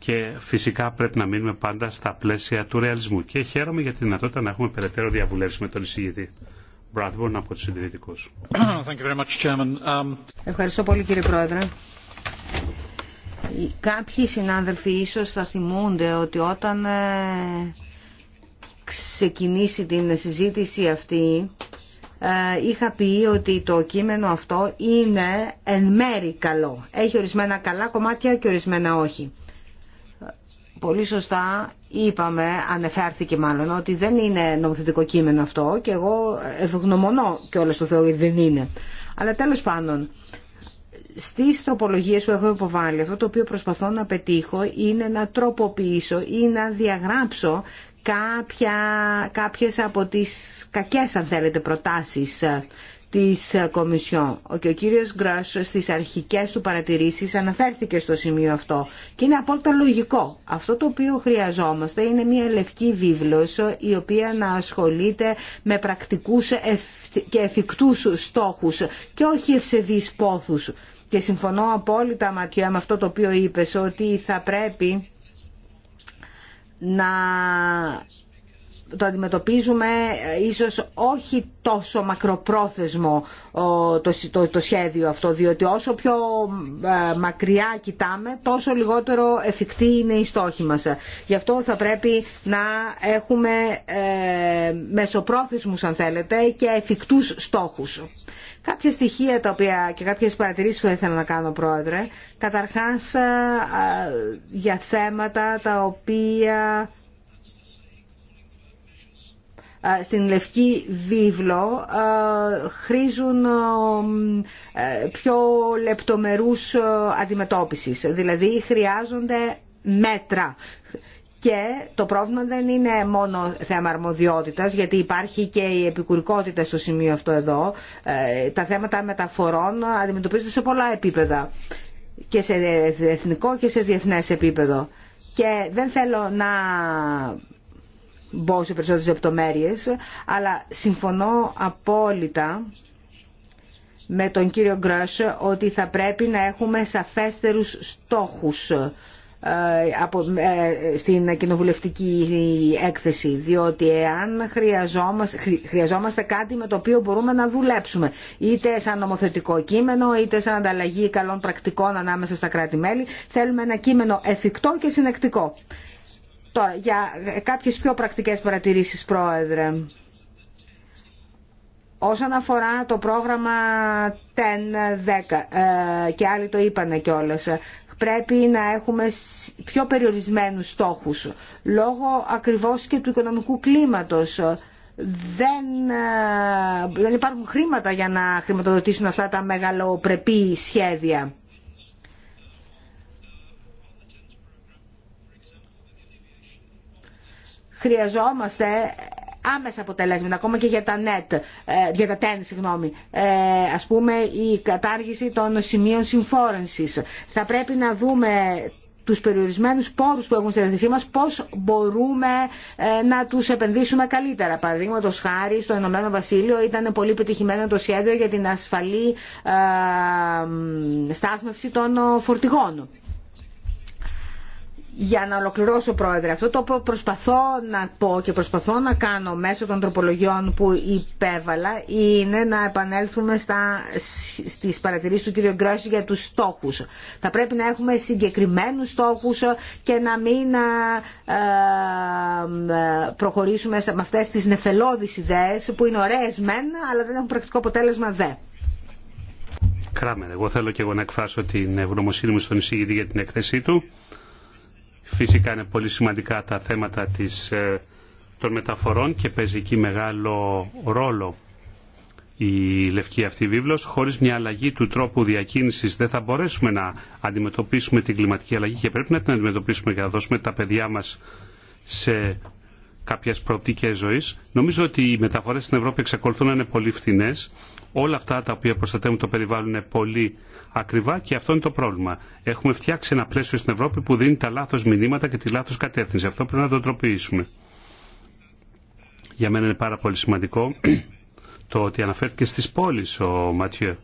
και φυσικά πρέπει να μείνουμε πάντα στα πλαίσια του ρεαλισμού. Και χαίρομαι για τη δυνατότητα να έχουμε περαιτέρω διαβουλεύσει με τον εισηγητή. Bradburn από τους συντηρητικούς. Um, Ευχαριστώ πολύ κύριε Πρόεδρε. Κάποιοι συνάδελφοι ίσως θα θυμούνται ότι όταν ε, ξεκινήσει την συζήτηση αυτή ε, είχα πει ότι το κείμενο αυτό είναι εν μέρη καλό. Έχει ορισμένα καλά κομμάτια και ορισμένα όχι πολύ σωστά είπαμε, ανεφέρθηκε μάλλον, ότι δεν είναι νομοθετικό κείμενο αυτό και εγώ ευγνωμονώ και όλες το θεωρεί δεν είναι. Αλλά τέλος πάντων, στις τροπολογίες που έχω υποβάλει, αυτό το οποίο προσπαθώ να πετύχω είναι να τροποποιήσω ή να διαγράψω κάποια, κάποιες από τις κακές αν θέλετε προτάσεις της ε, Κομισιόν. Και ο κύριος Γκράσ στις αρχικές του παρατηρήσεις αναφέρθηκε στο σημείο αυτό και είναι απόλυτα λογικό. Αυτό το οποίο χρειαζόμαστε είναι μια λευκή βίβλος η οποία να ασχολείται με πρακτικούς και εφικτούς στόχους και όχι ευσεβείς πόθους. Και συμφωνώ απόλυτα ματιά με αυτό το οποίο είπες ότι θα πρέπει να το αντιμετωπίζουμε ε, ίσως όχι τόσο μακροπρόθεσμο το, το, σχέδιο αυτό, διότι όσο πιο ε, μακριά κοιτάμε, τόσο λιγότερο εφικτή είναι η στόχη μας. Γι' αυτό θα πρέπει να έχουμε ε, μεσοπρόθεσμους, αν θέλετε, και εφικτούς στόχους. Κάποια στοιχεία τα οποία και κάποιες παρατηρήσεις που ήθελα να κάνω, Πρόεδρε. Καταρχάς, ε, για θέματα τα οποία στην Λευκή Βίβλο χρήζουν ε, πιο λεπτομερούς αντιμετώπισης. Δηλαδή χρειάζονται μέτρα. Και το πρόβλημα δεν είναι μόνο θέμα αρμοδιότητας, γιατί υπάρχει και η επικουρικότητα στο σημείο αυτό εδώ. Ε, τα θέματα μεταφορών αντιμετωπίζονται σε πολλά επίπεδα και σε εθνικό και σε διεθνές επίπεδο. Και δεν θέλω να μπω σε περισσότερες λεπτομέρειες, αλλά συμφωνώ απόλυτα με τον κύριο Γκρός ότι θα πρέπει να έχουμε σαφέστερους στόχους ε, ε, στην κοινοβουλευτική έκθεση διότι εάν χρειαζόμαστε, χρειαζόμαστε κάτι με το οποίο μπορούμε να δουλέψουμε είτε σαν νομοθετικό κείμενο είτε σαν ανταλλαγή καλών πρακτικών ανάμεσα στα κράτη-μέλη θέλουμε ένα κείμενο εφικτό και συνεκτικό Τώρα, για κάποιες πιο πρακτικές παρατηρήσεις, Πρόεδρε. Όσον αφορά το πρόγραμμα 10-10, ε, και άλλοι το είπανε κιόλας, πρέπει να έχουμε πιο περιορισμένους στόχους, λόγω ακριβώς και του οικονομικού κλίματος. Δεν, ε, δεν υπάρχουν χρήματα για να χρηματοδοτήσουν αυτά τα μεγαλοπρεπή σχέδια. χρειαζόμαστε άμεσα αποτελέσματα, ακόμα και για τα net, ε, για τα ten, συγγνώμη, ε, ας πούμε η κατάργηση των σημείων συμφόρενσης. Θα πρέπει να δούμε τους περιορισμένους πόρους που έχουν στη διάθεσή μας, πώς μπορούμε ε, να τους επενδύσουμε καλύτερα. Παραδείγματο χάρη στο Ηνωμένο Βασίλειο ήταν πολύ πετυχημένο το σχέδιο για την ασφαλή στάθμευση των φορτηγών για να ολοκληρώσω πρόεδρε αυτό το προσπαθώ να πω και προσπαθώ να κάνω μέσω των τροπολογιών που υπέβαλα είναι να επανέλθουμε στα, στις παρατηρήσεις του κ. Γκρόση για τους στόχους θα πρέπει να έχουμε συγκεκριμένους στόχους και να μην προχωρήσουμε με αυτές τις νεφελώδεις ιδέες που είναι ωραίες μεν αλλά δεν έχουν πρακτικό αποτέλεσμα δε Κράμερ, εγώ θέλω και εγώ να εκφράσω την ευγνωμοσύνη μου στον εισηγητή για την έκθεσή του Φυσικά είναι πολύ σημαντικά τα θέματα της, ε, των μεταφορών και παίζει εκεί μεγάλο ρόλο η λευκή αυτή βίβλος. Χωρίς μια αλλαγή του τρόπου διακίνησης δεν θα μπορέσουμε να αντιμετωπίσουμε την κλιματική αλλαγή και πρέπει να την αντιμετωπίσουμε για να δώσουμε τα παιδιά μας σε κάποιες προοπτικές ζωής. Νομίζω ότι οι μεταφορές στην Ευρώπη εξακολουθούν να είναι πολύ φθηνές Όλα αυτά τα οποία προστατεύουν το περιβάλλον είναι πολύ ακριβά και αυτό είναι το πρόβλημα. Έχουμε φτιάξει ένα πλαίσιο στην Ευρώπη που δίνει τα λάθο μηνύματα και τη λάθο κατεύθυνση. Αυτό πρέπει να το τροποιήσουμε. Για μένα είναι πάρα πολύ σημαντικό το ότι αναφέρθηκε στις πόλεις ο Ματιέ.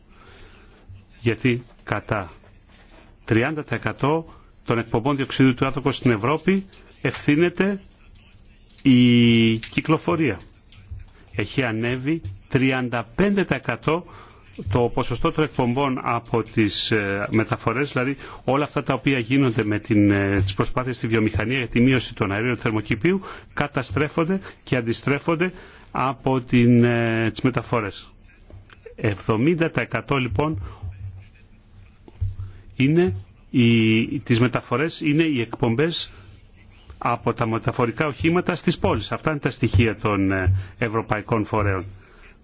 Γιατί κατά 30% των εκπομπών διοξιδίου του άνθρωπου στην Ευρώπη ευθύνεται η κυκλοφορία. Έχει ανέβει 35% το ποσοστό των εκπομπών από τις ε, μεταφορές, δηλαδή όλα αυτά τα οποία γίνονται με την, ε, τις προσπάθειες στη βιομηχανία για τη μείωση των αερίων θερμοκηπίου, καταστρέφονται και αντιστρέφονται από τι ε, τις μεταφορές. 70% λοιπόν είναι οι, τις μεταφορές είναι οι εκπομπές από τα μεταφορικά οχήματα στις πόλεις. Αυτά είναι τα στοιχεία των ευρωπαϊκών φορέων.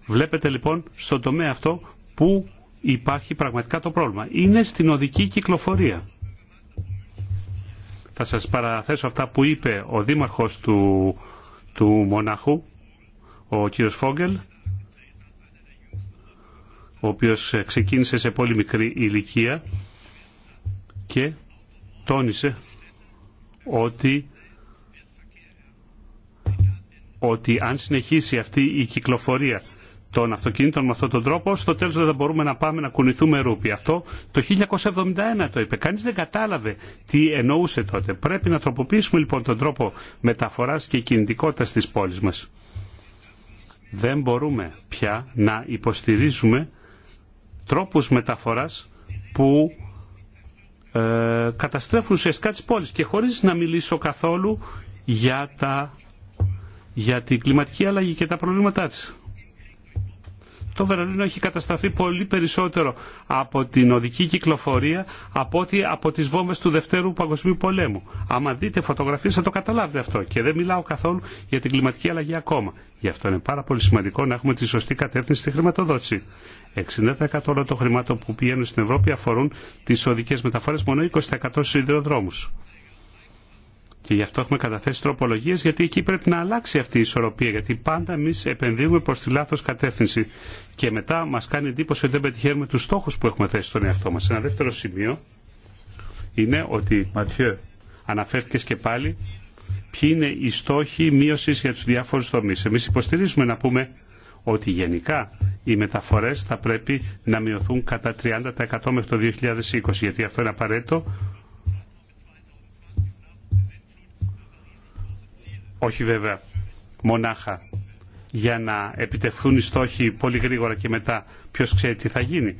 Βλέπετε λοιπόν στον τομέα αυτό που υπάρχει πραγματικά το πρόβλημα. Είναι στην οδική κυκλοφορία. Θα σας παραθέσω αυτά που είπε ο δήμαρχος του, του Μονάχου, ο κύριος Φόγκελ, ο οποίος ξεκίνησε σε πολύ μικρή ηλικία και τόνισε ότι ότι αν συνεχίσει αυτή η κυκλοφορία των αυτοκινήτων με αυτόν τον τρόπο, στο τέλος δεν θα μπορούμε να πάμε να κουνηθούμε ρούπι. Αυτό το 1971 το είπε. Κανεί δεν κατάλαβε τι εννοούσε τότε. Πρέπει να τροποποιήσουμε λοιπόν τον τρόπο μεταφοράς και κινητικότητας τη πόλη μας. Δεν μπορούμε πια να υποστηρίζουμε τρόπους μεταφοράς που ε, καταστρέφουν ουσιαστικά τι πόλει και χωρί να μιλήσω καθόλου για, τα, για την κλιματική αλλαγή και τα προβλήματά της το Βερολίνο έχει καταστραφεί πολύ περισσότερο από την οδική κυκλοφορία από ότι από τις βόμβες του Δευτέρου Παγκοσμίου Πολέμου. Άμα δείτε φωτογραφίες θα το καταλάβετε αυτό και δεν μιλάω καθόλου για την κλιματική αλλαγή ακόμα. Γι' αυτό είναι πάρα πολύ σημαντικό να έχουμε τη σωστή κατεύθυνση στη χρηματοδότηση. 60% όλων των χρημάτων που πηγαίνουν στην Ευρώπη αφορούν τις οδικές μεταφορές, μόνο 20% στους σιδηροδρόμους. Και γι' αυτό έχουμε καταθέσει τροπολογίε, γιατί εκεί πρέπει να αλλάξει αυτή η ισορροπία. Γιατί πάντα εμεί επενδύουμε προ τη λάθο κατεύθυνση. Και μετά μα κάνει εντύπωση ότι δεν πετυχαίνουμε του στόχου που έχουμε θέσει στον εαυτό μα. Ένα δεύτερο σημείο είναι ότι, Ματιέ, αναφέρθηκε και πάλι ποιοι είναι οι στόχοι μείωση για του διάφορου τομεί. Εμεί υποστηρίζουμε να πούμε ότι γενικά οι μεταφορέ θα πρέπει να μειωθούν κατά 30% μέχρι το 2020, γιατί αυτό είναι απαραίτητο Όχι βέβαια μονάχα για να επιτευχθούν οι στόχοι πολύ γρήγορα και μετά ποιος ξέρει τι θα γίνει.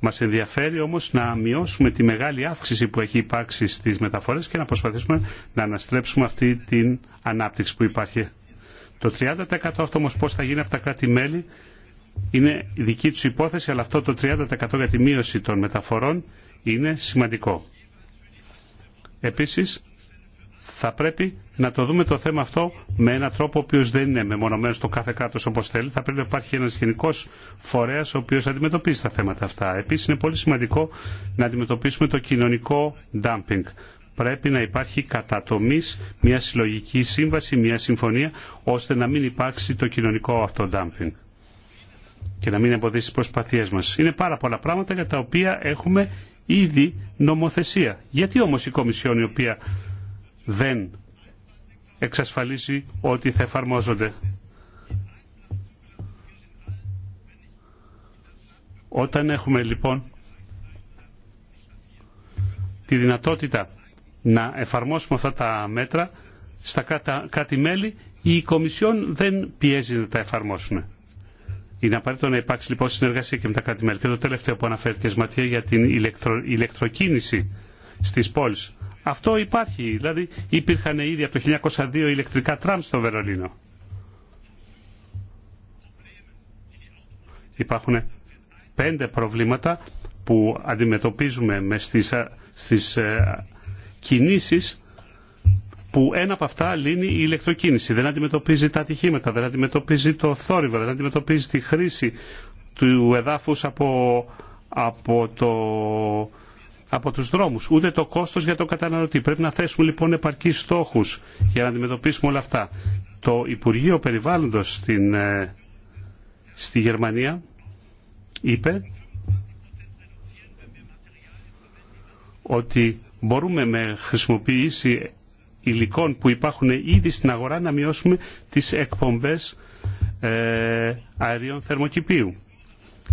Μας ενδιαφέρει όμως να μειώσουμε τη μεγάλη αύξηση που έχει υπάρξει στις μεταφορές και να προσπαθήσουμε να αναστρέψουμε αυτή την ανάπτυξη που υπάρχει. Το 30% αυτό όμως πώς θα γίνει από τα κράτη-μέλη είναι δική τους υπόθεση, αλλά αυτό το 30% για τη μείωση των μεταφορών είναι σημαντικό. Επίσης, θα πρέπει να το δούμε το θέμα αυτό με έναν τρόπο ο οποίο δεν είναι μεμονωμένο στο κάθε κράτο όπω θέλει. Θα πρέπει να υπάρχει ένα γενικό φορέα ο οποίο αντιμετωπίζει τα θέματα αυτά. Επίση, είναι πολύ σημαντικό να αντιμετωπίσουμε το κοινωνικό dumping. Πρέπει να υπάρχει κατά κατατομή μια συλλογική σύμβαση, μια συμφωνία, ώστε να μην υπάρξει το κοινωνικό αυτό dumping και να μην εμποδίσει τι προσπαθίε μα. Είναι πάρα πολλά πράγματα για τα οποία έχουμε ήδη νομοθεσία. Γιατί όμω η Κομισιόν η οποία δεν εξασφαλίσει ότι θα εφαρμόζονται. Όταν έχουμε λοιπόν τη δυνατότητα να εφαρμόσουμε αυτά τα μέτρα στα κάτι μελη η Κομισιόν δεν πιέζει να τα εφαρμόσουν. Είναι απαραίτητο να υπάρξει λοιπόν συνεργασία και με τα κράτη-μέλη. Και το τελευταίο που αναφέρθηκε, ματιά για την ηλεκτροκίνηση στις πόλεις. Αυτό υπάρχει, δηλαδή υπήρχαν ήδη από το 1902 ηλεκτρικά τραμ στο Βερολίνο. Υπάρχουν πέντε προβλήματα που αντιμετωπίζουμε με στις, στις ε, κινήσεις που ένα από αυτά λύνει η ηλεκτροκίνηση. Δεν αντιμετωπίζει τα ατυχήματα, δεν αντιμετωπίζει το θόρυβο, δεν αντιμετωπίζει τη χρήση του εδάφους από, από το από τους δρόμους, ούτε το κόστος για τον καταναλωτή. Πρέπει να θέσουμε λοιπόν επαρκείς στόχους για να αντιμετωπίσουμε όλα αυτά. Το Υπουργείο Περιβάλλοντος στην, ε, στη Γερμανία είπε ότι μπορούμε με χρησιμοποίηση υλικών που υπάρχουν ήδη στην αγορά να μειώσουμε τις εκπομπές ε, αερίων θερμοκηπίου.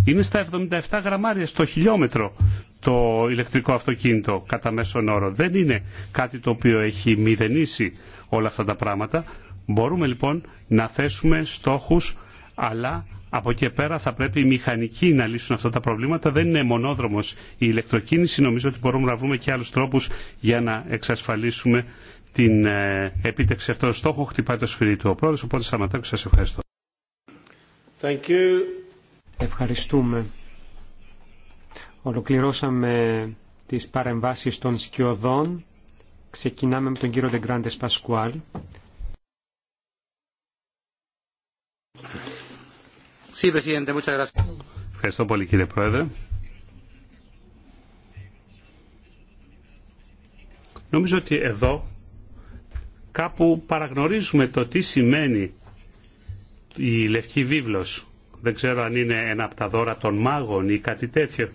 Είναι στα 77 γραμμάρια στο χιλιόμετρο το ηλεκτρικό αυτοκίνητο κατά μέσον όρο. Δεν είναι κάτι το οποίο έχει μηδενίσει όλα αυτά τα πράγματα. Μπορούμε λοιπόν να θέσουμε στόχους, αλλά από εκεί πέρα θα πρέπει οι μηχανικοί να λύσουν αυτά τα προβλήματα. Δεν είναι μονόδρομος η ηλεκτροκίνηση. Νομίζω ότι μπορούμε να βρούμε και άλλους τρόπους για να εξασφαλίσουμε την ε, επίτευξη αυτών των στόχων. Χτυπάει το σφυρί του ο πρόεδρος, οπότε σταματάω και σας ευχαριστώ. Thank you. Ευχαριστούμε. Ολοκληρώσαμε τις παρεμβάσεις των σκιωδών. Ξεκινάμε με τον κύριο Ντεγκράντες Πασκουάλ. Ευχαριστώ πολύ κύριε Πρόεδρε. Νομίζω ότι εδώ κάπου παραγνωρίζουμε το τι σημαίνει η Λευκή Βίβλος. Δεν ξέρω αν είναι ένα από τα δώρα των μάγων ή κάτι τέτοιο.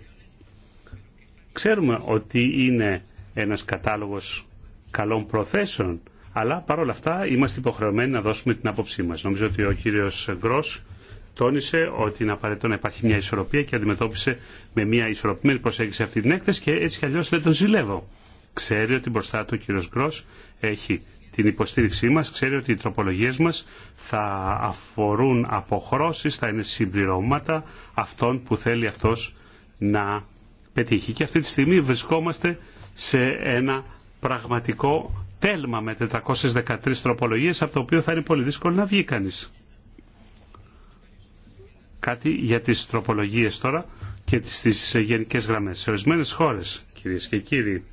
Ξέρουμε ότι είναι ένας κατάλογος καλών προθέσεων, αλλά παρόλα αυτά είμαστε υποχρεωμένοι να δώσουμε την άποψή μας. Νομίζω ότι ο κύριος Γκρός τόνισε ότι είναι απαραίτητο να υπάρχει μια ισορροπία και αντιμετώπισε με μια ισορροπημένη προσέγγιση αυτή την έκθεση και έτσι κι αλλιώς δεν τον ζηλεύω. Ξέρει ότι μπροστά του ο κύριος Γκρός έχει την υποστήριξή μας, ξέρει ότι οι τροπολογίες μας θα αφορούν αποχρώσεις, θα είναι συμπληρώματα αυτών που θέλει αυτός να πετύχει. Και αυτή τη στιγμή βρισκόμαστε σε ένα πραγματικό τέλμα με 413 τροπολογίες από το οποίο θα είναι πολύ δύσκολο να βγει κανείς. Κάτι για τις τροπολογίες τώρα και στις γενικές γραμμές. Σε ορισμένε χώρες, κύριε και κύριοι,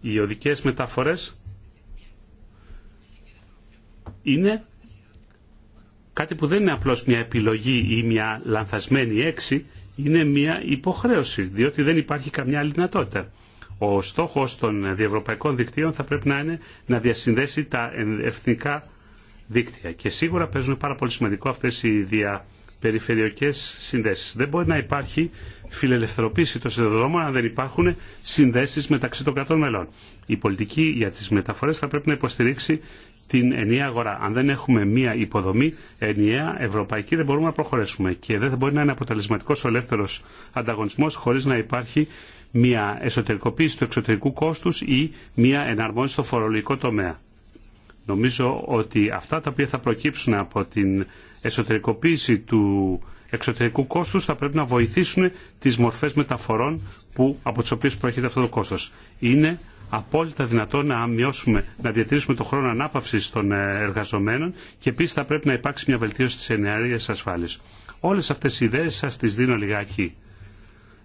οι οδικές μεταφορές είναι κάτι που δεν είναι απλώς μια επιλογή ή μια λανθασμένη έξι, είναι μια υποχρέωση, διότι δεν υπάρχει καμιά άλλη δυνατότητα. Ο στόχος των διευρωπαϊκών δικτύων θα πρέπει να είναι να διασυνδέσει τα εθνικά δίκτυα. Και σίγουρα παίζουν πάρα πολύ σημαντικό αυτές οι διαπεριφερειακές συνδέσεις. Δεν μπορεί να υπάρχει φιλελευθεροποίηση των συνδεδρόμων αν δεν υπάρχουν συνδέσεις μεταξύ των κρατών μελών. Η πολιτική για τις μεταφορές θα πρέπει να υποστηρίξει την ενιαία αγορά. Αν δεν έχουμε μία υποδομή ενιαία ευρωπαϊκή δεν μπορούμε να προχωρήσουμε και δεν μπορεί να είναι αποτελεσματικό ο ελεύθερο ανταγωνισμό χωρίς να υπάρχει μία εσωτερικοποίηση του εξωτερικού κόστου ή μία εναρμόνιση στο φορολογικό τομέα. Νομίζω ότι αυτά τα οποία θα προκύψουν από την εσωτερικοποίηση του εξωτερικού κόστου θα πρέπει να βοηθήσουν τι μορφέ μεταφορών που, από τι οποίε προέρχεται αυτό το κόστο. Είναι απόλυτα δυνατόν να μειώσουμε, να διατηρήσουμε το χρόνο ανάπαυση των ε, εργαζομένων και επίσης θα πρέπει να υπάρξει μια βελτίωση τη ενέργεια ασφάλεια. Όλε αυτέ οι ιδέε σα τι δίνω λιγάκι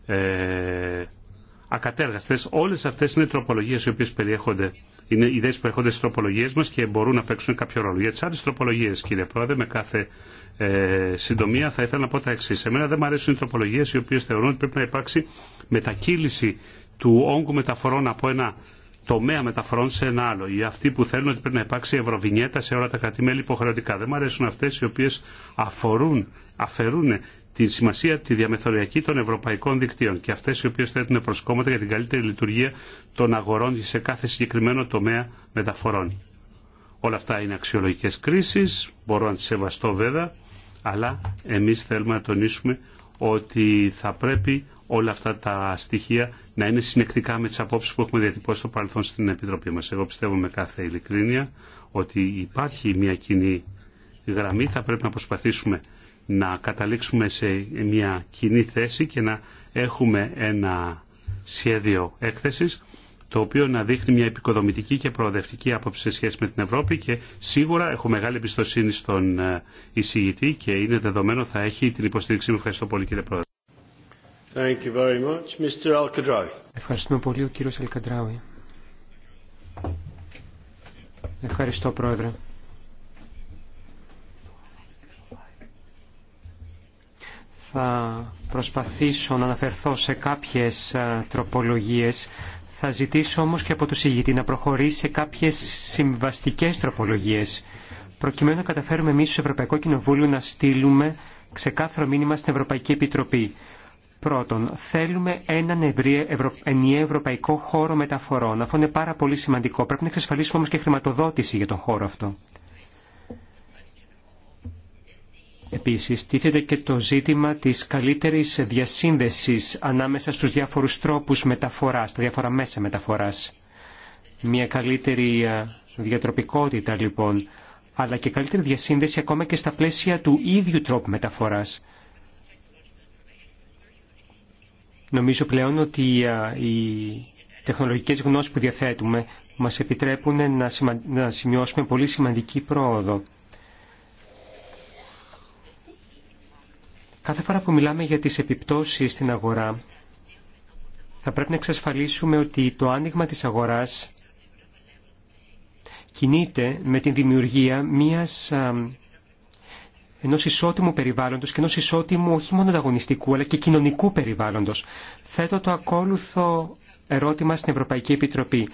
ε, ακατέργαστες. Όλες αυτές είναι τροπολογίε οι οποίε, περιέχονται, είναι ιδέε που περιέχονται στι τροπολογίε μα και μπορούν να παίξουν κάποιο ρόλο. Για τι άλλε τροπολογίε, κύριε Πρόεδρε με κάθε ε, συντομία θα ήθελα να πω τα εξή. Εμένα δεν μου αρέσουν οι τροπολογίε οι οποίε θεωρούν ότι πρέπει να υπάρξει μετακύληση του όγκου μεταφορών από ένα τομέα μεταφορών σε ένα άλλο. Ή αυτοί που θέλουν ότι πρέπει να υπάρξει ευρωβινιέτα σε όλα τα κρατημέλη υποχρεωτικά. Δεν μου αρέσουν αυτέ οι οποίε αφορούν, αφαιρούν τη σημασία τη διαμεθοριακή των ευρωπαϊκών δικτύων και αυτέ οι οποίε θέτουν προσκόμματα για την καλύτερη λειτουργία των αγορών σε κάθε συγκεκριμένο τομέα μεταφορών. Όλα αυτά είναι αξιολογικέ κρίσει, μπορώ να τι σεβαστώ βέβαια, αλλά εμεί θέλουμε να τονίσουμε ότι θα πρέπει όλα αυτά τα στοιχεία να είναι συνεκτικά με τι απόψει που έχουμε διατυπώσει στο παρελθόν στην Επιτροπή μα. Εγώ πιστεύω με κάθε ειλικρίνεια ότι υπάρχει μια κοινή γραμμή, θα πρέπει να προσπαθήσουμε να καταλήξουμε σε μια κοινή θέση και να έχουμε ένα σχέδιο έκθεση το οποίο να δείχνει μια επικοδομητική και προοδευτική άποψη σε σχέση με την Ευρώπη και σίγουρα έχω μεγάλη εμπιστοσύνη στον ε, εισηγητή και είναι δεδομένο θα έχει την υποστήριξή μου. Ευχαριστώ πολύ κύριε Πρόεδρε. Ευχαριστούμε πολύ ο κύριος Αλκαντράουι. Ευχαριστώ πρόεδρε. Θα προσπαθήσω να αναφερθώ σε κάποιες τροπολογίες. Θα ζητήσω όμως και από το συγητή να προχωρήσει σε κάποιες συμβαστικές τροπολογίες προκειμένου να καταφέρουμε εμείς στο Ευρωπαϊκό Κοινοβούλιο να στείλουμε ξεκάθαρο μήνυμα στην Ευρωπαϊκή Επιτροπή Πρώτον, θέλουμε έναν ευρύ, ενιαίο ευρωπαϊκό χώρο μεταφορών. Αυτό είναι πάρα πολύ σημαντικό. Πρέπει να εξασφαλίσουμε όμως και χρηματοδότηση για τον χώρο αυτό. Επίσης, τίθεται και το ζήτημα της καλύτερης διασύνδεσης ανάμεσα στους διάφορους τρόπους μεταφοράς, τα διάφορα μέσα μεταφοράς. Μια καλύτερη διατροπικότητα, λοιπόν, αλλά και καλύτερη διασύνδεση ακόμα και στα πλαίσια του ίδιου τρόπου μεταφοράς. Νομίζω πλέον ότι οι τεχνολογικές γνώσεις που διαθέτουμε μας επιτρέπουν να, να σημειώσουμε πολύ σημαντική πρόοδο. Κάθε φορά που μιλάμε για τις επιπτώσεις στην αγορά, θα πρέπει να εξασφαλίσουμε ότι το άνοιγμα της αγοράς κινείται με την δημιουργία μιας ενό ισότιμου περιβάλλοντο και ενό ισότιμου όχι μόνο ανταγωνιστικού αλλά και κοινωνικού περιβάλλοντο. Θέτω το ακόλουθο ερώτημα στην Ευρωπαϊκή Επιτροπή.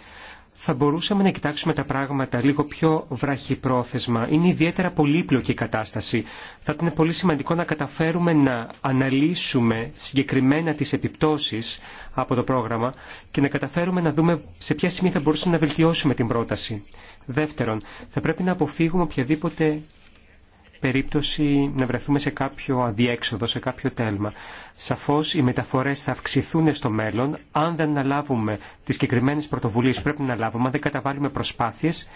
Θα μπορούσαμε να κοιτάξουμε τα πράγματα λίγο πιο βραχυπρόθεσμα. Είναι ιδιαίτερα πολύπλοκη η κατάσταση. Θα ήταν πολύ σημαντικό να καταφέρουμε να αναλύσουμε συγκεκριμένα τις επιπτώσεις από το πρόγραμμα και να καταφέρουμε να δούμε σε ποια σημεία θα μπορούσαμε να βελτιώσουμε την πρόταση. Δεύτερον, θα πρέπει να αποφύγουμε οποιαδήποτε περίπτωση να βρεθούμε σε κάποιο αδιέξοδο, σε κάποιο τέλμα. Σαφώς οι μεταφορές θα αυξηθούν στο μέλλον αν δεν αναλάβουμε τις συγκεκριμένε πρωτοβουλίες που πρέπει να λάβουμε, αν δεν καταβάλουμε προσπάθειες,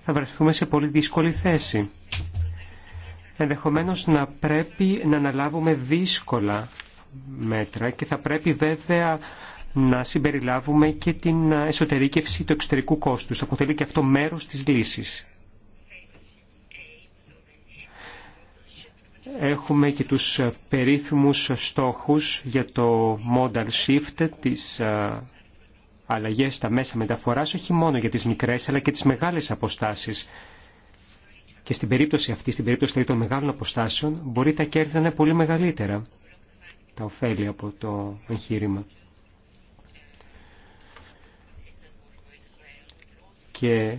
θα βρεθούμε σε πολύ δύσκολη θέση. Ενδεχομένως να πρέπει να αναλάβουμε δύσκολα μέτρα και θα πρέπει βέβαια να συμπεριλάβουμε και την εσωτερήκευση του εξωτερικού κόστους. Αποτελεί και αυτό μέρος της λύσης. έχουμε και τους περίφημους στόχους για το modal shift, τις αλλαγές στα μέσα μεταφοράς, όχι μόνο για τις μικρές αλλά και τις μεγάλες αποστάσεις. Και στην περίπτωση αυτή, στην περίπτωση δηλαδή, των μεγάλων αποστάσεων, μπορεί τα κέρδη να είναι πολύ μεγαλύτερα, τα ωφέλη από το εγχείρημα. Και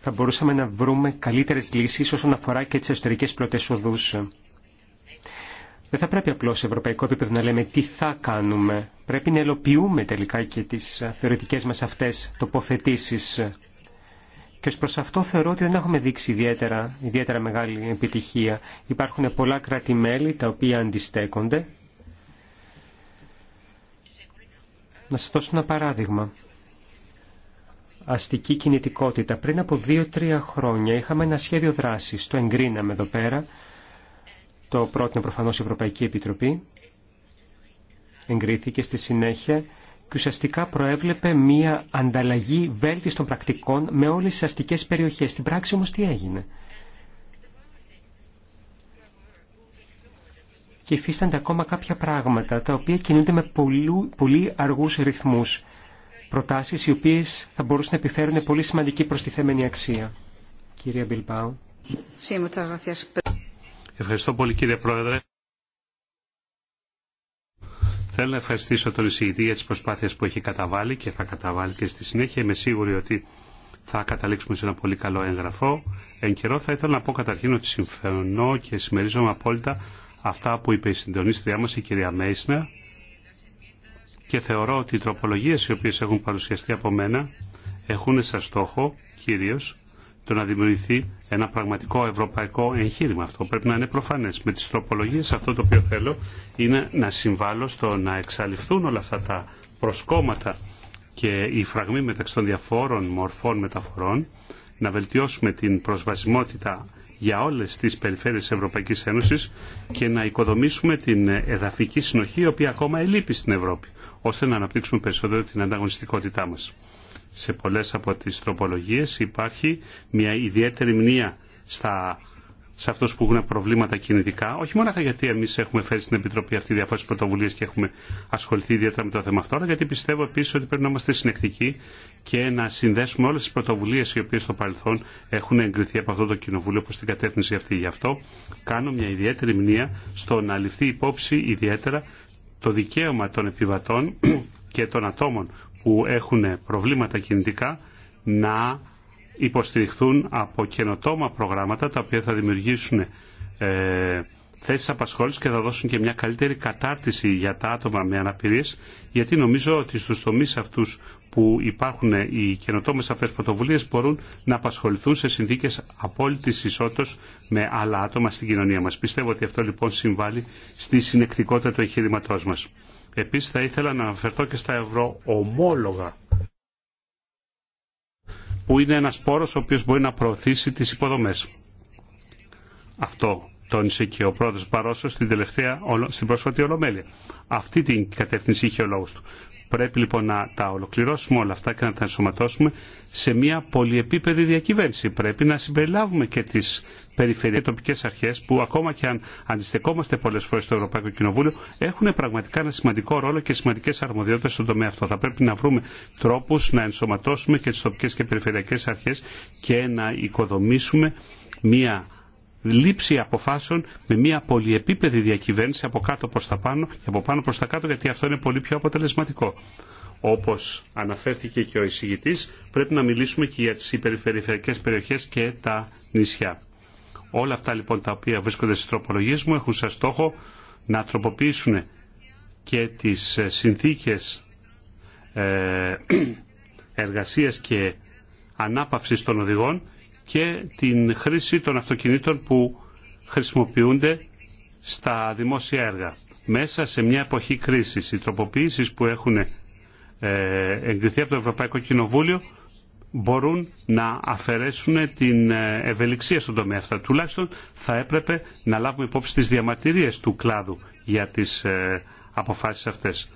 θα μπορούσαμε να βρούμε καλύτερες λύσεις όσον αφορά και τις εσωτερικές πλωτές δεν θα πρέπει απλώς σε ευρωπαϊκό επίπεδο να λέμε τι θα κάνουμε. Πρέπει να ελοποιούμε τελικά και τις ε, θεωρητικές μας αυτές τοποθετήσεις. Και ως προς αυτό θεωρώ ότι δεν έχουμε δείξει ιδιαίτερα, ιδιαίτερα μεγάλη επιτυχία. Υπάρχουν πολλά κράτη-μέλη τα οποία αντιστέκονται. Να σας δώσω ένα παράδειγμα. Αστική κινητικότητα. Πριν από δύο-τρία χρόνια είχαμε ένα σχέδιο δράσης, το εγκρίναμε εδώ πέρα, το πρότεινε προφανώς η Ευρωπαϊκή Επιτροπή, εγκρίθηκε στη συνέχεια και ουσιαστικά προέβλεπε μία ανταλλαγή βέλτιστων πρακτικών με όλες τις αστικές περιοχές. Στην πράξη όμως τι έγινε. Και υφίστανται ακόμα κάποια πράγματα τα οποία κινούνται με πολύ αργούς ρυθμούς. Προτάσεις οι οποίες θα μπορούσαν να επιφέρουν πολύ σημαντική προστιθέμενη αξία. Κυρία Μπιλπάου. Ευχαριστώ πολύ κύριε Πρόεδρε. Θέλω να ευχαριστήσω τον εισηγητή για τις προσπάθειες που έχει καταβάλει και θα καταβάλει και στη συνέχεια. Είμαι σίγουρη ότι θα καταλήξουμε σε ένα πολύ καλό έγγραφο. Εν καιρό θα ήθελα να πω καταρχήν ότι συμφωνώ και συμμερίζομαι απόλυτα αυτά που είπε η συντονίστρια μας η κυρία Μέισνα και θεωρώ ότι οι τροπολογίες οι οποίες έχουν παρουσιαστεί από μένα έχουν σαν στόχο κυρίως το να δημιουργηθεί ένα πραγματικό ευρωπαϊκό εγχείρημα. Αυτό πρέπει να είναι προφανέ. Με τι τροπολογίε αυτό το οποίο θέλω είναι να συμβάλλω στο να εξαλειφθούν όλα αυτά τα προσκόμματα και οι φραγμοί μεταξύ των διαφόρων μορφών μεταφορών, να βελτιώσουμε την προσβασιμότητα για όλε τι περιφέρειες της Ευρωπαϊκής Ένωσης και να οικοδομήσουμε την εδαφική συνοχή η οποία ακόμα ελείπει στην Ευρώπη, ώστε να αναπτύξουμε περισσότερο την ανταγωνιστικότητά μα σε πολλές από τις τροπολογίες υπάρχει μια ιδιαίτερη μνήμα στα σε αυτού που έχουν προβλήματα κινητικά, όχι μόνο γιατί εμεί έχουμε φέρει στην Επιτροπή αυτή διάφορε πρωτοβουλίε και έχουμε ασχοληθεί ιδιαίτερα με το θέμα αυτό, αλλά γιατί πιστεύω επίση ότι πρέπει να είμαστε συνεκτικοί και να συνδέσουμε όλε τι πρωτοβουλίε οι οποίε στο παρελθόν έχουν εγκριθεί από αυτό το Κοινοβούλιο προ την κατεύθυνση αυτή. Γι' αυτό κάνω μια ιδιαίτερη μνήμα στο να ληφθεί υπόψη ιδιαίτερα το δικαίωμα των επιβατών και των ατόμων που έχουν προβλήματα κινητικά να υποστηριχθούν από καινοτόμα προγράμματα τα οποία θα δημιουργήσουν ε, θέσεις απασχόλησης και θα δώσουν και μια καλύτερη κατάρτιση για τα άτομα με αναπηρίες γιατί νομίζω ότι στους τομείς αυτούς που υπάρχουν ε, οι καινοτόμες αυτές πρωτοβουλίες μπορούν να απασχοληθούν σε συνθήκες απόλυτης ισότητας με άλλα άτομα στην κοινωνία μας. Πιστεύω ότι αυτό λοιπόν συμβάλλει στη συνεκτικότητα του εγχειρήματό μας. Επίσης θα ήθελα να αναφερθώ και στα ευρωομόλογα που είναι ένας πόρος ο οποίος μπορεί να προωθήσει τις υποδομές. Αυτό τόνισε και ο πρώτο Παρόσο στην, τελευταία, στην πρόσφατη Ολομέλεια. Αυτή την κατεύθυνση είχε ο λόγο του. Πρέπει λοιπόν να τα ολοκληρώσουμε όλα αυτά και να τα ενσωματώσουμε σε μια πολυεπίπεδη διακυβέρνηση. Πρέπει να συμπεριλάβουμε και τι περιφερειακές τοπικέ αρχέ, που ακόμα και αν αντιστεκόμαστε πολλέ φορέ στο Ευρωπαϊκό Κοινοβούλιο έχουν πραγματικά ένα σημαντικό ρόλο και σημαντικέ αρμοδιότητε στον τομέα αυτό. Θα πρέπει να βρούμε τρόπου να ενσωματώσουμε και τι τοπικέ και περιφερειακέ αρχέ και να οικοδομήσουμε μια λήψη αποφάσεων με μια πολυεπίπεδη διακυβέρνηση από κάτω προς τα πάνω και από πάνω προς τα κάτω γιατί αυτό είναι πολύ πιο αποτελεσματικό. Όπως αναφέρθηκε και ο εισηγητής, πρέπει να μιλήσουμε και για τις υπεριφερειακές περιοχές και τα νησιά. Όλα αυτά λοιπόν τα οποία βρίσκονται στις τροπολογίες μου έχουν σαν στόχο να τροποποιήσουν και τις ε, συνθήκες ε, εργασίας και ανάπαυσης των οδηγών και την χρήση των αυτοκινήτων που χρησιμοποιούνται στα δημόσια έργα. Μέσα σε μια εποχή κρίσης, οι τροποποιήσεις που έχουν ε, εγκριθεί από το Ευρωπαϊκό Κοινοβούλιο μπορούν να αφαιρέσουν την ε, ευελιξία στον τομέα αυτά. Τουλάχιστον θα έπρεπε να λάβουμε υπόψη τις διαμαρτυρίες του κλάδου για τις ε, αποφάσεις αυτές.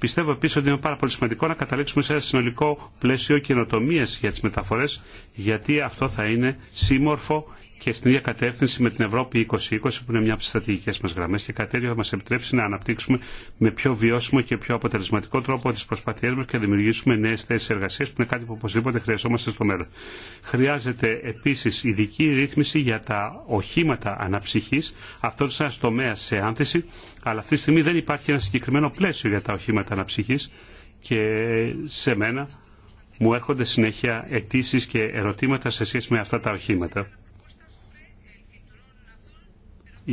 Πιστεύω επίση ότι είναι πάρα πολύ σημαντικό να καταλήξουμε σε ένα συνολικό πλαίσιο καινοτομία για τι μεταφορέ, γιατί αυτό θα είναι σύμμορφο και στην ίδια κατεύθυνση με την Ευρώπη 2020 που είναι μια από τι στρατηγικέ μα γραμμέ και κάτι τέτοιο θα μα επιτρέψει να αναπτύξουμε με πιο βιώσιμο και πιο αποτελεσματικό τρόπο τι προσπαθειέ μα και να δημιουργήσουμε νέε θέσει εργασία που είναι κάτι που οπωσδήποτε χρειαζόμαστε στο μέλλον. Χρειάζεται επίση ειδική ρύθμιση για τα οχήματα αναψυχή. Αυτό είναι ένα τομέα σε άνθηση, αλλά αυτή τη στιγμή δεν υπάρχει ένα συγκεκριμένο πλαίσιο για τα οχήματα αναψυχή και σε μένα μου έρχονται συνέχεια αιτήσει και ερωτήματα σε σχέση με αυτά τα οχήματα.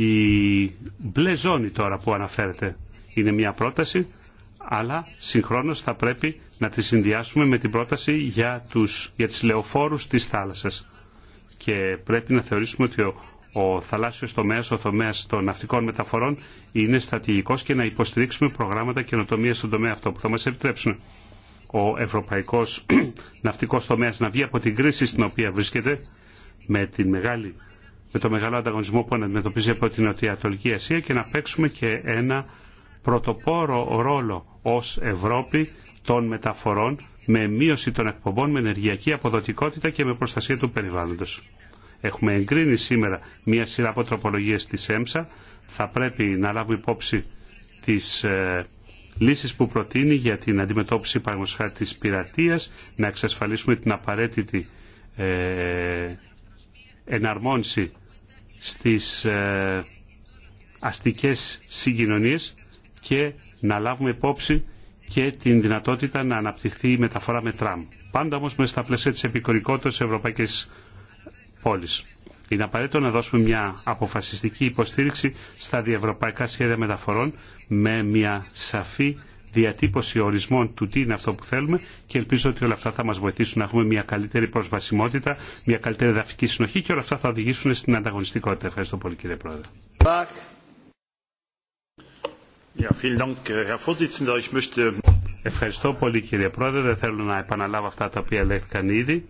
Η μπλε ζώνη τώρα που αναφέρεται είναι μια πρόταση, αλλά συγχρόνως θα πρέπει να τη συνδυάσουμε με την πρόταση για, τους, για τις λεωφόρους της θάλασσας. Και πρέπει να θεωρήσουμε ότι ο, ο θαλάσσιος τομέας, ο τομέας των ναυτικών μεταφορών είναι στρατηγικός και να υποστηρίξουμε προγράμματα καινοτομία στον τομέα αυτό που θα μας επιτρέψουν ο ευρωπαϊκός ναυτικός τομέας να βγει από την κρίση στην οποία βρίσκεται με την μεγάλη με το μεγάλο ανταγωνισμό που αντιμετωπίζει από την Νοτιοατολική Ασία και να παίξουμε και ένα πρωτοπόρο ρόλο ως Ευρώπη των μεταφορών με μείωση των εκπομπών, με ενεργειακή αποδοτικότητα και με προστασία του περιβάλλοντος. Έχουμε εγκρίνει σήμερα μία σειρά από τροπολογίε της ΕΜΣΑ. Θα πρέπει να λάβουμε υπόψη τις ε, λύσεις που προτείνει για την αντιμετώπιση παραγωγικά της πειρατείας, να εξασφαλίσουμε την απαραίτητη ε, εναρμόνιση στις ε, αστικές συγκοινωνίες και να λάβουμε υπόψη και την δυνατότητα να αναπτυχθεί η μεταφορά με τραμ. Πάντα όμως μέσα στα πλαίσια της επικορικότητας της Ευρωπαϊκής Πόλης. Είναι απαραίτητο να δώσουμε μια αποφασιστική υποστήριξη στα διευρωπαϊκά σχέδια μεταφορών με μια σαφή διατύπωση ορισμών του τι είναι αυτό που θέλουμε και ελπίζω ότι όλα αυτά θα μας βοηθήσουν να έχουμε μια καλύτερη προσβασιμότητα, μια καλύτερη εδαφική συνοχή και όλα αυτά θα οδηγήσουν στην ανταγωνιστικότητα. Ευχαριστώ πολύ κύριε Πρόεδρε. Äh, Ευχαριστώ πολύ κύριε Πρόεδρε. Δεν θέλω να επαναλάβω αυτά τα οποία λέχθηκαν ήδη.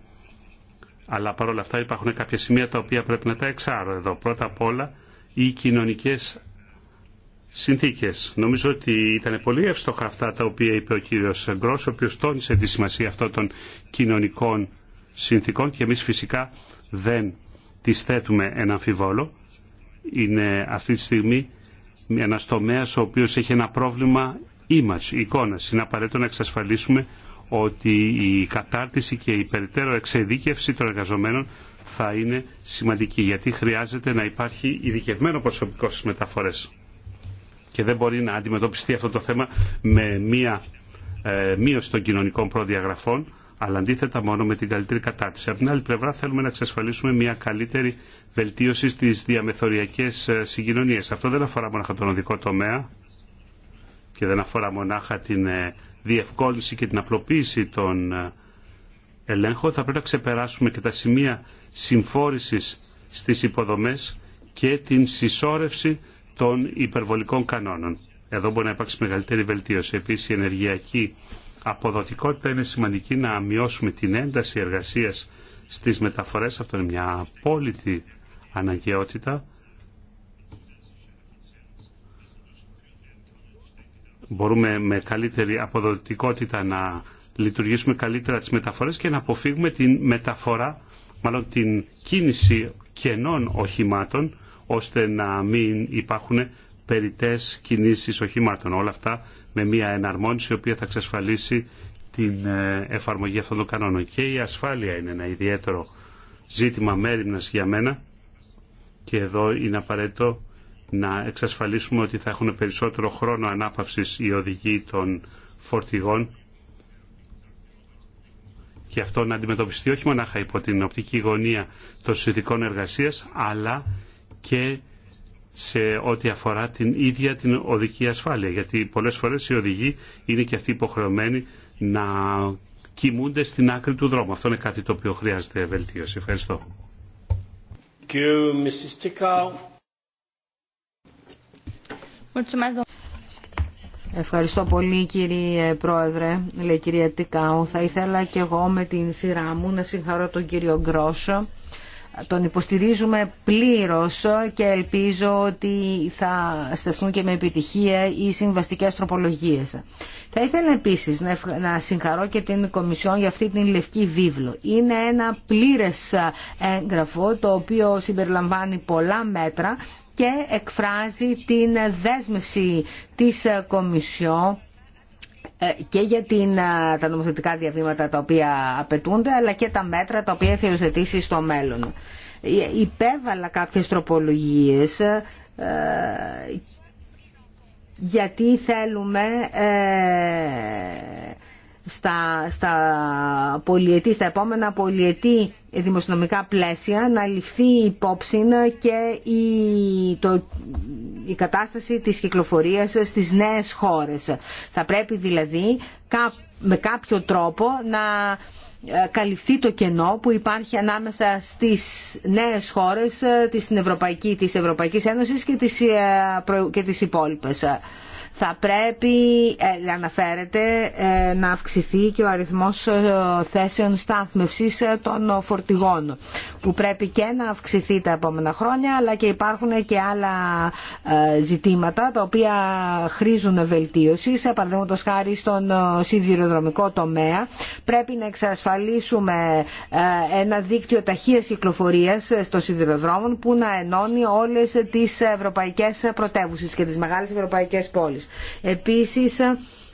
Αλλά παρόλα αυτά υπάρχουν κάποια σημεία τα οποία πρέπει να τα εξάρω εδώ. Πρώτα απ' όλα οι κοινωνικές συνθήκες. Νομίζω ότι ήταν πολύ εύστοχα αυτά τα οποία είπε ο κύριος Γκρός, ο οποίος τόνισε τη σημασία αυτών των κοινωνικών συνθήκων και εμείς φυσικά δεν τις θέτουμε ένα αμφιβόλο. Είναι αυτή τη στιγμή ένα τομέα ο οποίος έχει ένα πρόβλημα image, εικόνας. Είναι απαραίτητο να εξασφαλίσουμε ότι η κατάρτιση και η περιττέρω εξειδίκευση των εργαζομένων θα είναι σημαντική, γιατί χρειάζεται να υπάρχει ειδικευμένο προσωπικό στις μεταφορές και δεν μπορεί να αντιμετωπιστεί αυτό το θέμα με μία ε, μείωση των κοινωνικών προδιαγραφών, αλλά αντίθετα μόνο με την καλύτερη κατάρτιση. Από την άλλη πλευρά θέλουμε να εξασφαλίσουμε μια καλύτερη βελτίωση στις διαμεθοριακές ε, συγκοινωνίες. Αυτό δεν αφορά μονάχα τον οδικό τομέα και δεν αφορά μονάχα την ε, διευκόλυνση και την απλοποίηση των ε, ελέγχων. Θα πρέπει να ξεπεράσουμε και τα σημεία συμφόρησης στις υποδομές και την συσσόρευση των υπερβολικών κανόνων. Εδώ μπορεί να υπάρξει μεγαλύτερη βελτίωση. Επίση, η ενεργειακή αποδοτικότητα είναι σημαντική να μειώσουμε την ένταση εργασίας στις μεταφορές. Αυτό είναι μια απόλυτη αναγκαιότητα. Μπορούμε με καλύτερη αποδοτικότητα να λειτουργήσουμε καλύτερα τις μεταφορές και να αποφύγουμε την μεταφορά, μάλλον την κίνηση κενών οχημάτων ώστε να μην υπάρχουν περιττές κινήσεις οχημάτων. Όλα αυτά με μια εναρμόνιση η οποία θα εξασφαλίσει την ε, εφαρμογή αυτών των κανόνων. Και η ασφάλεια είναι ένα ιδιαίτερο ζήτημα μέρημνας για μένα και εδώ είναι απαραίτητο να εξασφαλίσουμε ότι θα έχουν περισσότερο χρόνο ανάπαυσης οι οδηγοί των φορτηγών και αυτό να αντιμετωπιστεί όχι μονάχα υπό την οπτική γωνία των συνθηκών εργασίας αλλά και σε ό,τι αφορά την ίδια την οδική ασφάλεια. Γιατί πολλές φορές οι οδηγοί είναι και αυτοί υποχρεωμένοι να κοιμούνται στην άκρη του δρόμου. Αυτό είναι κάτι το οποίο χρειάζεται βελτίωση. Ευχαριστώ. Ευχαριστώ πολύ κύριε Πρόεδρε, λέει κυρία Τικάου. Θα ήθελα και εγώ με την σειρά μου να συγχαρώ τον κύριο Γκρόσο τον υποστηρίζουμε πλήρως και ελπίζω ότι θα στεφθούν και με επιτυχία οι συμβαστικές τροπολογίες. Θα ήθελα επίσης να συγχαρώ και την Κομισιόν για αυτή την Λευκή Βίβλο. Είναι ένα πλήρες έγγραφο το οποίο συμπεριλαμβάνει πολλά μέτρα και εκφράζει την δέσμευση της Κομισιόν ε, και για την, τα νομοθετικά διαβήματα τα οποία απαιτούνται αλλά και τα μέτρα τα οποία θα υιοθετήσει στο μέλλον. Ε, υπέβαλα κάποιες τροπολογίες ε, γιατί θέλουμε στα, στα, στα επόμενα πολιετή δημοσιονομικά πλαίσια να ληφθεί υπόψη και η, το, η κατάσταση της κυκλοφορίας στις νέες χώρες. Θα πρέπει δηλαδή με κάποιο τρόπο να ε, καλυφθεί το κενό που υπάρχει ανάμεσα στις νέες χώρες ε, της Ευρωπαϊκής, της Ευρωπαϊκής Ένωσης και τις, ε, και τις υπόλοιπες θα πρέπει, ε, αναφέρεται, ε, να αυξηθεί και ο αριθμός ε, θέσεων στάθμευσης των φορτηγών που πρέπει και να αυξηθεί τα επόμενα χρόνια αλλά και υπάρχουν και άλλα ζητήματα τα οποία χρήζουν βελτίωση. παραδείγματος χάρη στον σιδηροδρομικό τομέα πρέπει να εξασφαλίσουμε ένα δίκτυο ταχείας κυκλοφορίας στο σιδηροδρόμων που να ενώνει όλες τις ευρωπαϊκές πρωτεύουσες και τις μεγάλες ευρωπαϊκές πόλεις. Επίσης,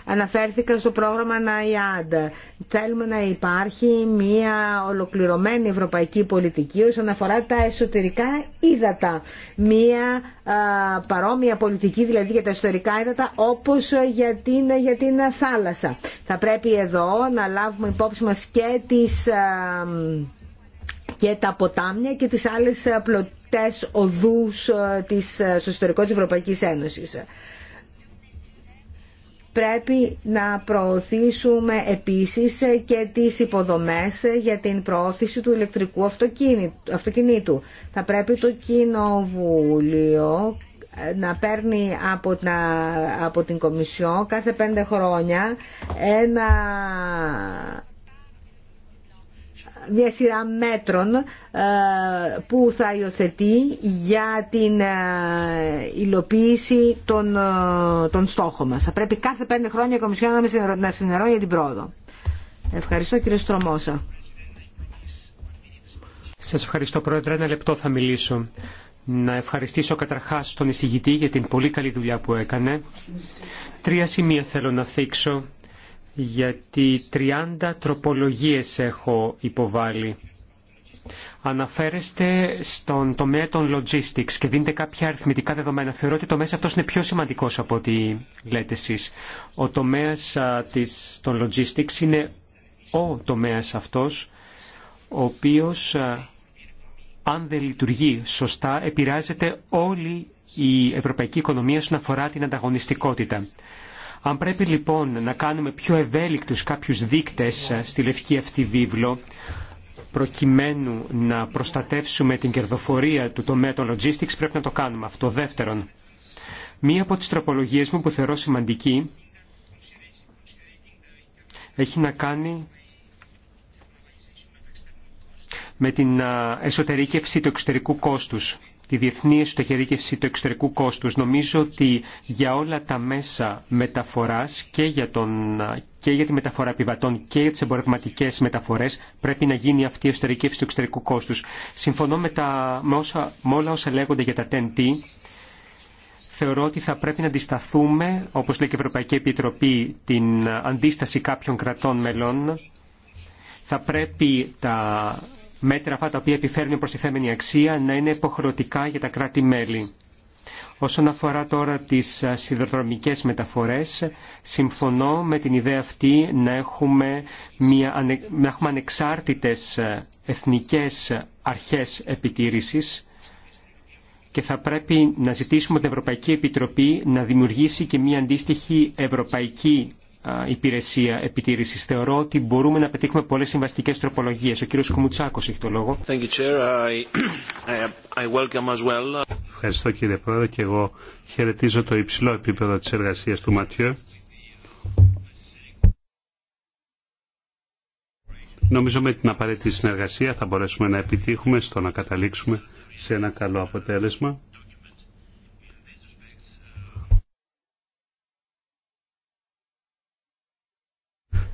αναφέρθηκα στο πρόγραμμα NIAD. Θέλουμε να υπάρχει μια ολοκληρωμένη ευρωπαϊκή πολιτική όσον αφορά τα εσωτερικά ύδατα. Μια παρόμοια πολιτική δηλαδή για τα εσωτερικά ύδατα όπως για την, για την θάλασσα. Θα πρέπει εδώ να λάβουμε υπόψη μας και και τα ποτάμια και τις άλλες πλωτές οδούς της, στο εσωτερικό της Ευρωπαϊκής Ένωσης. Πρέπει να προωθήσουμε επίσης και τις υποδομές για την προώθηση του ηλεκτρικού αυτοκινήτου. Θα πρέπει το Κοινοβούλιο ε, να παίρνει από, την, από την Κομισιό κάθε πέντε χρόνια ένα μια σειρά μέτρων ε, που θα υιοθετεί για την ε, υλοποίηση των, ε, των στόχων μας. Θα πρέπει κάθε πέντε χρόνια η Κομισιόν να συνερώνει την πρόοδο. Ευχαριστώ κύριε Στρομόσα. Σας ευχαριστώ Πρόεδρε. Ένα λεπτό θα μιλήσω. Να ευχαριστήσω καταρχάς τον εισηγητή για την πολύ καλή δουλειά που έκανε. Τρία σημεία θέλω να θίξω γιατί 30 τροπολογίες έχω υποβάλει. Αναφέρεστε στον τομέα των logistics και δίνετε κάποια αριθμητικά δεδομένα. Θεωρώ ότι το τομέας αυτός είναι πιο σημαντικός από ό,τι λέτε εσείς. Ο τομέας της, των logistics είναι ο τομέας αυτός, ο οποίος αν δεν λειτουργεί σωστά επηρεάζεται όλη η ευρωπαϊκή οικονομία όσον αφορά την ανταγωνιστικότητα. Αν πρέπει λοιπόν να κάνουμε πιο ευέλικτους κάποιους δείκτες ε, στη λευκή αυτή βίβλο, προκειμένου να προστατεύσουμε την κερδοφορία του τομέα των logistics, πρέπει να το κάνουμε αυτό. Δεύτερον, μία από τις τροπολογίες μου που θεωρώ σημαντική έχει να κάνει με την ε, εσωτερήκευση του εξωτερικού κόστους τη διεθνή εσωτερική του εξωτερικού κόστους. Νομίζω ότι για όλα τα μέσα μεταφοράς και για, τον, και για τη μεταφορά επιβατών και για τις εμπορευματικές μεταφορές πρέπει να γίνει αυτή η εσωτερική του εξωτερικού κόστους. Συμφωνώ με, τα, με, όσα, με όλα όσα λέγονται για τα TNT. Θεωρώ ότι θα πρέπει να αντισταθούμε, όπως λέει και η Ευρωπαϊκή Επιτροπή, την αντίσταση κάποιων κρατών μελών. Θα πρέπει τα μέτρα αυτά τα οποία επιφέρουν θέμενη αξία να είναι υποχρεωτικά για τα κράτη-μέλη. Όσον αφορά τώρα τις σιδηροδρομικές μεταφορές, συμφωνώ με την ιδέα αυτή να έχουμε, μια, να έχουμε ανεξάρτητες εθνικές αρχές επιτήρησης και θα πρέπει να ζητήσουμε την Ευρωπαϊκή Επιτροπή να δημιουργήσει και μια αντίστοιχη Ευρωπαϊκή υπηρεσία επιτήρησης. Θεωρώ ότι μπορούμε να πετύχουμε πολλές συμβαστικές τροπολογίες. Ο κύριος Κουμουτσάκος έχει το λόγο. Thank you, Ευχαριστώ κύριε Πρόεδρε και εγώ χαιρετίζω το υψηλό επίπεδο της εργασίας του Ματιού. Νομίζω με την απαραίτητη συνεργασία θα μπορέσουμε να επιτύχουμε στο να καταλήξουμε σε ένα καλό αποτέλεσμα.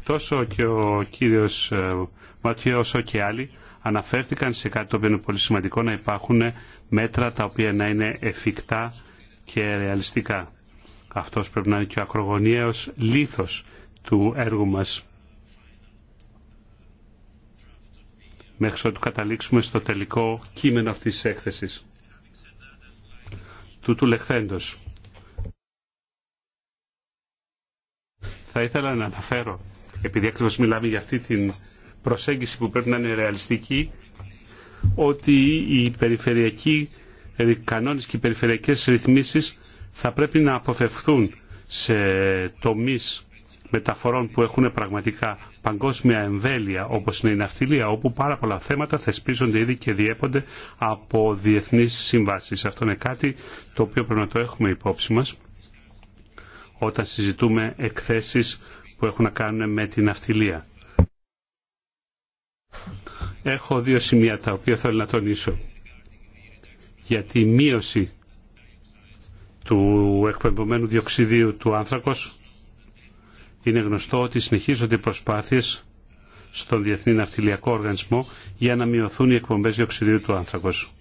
Τόσο και ο κύριος ε, Ματιό όσο και άλλοι αναφέρθηκαν σε κάτι το οποίο είναι πολύ σημαντικό να υπάρχουν μέτρα τα οποία να είναι εφικτά και ρεαλιστικά. Αυτός πρέπει να είναι και ο ακρογωνιαίος λίθος του έργου μας. Μέχρι ότου καταλήξουμε στο τελικό κείμενο αυτής της έκθεσης. Του του λεχθέντος. Θα ήθελα να αναφέρω επειδή ακριβώς μιλάμε για αυτή την προσέγγιση που πρέπει να είναι ρεαλιστική, ότι οι περιφερειακοί κανόνε κανόνες και οι περιφερειακές ρυθμίσεις θα πρέπει να αποφευχθούν σε τομείς μεταφορών που έχουν πραγματικά παγκόσμια εμβέλεια όπως είναι η ναυτιλία όπου πάρα πολλά θέματα θεσπίζονται ήδη και διέπονται από διεθνείς συμβάσεις. Αυτό είναι κάτι το οποίο πρέπει να το έχουμε υπόψη μας όταν συζητούμε εκθέσεις που έχουν να κάνουν με την αυτιλία. Έχω δύο σημεία τα οποία θέλω να τονίσω για τη μείωση του εκπαιδευμένου διοξιδίου του άνθρακος. Είναι γνωστό ότι συνεχίζονται οι προσπάθειες στον Διεθνή Ναυτιλιακό Οργανισμό για να μειωθούν οι εκπομπές διοξιδίου του άνθρακος.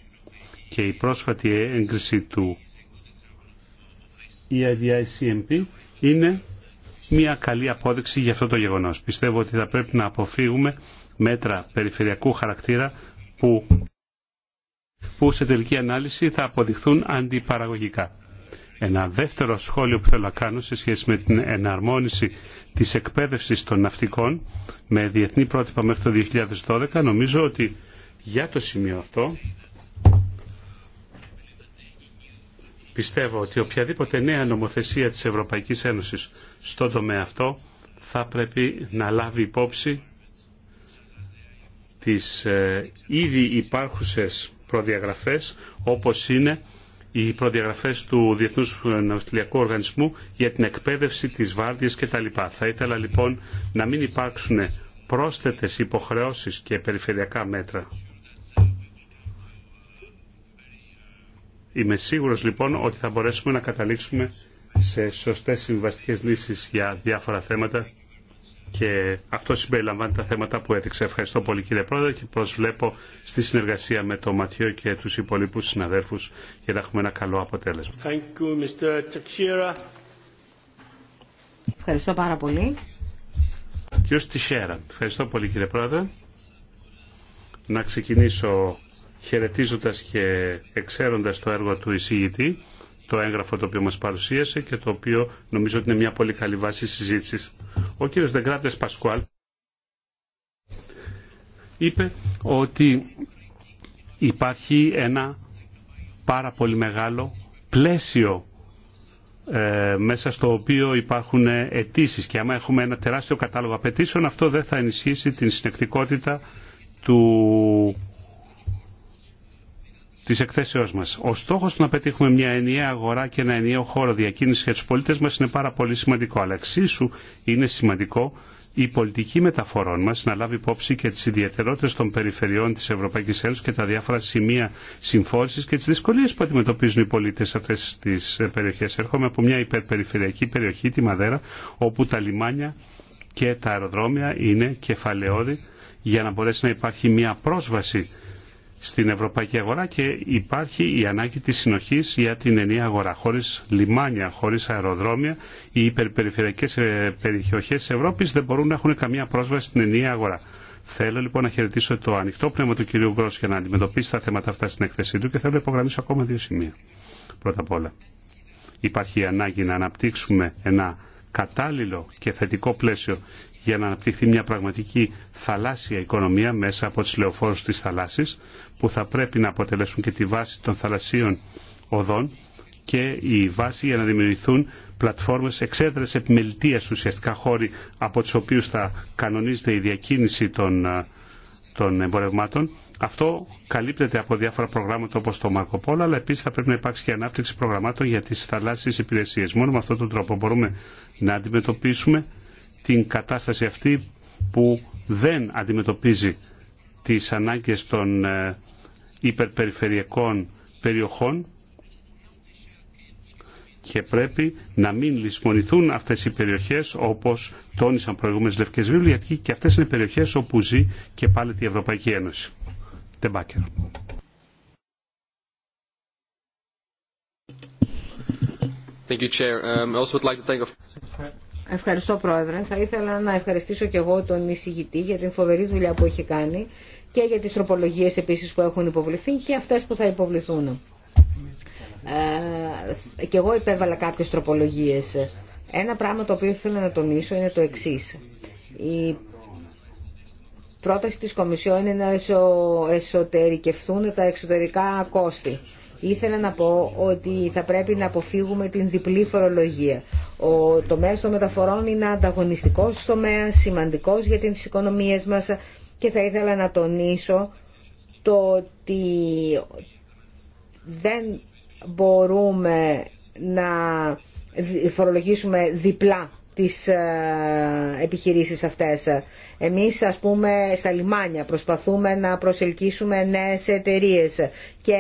Και η πρόσφατη έγκριση του EIDICMP είναι μια καλή απόδειξη για αυτό το γεγονός. Πιστεύω ότι θα πρέπει να αποφύγουμε μέτρα περιφερειακού χαρακτήρα που, που σε τελική ανάλυση θα αποδειχθούν αντιπαραγωγικά. Ένα δεύτερο σχόλιο που θέλω να κάνω σε σχέση με την εναρμόνιση της εκπαίδευσης των ναυτικών με διεθνή πρότυπα μέχρι το 2012 νομίζω ότι για το σημείο αυτό πιστεύω ότι οποιαδήποτε νέα νομοθεσία της Ευρωπαϊκής Ένωσης στον τομέα αυτό θα πρέπει να λάβει υπόψη τις ε, ήδη υπάρχουσες προδιαγραφές όπως είναι οι προδιαγραφές του Διεθνούς Ναυτιλιακού Οργανισμού για την εκπαίδευση της βάρδιας κτλ. Θα ήθελα λοιπόν να μην υπάρξουν πρόσθετες υποχρεώσεις και περιφερειακά μέτρα. Είμαι σίγουρος λοιπόν ότι θα μπορέσουμε να καταλήξουμε σε σωστές συμβαστικές λύσεις για διάφορα θέματα και αυτό συμπεριλαμβάνει τα θέματα που έδειξε. Ευχαριστώ πολύ κύριε Πρόεδρε και προσβλέπω στη συνεργασία με τον Ματιό και τους υπολείπους συναδέρφους για να έχουμε ένα καλό αποτέλεσμα. Ευχαριστώ πάρα πολύ. Κύριος Τισέρα, ευχαριστώ πολύ κύριε Πρόεδρε. Να ξεκινήσω χαιρετίζοντας και εξαίροντας το έργο του εισηγητή, το έγγραφο το οποίο μας παρουσίασε και το οποίο νομίζω ότι είναι μια πολύ καλή βάση συζήτησης. Ο κύριος Δεγκράτες Πασκουάλ είπε ότι υπάρχει ένα πάρα πολύ μεγάλο πλαίσιο ε, μέσα στο οποίο υπάρχουν αιτήσει και άμα έχουμε ένα τεράστιο κατάλογο απαιτήσεων αυτό δεν θα ενισχύσει την συνεκτικότητα του τη εκθέσεώ μα. Ο στόχο του να πετύχουμε μια ενιαία αγορά και ένα ενιαίο χώρο διακίνηση για του πολίτε μα είναι πάρα πολύ σημαντικό, αλλά εξίσου είναι σημαντικό η πολιτική μεταφορών μα να λάβει υπόψη και τι ιδιαιτερότητε των περιφερειών τη Ευρωπαϊκή Ένωση και τα διάφορα σημεία συμφόρηση και τι δυσκολίε που αντιμετωπίζουν οι πολίτε σε αυτές τι ε, περιοχές. Έρχομαι από μια υπερπεριφερειακή περιοχή, τη Μαδέρα, όπου τα λιμάνια και τα αεροδρόμια είναι κεφαλαιόδη για να μπορέσει να υπάρχει μια πρόσβαση στην ευρωπαϊκή αγορά και υπάρχει η ανάγκη της συνοχής για την ενιαία αγορά. Χωρίς λιμάνια, χωρίς αεροδρόμια, οι υπερπεριφερειακές ε, περιοχές της Ευρώπης δεν μπορούν να έχουν καμία πρόσβαση στην ενιαία αγορά. Θέλω λοιπόν να χαιρετήσω το ανοιχτό πνεύμα του κυρίου Γκρός για να αντιμετωπίσει τα θέματα αυτά στην εκθεσή του και θέλω να υπογραμμίσω ακόμα δύο σημεία. Πρώτα απ' όλα, υπάρχει η ανάγκη να αναπτύξουμε ένα κατάλληλο και θετικό πλαίσιο για να αναπτυχθεί μια πραγματική θαλάσσια οικονομία μέσα από τις λεωφόρους της θαλάσσης που θα πρέπει να αποτελέσουν και τη βάση των θαλασσίων οδών και η βάση για να δημιουργηθούν πλατφόρμες εξέδρες επιμελητίας ουσιαστικά χώροι από τις οποίους θα κανονίζεται η διακίνηση των, των εμπορευμάτων. Αυτό καλύπτεται από διάφορα προγράμματα όπως το Μάρκο αλλά επίσης θα πρέπει να υπάρξει και ανάπτυξη προγραμμάτων για τις θαλάσσιες υπηρεσίες. Μόνο με αυτόν τον τρόπο μπορούμε να αντιμετωπίσουμε την κατάσταση αυτή που δεν αντιμετωπίζει τις ανάγκες των ε, υπερπεριφερειακών περιοχών και πρέπει να μην λησμονηθούν αυτές οι περιοχές όπως τόνισαν προηγούμενες λευκές βίβλοι και αυτές είναι περιοχές όπου ζει και πάλι η Ευρωπαϊκή Ένωση. Τεμπάκερ. Thank you, Chair. Um, I would like to thank... Ευχαριστώ Πρόεδρε. Θα ήθελα να ευχαριστήσω και εγώ τον εισηγητή για την φοβερή δουλειά που έχει κάνει και για τις τροπολογίες επίσης που έχουν υποβληθεί και αυτές που θα υποβληθούν. Ε, και εγώ υπέβαλα κάποιες τροπολογίες. Ένα πράγμα το οποίο θέλω να τονίσω είναι το εξή. Η πρόταση της Κομισιόν είναι να εσωτερικευθούν τα εξωτερικά κόστη. Ήθελα να πω ότι θα πρέπει να αποφύγουμε την διπλή φορολογία. Ο τομέα των μεταφορών είναι ανταγωνιστικό τομέα, σημαντικός για τι οικονομίε μας και θα ήθελα να τονίσω το ότι δεν μπορούμε να φορολογήσουμε διπλά τις ε, επιχειρήσεις αυτές. Εμείς, ας πούμε, στα λιμάνια προσπαθούμε να προσελκύσουμε νέες εταιρείες και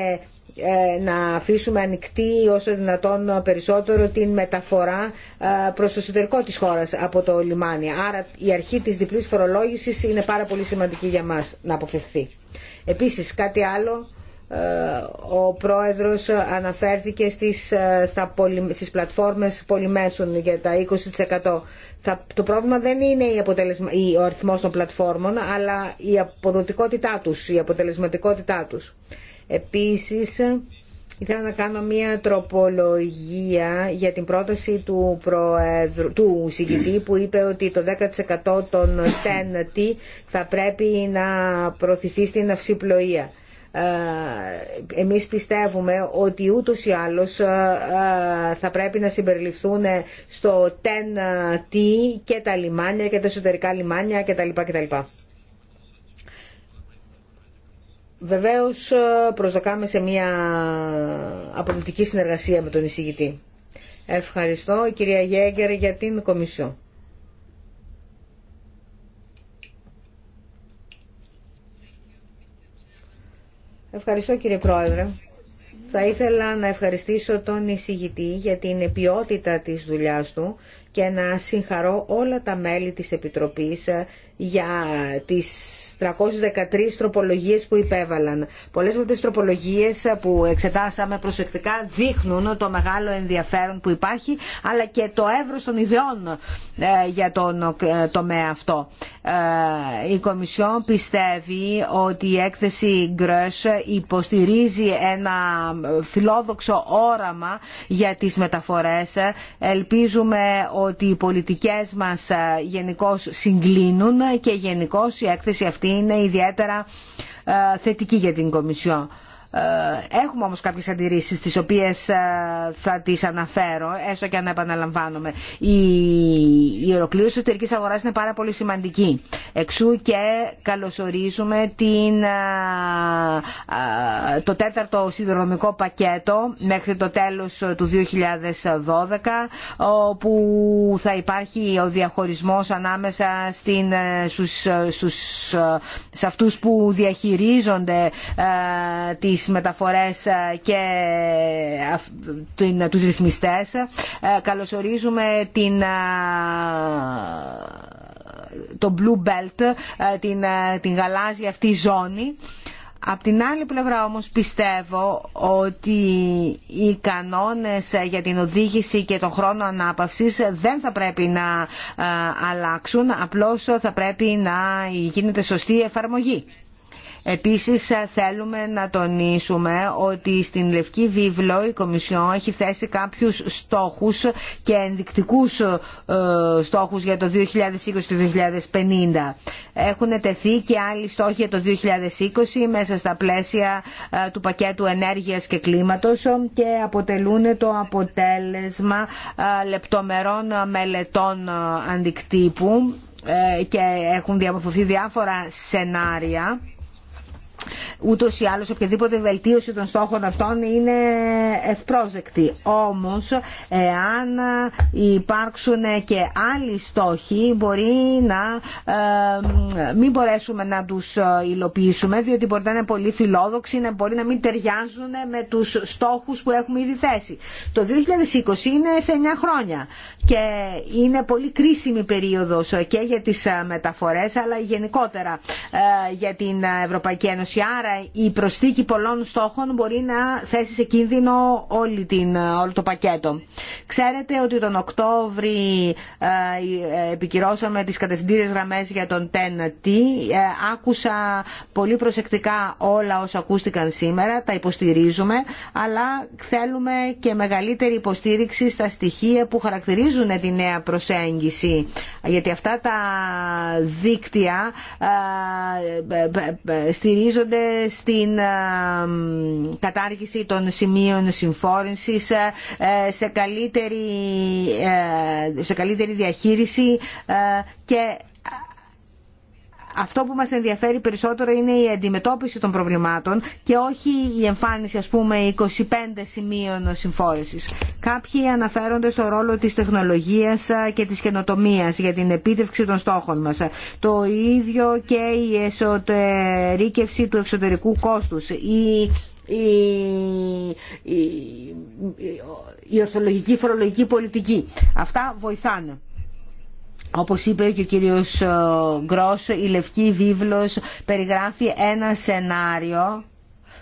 ε, να αφήσουμε ανοιχτή όσο δυνατόν περισσότερο την μεταφορά ε, προς το εσωτερικό της χώρας από το λιμάνι. Άρα η αρχή της διπλής φορολόγησης είναι πάρα πολύ σημαντική για μας να αποφευχθεί. Επίσης κάτι άλλο ε, ο πρόεδρος αναφέρθηκε στις, στα στις πλατφόρμες πολυμέσων για τα 20%. Θα, το πρόβλημα δεν είναι η αποτελεσμα, η, ο αριθμός των πλατφόρμων, αλλά η αποδοτικότητά τους, η αποτελεσματικότητά τους. Επίσης, ήθελα να κάνω μία τροπολογία για την πρόταση του, προέδρου, του συγκητή που είπε ότι το 10% των TNT θα πρέπει να προωθηθεί στην αυσιπλοεία ε, εμείς πιστεύουμε ότι ούτως ή άλλως ε, θα πρέπει να συμπεριληφθούν στο τεν και τα λιμάνια και τα εσωτερικά λιμάνια κτλ. Βεβαίως ε, προσδοκάμε σε μια απολυτική συνεργασία με τον εισηγητή. Ευχαριστώ κυρία Γέγκερ για την Κομισιό. Ευχαριστώ κύριε Πρόεδρε. Θα ήθελα να ευχαριστήσω τον εισηγητή για την ποιότητα της δουλειάς του και να συγχαρώ όλα τα μέλη της Επιτροπής ε, για τις 313 τροπολογίες που υπέβαλαν. Πολλές από τις τροπολογίες που εξετάσαμε προσεκτικά δείχνουν το μεγάλο ενδιαφέρον που υπάρχει αλλά και το εύρος των ιδεών ε, για τον ε, τομέα αυτό. Ε, η Κομισιόν πιστεύει ότι η έκθεση Γκρέσ υποστηρίζει ένα φιλόδοξο όραμα για τις μεταφορές. Ελπίζουμε ότι οι πολιτικές μας γενικώ συγκλίνουν και γενικώ η έκθεση αυτή είναι ιδιαίτερα ε, θετική για την Κομισιό. Ε, έχουμε όμως κάποιες αντιρρήσεις τις οποίες ε, θα τις αναφέρω, έστω και αν επαναλαμβάνομαι. Η ολοκλήρωση της εταιρικής αγοράς είναι πάρα πολύ σημαντική. Εξού και καλωσορίζουμε την, ε, το τέταρτο συνδρομικό πακέτο μέχρι το τέλος του 2012, όπου θα υπάρχει ο διαχωρισμός ανάμεσα στην, στους, σε αυτούς που διαχειρίζονται τις τις μεταφορές ε, και ε, ε, τους ρυθμιστές. Καλωσορίζουμε την το Blue Belt, την, την γαλάζια αυτή ζώνη. Απ' την άλλη πλευρά όμως πιστεύω ότι οι κανόνες για την οδήγηση και τον χρόνο ανάπαυσης δεν θα πρέπει να αλλάξουν, απλώς θα πρέπει να γίνεται σωστή εφαρμογή. Επίσης ε, θέλουμε να τονίσουμε ότι στην Λευκή Βίβλο η Κομισιόν έχει θέσει κάποιους στόχους και ενδεικτικούς ε, στόχους για το 2020-2050. Έχουν τεθεί και άλλοι στόχοι για το 2020 μέσα στα πλαίσια ε, του πακέτου ενέργειας και κλίματος και αποτελούν το αποτέλεσμα λεπτομερών μελετών αντικτύπου και έχουν διαμορφωθεί διάφορα σενάρια ούτως ή άλλως οποιαδήποτε βελτίωση των στόχων αυτών είναι ευπρόζεκτη. Όμω, εάν υπάρξουν και άλλοι στόχοι, μπορεί να ε, μην μπορέσουμε να του υλοποιήσουμε, διότι μπορεί να είναι πολύ φιλόδοξοι, να μπορεί να μην ταιριάζουν με τους στόχους που έχουμε ήδη θέσει. Το 2020 είναι σε 9 χρόνια και είναι πολύ κρίσιμη περίοδο και για τι μεταφορέ, αλλά γενικότερα ε, για την Ευρωπαϊκή Ένωση Ένωση. Άρα η προσθήκη πολλών στόχων μπορεί να θέσει σε κίνδυνο όλη την, όλο το πακέτο. Ξέρετε ότι τον Οκτώβρη ε, ε, επικυρώσαμε τις κατευθυντήριες γραμμές για τον Ε, Άκουσα πολύ προσεκτικά όλα όσα ακούστηκαν σήμερα, τα υποστηρίζουμε, αλλά θέλουμε και μεγαλύτερη υποστήριξη στα στοιχεία που χαρακτηρίζουν τη νέα προσέγγιση. Γιατί αυτά τα δίκτυα ε, στηρίζουν στηρίζονται στην ε, κατάργηση των σημείων συμφόρησης, ε, σε καλύτερη, ε, σε καλύτερη διαχείριση και αυτό που μας ενδιαφέρει περισσότερο είναι η αντιμετώπιση των προβλημάτων και όχι η εμφάνιση ας πούμε 25 σημείων συμφόρησης. Κάποιοι αναφέρονται στο ρόλο της τεχνολογίας και της καινοτομίας για την επίτευξη των στόχων μας. Το ίδιο και η εσωτερήκευση του εξωτερικού κόστους. Η η, η, η, η ορθολογική φορολογική πολιτική. Αυτά βοηθάνε. Όπως είπε και ο κύριος ε, Γκρόσο, η Λευκή Βίβλος περιγράφει ένα σενάριο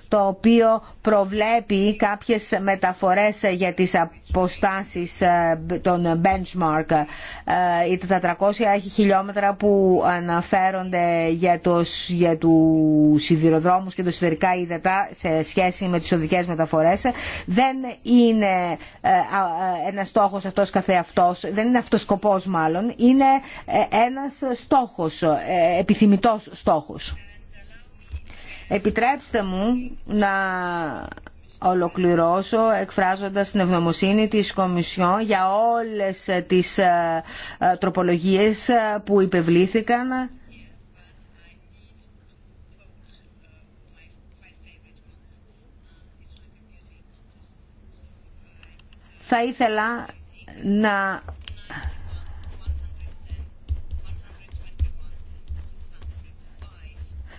το οποίο προβλέπει κάποιες μεταφορές για τις αποστάσεις ε, των benchmark, ε, τα 400 χιλιόμετρα που αναφέρονται για, του για τους σιδηροδρόμους και τα σιδερικά ύδατα σε σχέση με τις οδικές μεταφορές δεν είναι ε, ένας στόχος αυτός καθεαυτός, δεν είναι αυτός σκοπός μάλλον, είναι ένας στόχος, επιθυμητός στόχος. Επιτρέψτε μου να ολοκληρώσω εκφράζοντας την ευγνωμοσύνη της Κομισιόν για όλες τις ε, ε, τροπολογίες ε, που υπευλήθηκαν θα ήθελα να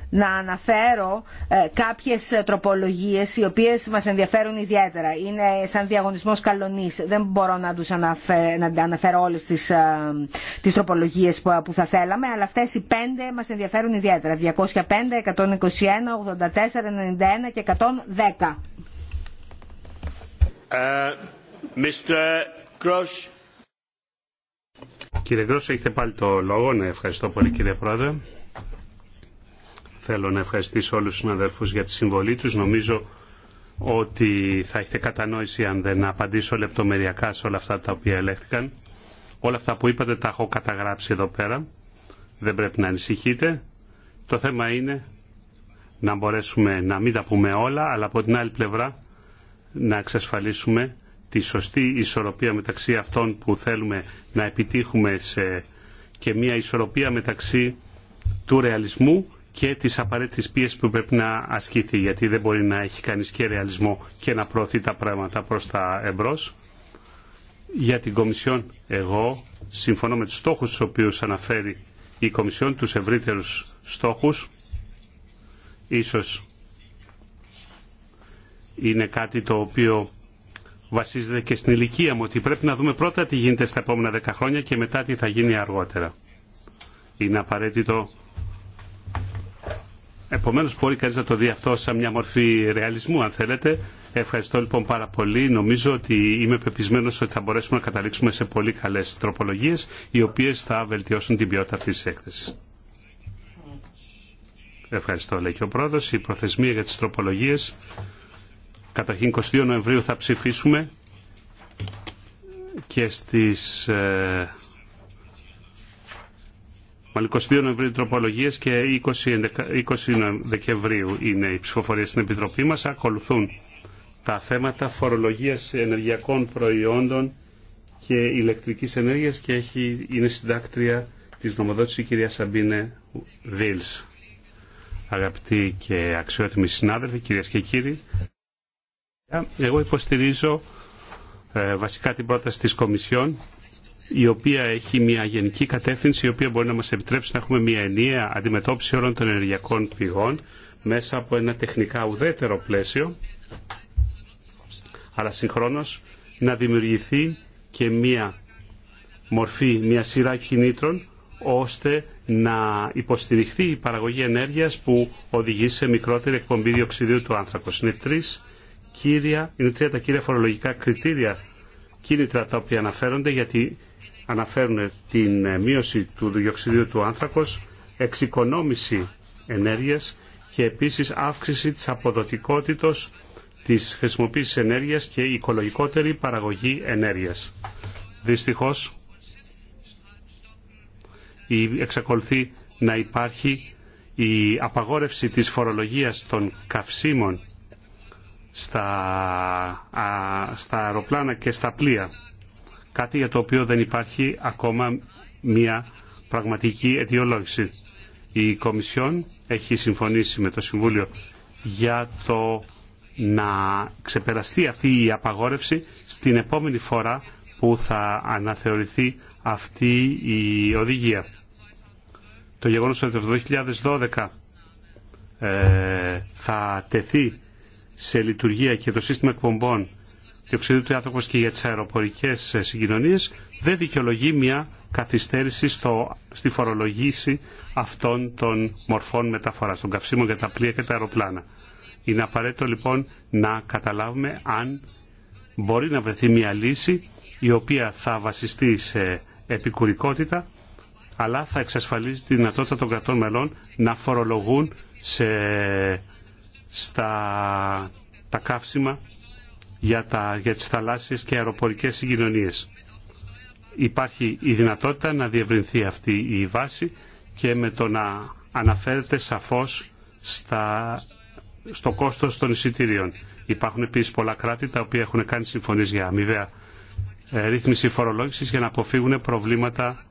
να αναφέρω ε, κάποιες τροπολογίες οι οποίες μας ενδιαφέρουν ιδιαίτερα. Είναι σαν διαγωνισμός καλονής. Δεν μπορώ να τους να αναφέρω όλες τις, ε, τις τροπολογίες που θα θέλαμε, αλλά αυτές οι πέντε μας ενδιαφέρουν ιδιαίτερα. 205, 121, 84, 91 και 110. Ε, κύριε Γκρός, έχετε πάλι το λόγο. Ναι, ευχαριστώ πολύ κύριε Πρόεδρε. Θέλω να ευχαριστήσω όλους τους συναδελφούς για τη συμβολή τους. Νομίζω ότι θα έχετε κατανόηση αν δεν απαντήσω λεπτομεριακά σε όλα αυτά τα οποία ελέγχθηκαν. Όλα αυτά που είπατε τα έχω καταγράψει εδώ πέρα. Δεν πρέπει να ανησυχείτε. Το θέμα είναι να μπορέσουμε να μην τα πούμε όλα, αλλά από την άλλη πλευρά να εξασφαλίσουμε τη σωστή ισορροπία μεταξύ αυτών που θέλουμε να επιτύχουμε και μια ισορροπία μεταξύ του ρεαλισμού και της απαραίτητης πίεσης που πρέπει να ασκηθεί γιατί δεν μπορεί να έχει κανείς και ρεαλισμό και να προωθεί τα πράγματα προς τα εμπρός. Για την Κομισιόν εγώ συμφωνώ με τους στόχους τους οποίους αναφέρει η Κομισιόν, τους ευρύτερους στόχους. Ίσως είναι κάτι το οποίο βασίζεται και στην ηλικία μου, ότι πρέπει να δούμε πρώτα τι γίνεται στα επόμενα δέκα χρόνια και μετά τι θα γίνει αργότερα. Είναι απαραίτητο Επομένως μπορεί κανείς να το δει αυτό σαν μια μορφή ρεαλισμού αν θέλετε. Ευχαριστώ λοιπόν πάρα πολύ. Νομίζω ότι είμαι πεπισμένος ότι θα μπορέσουμε να καταλήξουμε σε πολύ καλές τροπολογίες οι οποίες θα βελτιώσουν την ποιότητα αυτής της έκθεσης. Ευχαριστώ λέει και ο πρόεδρος. Η προθεσμία για τις τροπολογίες καταρχήν 22 Νοεμβρίου θα ψηφίσουμε και στις ε, 22 Νοεμβρίου τροπολογίες και 20 Δεκεμβρίου είναι οι ψηφοφορίες στην Επιτροπή μας. Ακολουθούν τα θέματα φορολογίας ενεργειακών προϊόντων και ηλεκτρικής ενέργειας και έχει, είναι συντάκτρια της νομοδότησης η κυρία Σαμπίνε Βίλς. Αγαπητοί και αξιότιμοι συνάδελφοι, κυρίες και κύριοι, εγώ υποστηρίζω ε, βασικά την πρόταση της Κομισιόν η οποία έχει μια γενική κατεύθυνση η οποία μπορεί να μα επιτρέψει να έχουμε μια ενιαία αντιμετώπιση όλων των ενεργειακών πηγών μέσα από ένα τεχνικά ουδέτερο πλαίσιο αλλά συγχρόνω, να δημιουργηθεί και μια μορφή, μια σειρά κινήτρων ώστε να υποστηριχθεί η παραγωγή ενέργειας που οδηγεί σε μικρότερη εκπομπή διοξιδίου του άνθρακος. Είναι, κύρια, είναι τρία τα κύρια φορολογικά κριτήρια κίνητρα τα οποία αναφέρονται γιατί αναφέρουν την ε, μείωση του διοξιδίου του άνθρακος, εξοικονόμηση ενέργειας και επίσης αύξηση της αποδοτικότητος της χρησιμοποίησης ενέργειας και οικολογικότερη παραγωγή ενέργειας. Δυστυχώς, εξακολουθεί να υπάρχει η απαγόρευση της φορολογίας των καυσίμων στα, στα αεροπλάνα και στα πλοία κάτι για το οποίο δεν υπάρχει ακόμα μια πραγματική αιτιολόγηση. Η Κομισιόν έχει συμφωνήσει με το Συμβούλιο για το να ξεπεραστεί αυτή η απαγόρευση στην επόμενη φορά που θα αναθεωρηθεί αυτή η οδηγία. Το γεγονός ότι το 2012 ε, θα τεθεί σε λειτουργία και το σύστημα εκπομπών διοξιδίου του Άνθρωπος και για τις αεροπορικές ε, συγκοινωνίες δεν δικαιολογεί μια καθυστέρηση στο, στη φορολογήση αυτών των μορφών μεταφοράς, των καυσίμων για τα πλοία και τα αεροπλάνα. Είναι απαραίτητο λοιπόν να καταλάβουμε αν μπορεί να βρεθεί μια λύση η οποία θα βασιστεί σε επικουρικότητα αλλά θα εξασφαλίζει τη δυνατότητα των κρατών μελών να φορολογούν σε, στα τα καύσιμα για, τα, για τις και αεροπορικές συγκοινωνίες. Υπάρχει η δυνατότητα να διευρυνθεί αυτή η βάση και με το να αναφέρεται σαφώς στα, στο κόστος των εισιτηρίων. Υπάρχουν επίσης πολλά κράτη τα οποία έχουν κάνει συμφωνίες για αμοιβαία ε, ρύθμιση φορολόγησης για να αποφύγουν προβλήματα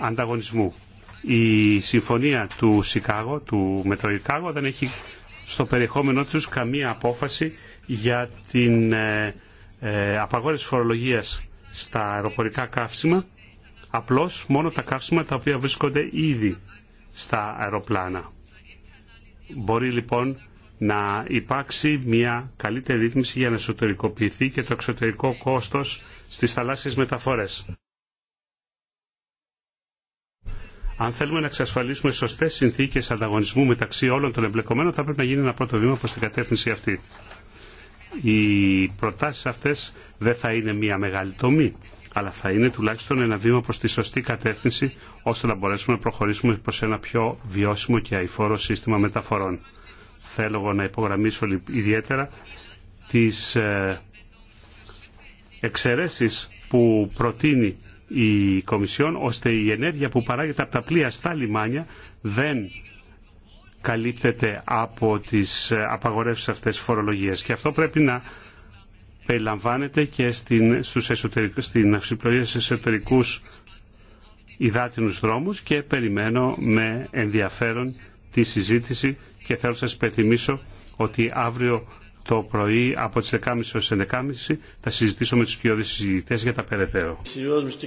ανταγωνισμού. Η συμφωνία του Σικάγο, του, δεν έχει στο περιεχόμενό τους καμία απόφαση για την ε, ε, απαγόρευση φορολογίας στα αεροπορικά καύσιμα, απλώς μόνο τα καύσιμα τα οποία βρίσκονται ήδη στα αεροπλάνα. Μπορεί λοιπόν να υπάρξει μια καλύτερη ρύθμιση για να εσωτερικοποιηθεί και το εξωτερικό κόστος στις θαλάσσιες μεταφορές. Αν θέλουμε να εξασφαλίσουμε σωστέ συνθήκε ανταγωνισμού μεταξύ όλων των εμπλεκομένων, θα πρέπει να γίνει ένα πρώτο βήμα προ την κατεύθυνση αυτή οι προτάσεις αυτές δεν θα είναι μια μεγάλη τομή, αλλά θα είναι τουλάχιστον ένα βήμα προς τη σωστή κατεύθυνση, ώστε να μπορέσουμε να προχωρήσουμε προς ένα πιο βιώσιμο και αηφόρο σύστημα μεταφορών. Θέλω εγώ να υπογραμμίσω ιδιαίτερα τις ε, εξαιρέσεις που προτείνει η Κομισιόν, ώστε η ενέργεια που παράγεται από τα πλοία στα λιμάνια δεν καλύπτεται από τις απαγορεύσεις αυτές φορολογίες. Και αυτό πρέπει να περιλαμβάνεται και στην, στους εσωτερικούς, αυσιπλοεία σε εσωτερικούς υδάτινους δρόμους και περιμένω με ενδιαφέρον τη συζήτηση και θέλω να σας υπενθυμίσω ότι αύριο το πρωί από τις 10.30 ω 11.30 θα συζητήσω με τους πιο συζητητές για τα περαιτέρω.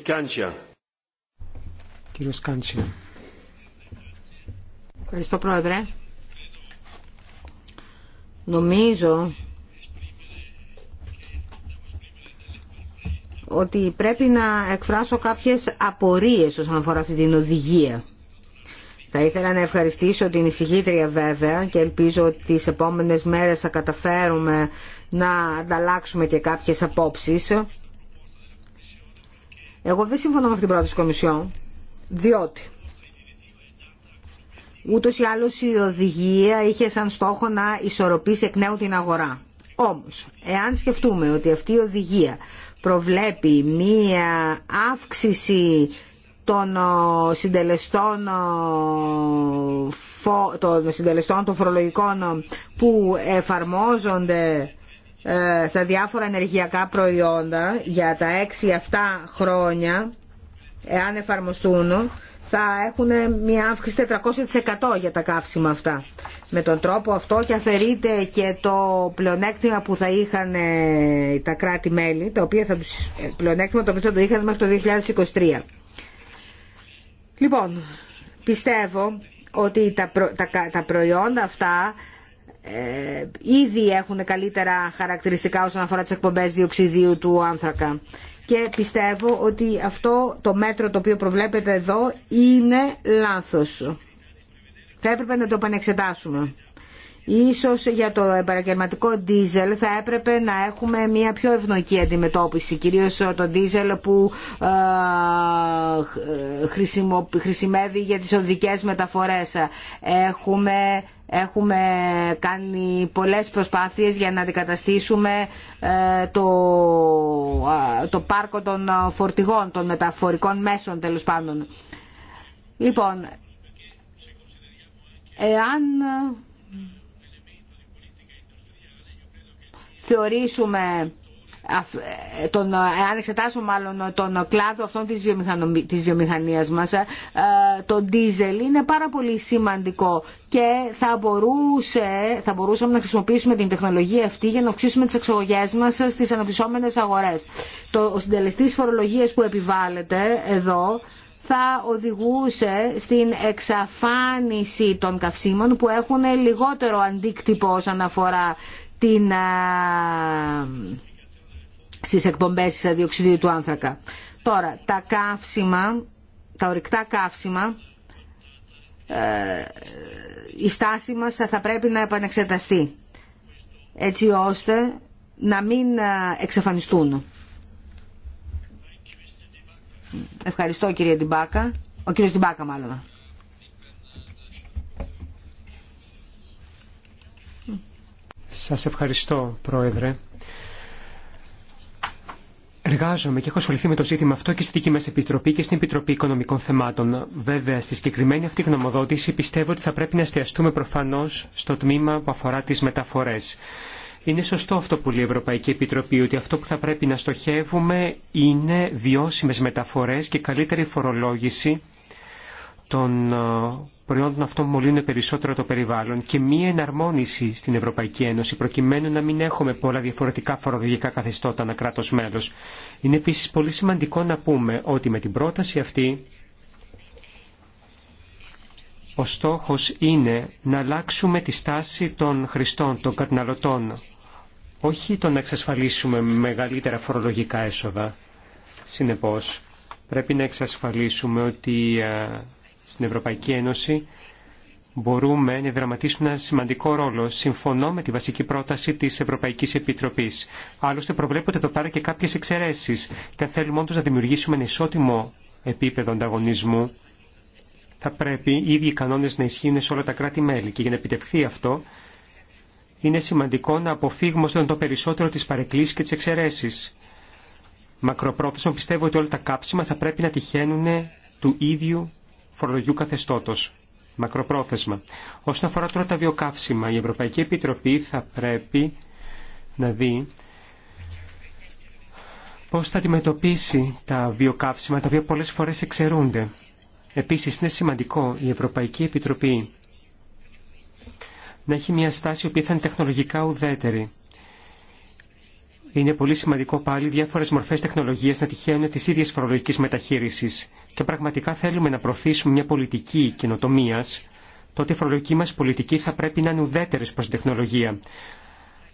Κάντσια. Ευχαριστώ Πρόεδρε. Νομίζω ότι πρέπει να εκφράσω κάποιες απορίες όσον αφορά αυτή την οδηγία. Θα ήθελα να ευχαριστήσω την εισηγήτρια βέβαια και ελπίζω ότι τις επόμενες μέρες θα καταφέρουμε να ανταλλάξουμε και κάποιες απόψεις. Εγώ δεν συμφωνώ με αυτή την πρόταση Κομισιόν, διότι Ούτως ή άλλως η οδηγία είχε σαν στόχο να ισορροπήσει εκ νέου την αγορά. Όμω, εάν σκεφτούμε ότι αυτή η οδηγία προβλέπει μία αύξηση των ε, συντελεστών, ε, των συντελεστών των φορολογικών ε, που εφαρμόζονται στα διάφορα ενεργειακά προϊόντα για τα 6-7 χρόνια, εάν εφαρμοστούν, θα έχουν μια αύξηση 400% για τα καύσιμα αυτά. Με τον τρόπο αυτό και αφαιρείται και το πλεονέκτημα που θα είχαν ε, τα κράτη-μέλη, τα οποία θα τους, ε, πλεονέκτημα το οποίο θα το είχαν μέχρι το 2023. Λοιπόν, πιστεύω ότι τα, τα, προϊόντα αυτά ε, ήδη έχουν καλύτερα χαρακτηριστικά όσον αφορά τις εκπομπές διοξιδίου του άνθρακα και πιστεύω ότι αυτό το μέτρο το οποίο προβλέπετε εδώ είναι λάθος. Θα έπρεπε να το επανεξετάσουμε. Ίσως για το επαγγελματικό ντίζελ θα έπρεπε να έχουμε μια πιο ευνοϊκή αντιμετώπιση, κυρίως το ντίζελ που ε, χρησιμεύει για τις οδικές μεταφορές. Έχουμε Έχουμε κάνει πολλές προσπάθειες για να αντικαταστήσουμε ε, το, το πάρκο των φορτηγών, των μεταφορικών μέσων τέλος πάντων. Λοιπόν, εάν θεωρήσουμε ε, τον, ε, αν εξετάσουμε μάλλον τον κλάδο αυτών της, της βιομηχανίας μας, ε, το ντίζελ είναι πάρα πολύ σημαντικό και θα, μπορούσε, θα μπορούσαμε να χρησιμοποιήσουμε την τεχνολογία αυτή για να αυξήσουμε τις εξαγωγές μας στις αναπτυσσόμενες αγορές. Το, ο συντελεστής φορολογίας που επιβάλλεται εδώ θα οδηγούσε στην εξαφάνιση των καυσίμων που έχουν λιγότερο αντίκτυπο όσον αφορά την στις εκπομπές διοξιδίου του άνθρακα. Τώρα, τα καύσιμα, τα ορυκτά καύσιμα, ε, η στάση μας θα πρέπει να επανεξεταστεί έτσι ώστε να μην ε, εξαφανιστούν. Ευχαριστώ κύριε Τιμπάκα. Ο κύριος Τιμπάκα μάλλον. Σας ευχαριστώ πρόεδρε. Εργάζομαι και έχω ασχοληθεί με το ζήτημα αυτό και στη δική μα Επιτροπή και στην Επιτροπή Οικονομικών Θεμάτων. Βέβαια, στη συγκεκριμένη αυτή γνωμοδότηση πιστεύω ότι θα πρέπει να εστιαστούμε προφανώ στο τμήμα που αφορά τι μεταφορέ. Είναι σωστό αυτό που λέει η Ευρωπαϊκή Επιτροπή, ότι αυτό που θα πρέπει να στοχεύουμε είναι βιώσιμε μεταφορέ και καλύτερη φορολόγηση των ε, προϊόντων αυτών μολύνουν περισσότερο το περιβάλλον και μία εναρμόνιση στην Ευρωπαϊκή Ένωση προκειμένου να μην έχουμε πολλά διαφορετικά φορολογικά καθεστώτα ανά κράτο μέλο. Είναι επίση πολύ σημαντικό να πούμε ότι με την πρόταση αυτή ο στόχος είναι να αλλάξουμε τη στάση των χρηστών, των καταναλωτών, όχι το να εξασφαλίσουμε μεγαλύτερα φορολογικά έσοδα. Συνεπώς, πρέπει να εξασφαλίσουμε ότι ε, στην Ευρωπαϊκή Ένωση μπορούμε να δραματίσουμε ένα σημαντικό ρόλο. Συμφωνώ με τη βασική πρόταση τη Ευρωπαϊκή Επιτροπή. Άλλωστε, προβλέπονται εδώ πέρα και κάποιε εξαιρέσει. Και αν θέλουμε όντω να δημιουργήσουμε ένα ισότιμο επίπεδο ανταγωνισμού, θα πρέπει οι ίδιοι κανόνε να ισχύουν σε όλα τα κράτη-μέλη. Και για να επιτευχθεί αυτό, είναι σημαντικό να αποφύγουμε όσο το περισσότερο τι παρεκκλήσει και τι εξαιρέσει. Μακροπρόθεσμα πιστεύω ότι όλα τα κάψιμα θα πρέπει να τυχαίνουν του ίδιου φορολογικού καθεστώτο, μακροπρόθεσμα. Όσον αφορά τώρα τα βιοκαύσιμα, η Ευρωπαϊκή Επιτροπή θα πρέπει να δει πώς θα αντιμετωπίσει τα βιοκαύσιμα, τα οποία πολλέ φορές εξαιρούνται. Επίσης, είναι σημαντικό η Ευρωπαϊκή Επιτροπή να έχει μια στάση που θα είναι τεχνολογικά ουδέτερη είναι πολύ σημαντικό πάλι διάφορες μορφές τεχνολογίας να τυχαίνουν της ίδιας φορολογικής μεταχείρισης. Και πραγματικά θέλουμε να προωθήσουμε μια πολιτική καινοτομία, τότε η φορολογική μας πολιτική θα πρέπει να είναι ουδέτερης προς την τεχνολογία.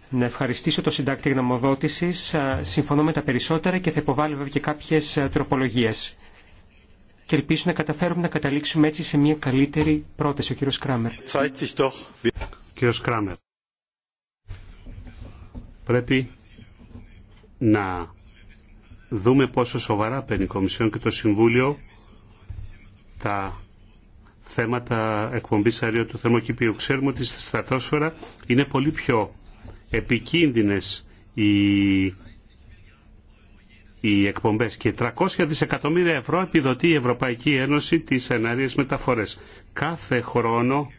Να ευχαριστήσω το συντάκτη γνωμοδότησης. Συμφωνώ με τα περισσότερα και θα υποβάλω βέβαια και κάποιες τροπολογίες. Και ελπίζω να καταφέρουμε να καταλήξουμε έτσι σε μια καλύτερη πρόταση. Ο κύριος Κράμερ. Κύριος Κράμερ. Πρέπει να δούμε πόσο σοβαρά παίρνει η Κομισιόν και το Συμβούλιο τα θέματα εκπομπής αερίου του θερμοκηπίου. Ξέρουμε ότι στη στρατόσφαιρα είναι πολύ πιο επικίνδυνες οι, οι εκπομπές και 300 δισεκατομμύρια ευρώ επιδοτεί η Ευρωπαϊκή Ένωση τις εναρίες μεταφορές. Κάθε χρόνο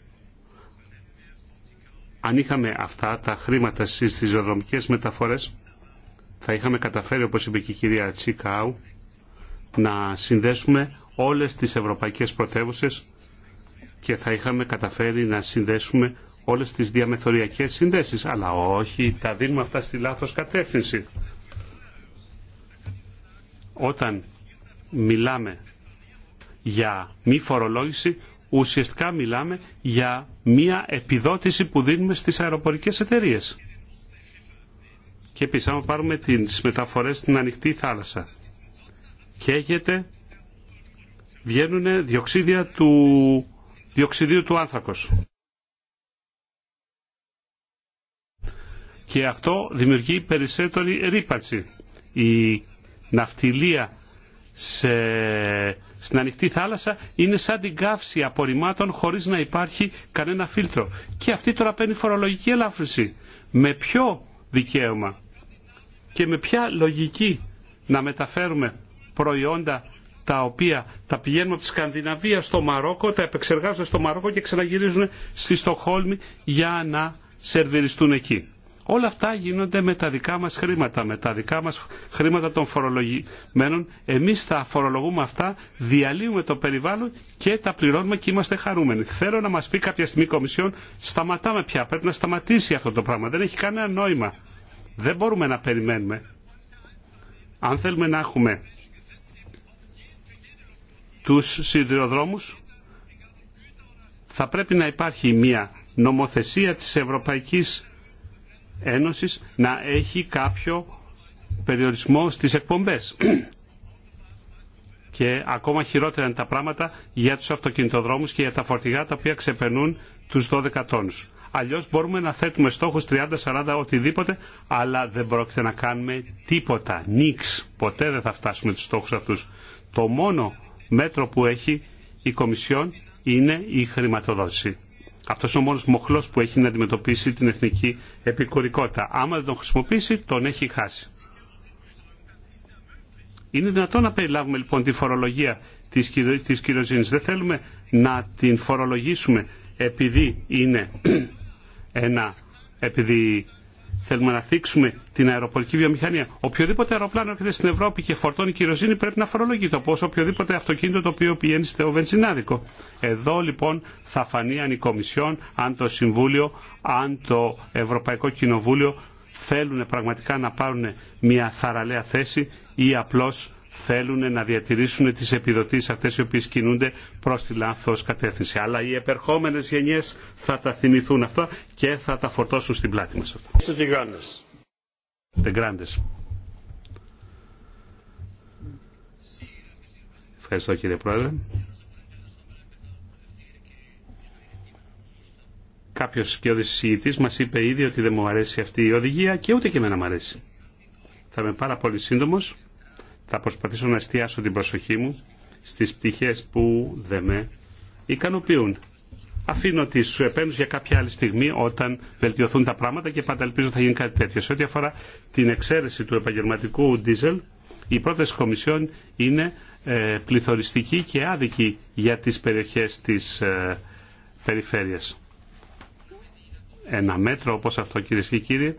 αν είχαμε αυτά τα χρήματα στις σιδηροδρομικές μεταφορές θα είχαμε καταφέρει, όπως είπε και η κυρία Τσίκαου, να συνδέσουμε όλες τις ευρωπαϊκές πρωτεύουσες και θα είχαμε καταφέρει να συνδέσουμε όλες τις διαμεθοριακές συνδέσεις. Αλλά όχι, τα δίνουμε αυτά στη λάθος κατεύθυνση. Όταν μιλάμε για μη φορολόγηση, ουσιαστικά μιλάμε για μία επιδότηση που δίνουμε στις αεροπορικές εταιρείες και επίσης άμα πάρουμε τις μεταφορές στην ανοιχτή θάλασσα καίγεται βγαίνουν διοξίδια του διοξιδίου του άνθρακος και αυτό δημιουργεί περισσότερη ρήπανση η ναυτιλία σε, στην ανοιχτή θάλασσα είναι σαν την καύση απορριμμάτων χωρίς να υπάρχει κανένα φίλτρο. Και αυτή τώρα παίρνει φορολογική ελάφρυνση. Με ποιο δικαίωμα. Και με ποια λογική να μεταφέρουμε προϊόντα τα οποία τα πηγαίνουν από τη Σκανδιναβία στο Μαρόκο, τα επεξεργάζονται στο Μαρόκο και ξαναγυρίζουν στη Στοχόλμη για να σερβιριστούν εκεί. Όλα αυτά γίνονται με τα δικά μας χρήματα, με τα δικά μας χρήματα των φορολογημένων. Εμείς τα φορολογούμε αυτά, διαλύουμε το περιβάλλον και τα πληρώνουμε και είμαστε χαρούμενοι. Θέλω να μας πει κάποια στιγμή η Κομισιόν, σταματάμε πια, πρέπει να σταματήσει αυτό το πράγμα. Δεν έχει κανένα νόημα. Δεν μπορούμε να περιμένουμε. Αν θέλουμε να έχουμε τους σιδηροδρόμους, θα πρέπει να υπάρχει μια νομοθεσία της Ευρωπαϊκής Ένωσης να έχει κάποιο περιορισμό στις εκπομπές. Και ακόμα χειρότερα είναι τα πράγματα για τους αυτοκινητοδρόμους και για τα φορτηγά τα οποία ξεπερνούν τους 12 τόνους. Αλλιώς μπορούμε να θέτουμε στόχους 30, 40, οτιδήποτε, αλλά δεν πρόκειται να κάνουμε τίποτα, νίξ. Ποτέ δεν θα φτάσουμε τους στόχους αυτούς. Το μόνο μέτρο που έχει η Κομισιόν είναι η χρηματοδότηση. Αυτό είναι ο μόνο μοχλό που έχει να αντιμετωπίσει την εθνική επικουρικότητα. Άμα δεν τον χρησιμοποιήσει, τον έχει χάσει. Είναι δυνατόν να περιλάβουμε λοιπόν τη φορολογία της κύριοζηνή. Δεν θέλουμε να την φορολογήσουμε επειδή είναι ένα επειδή Θέλουμε να θίξουμε την αεροπορική βιομηχανία. Οποιοδήποτε αεροπλάνο έρχεται στην Ευρώπη και φορτώνει κυροζίνη πρέπει να φορολογείται, πόσο οποιοδήποτε αυτοκίνητο το οποίο πηγαίνει στο βενζινάδικο. Εδώ λοιπόν θα φανεί αν η Κομισιόν, αν το Συμβούλιο, αν το Ευρωπαϊκό Κοινοβούλιο θέλουν πραγματικά να πάρουν μια θαραλέα θέση ή απλώς θέλουν να διατηρήσουν τις επιδοτήσεις αυτές οι οποίες κινούνται προς τη λάθος κατεύθυνση. Αλλά οι επερχόμενες γενιές θα τα θυμηθούν αυτό και θα τα φορτώσουν στην πλάτη μας αυτά. Ευχαριστώ κύριε Πρόεδρε. Κάποιος και ο μας είπε ήδη ότι δεν μου αρέσει αυτή η οδηγία και ούτε και εμένα μου αρέσει. Θα είμαι πάρα πολύ σύντομος θα προσπαθήσω να εστιάσω την προσοχή μου στις πτυχές που δεν με ικανοποιούν. Αφήνω τι επένδυση για κάποια άλλη στιγμή όταν βελτιωθούν τα πράγματα και πάντα ελπίζω θα γίνει κάτι τέτοιο. Σε ό,τι αφορά την εξαίρεση του επαγγελματικού ντίζελ, η πρόταση Κομισιόν είναι ε, πληθωριστική και άδικη για τις περιοχές της ε, περιφέρειας. Ένα μέτρο όπως αυτό κυρίε και κύριοι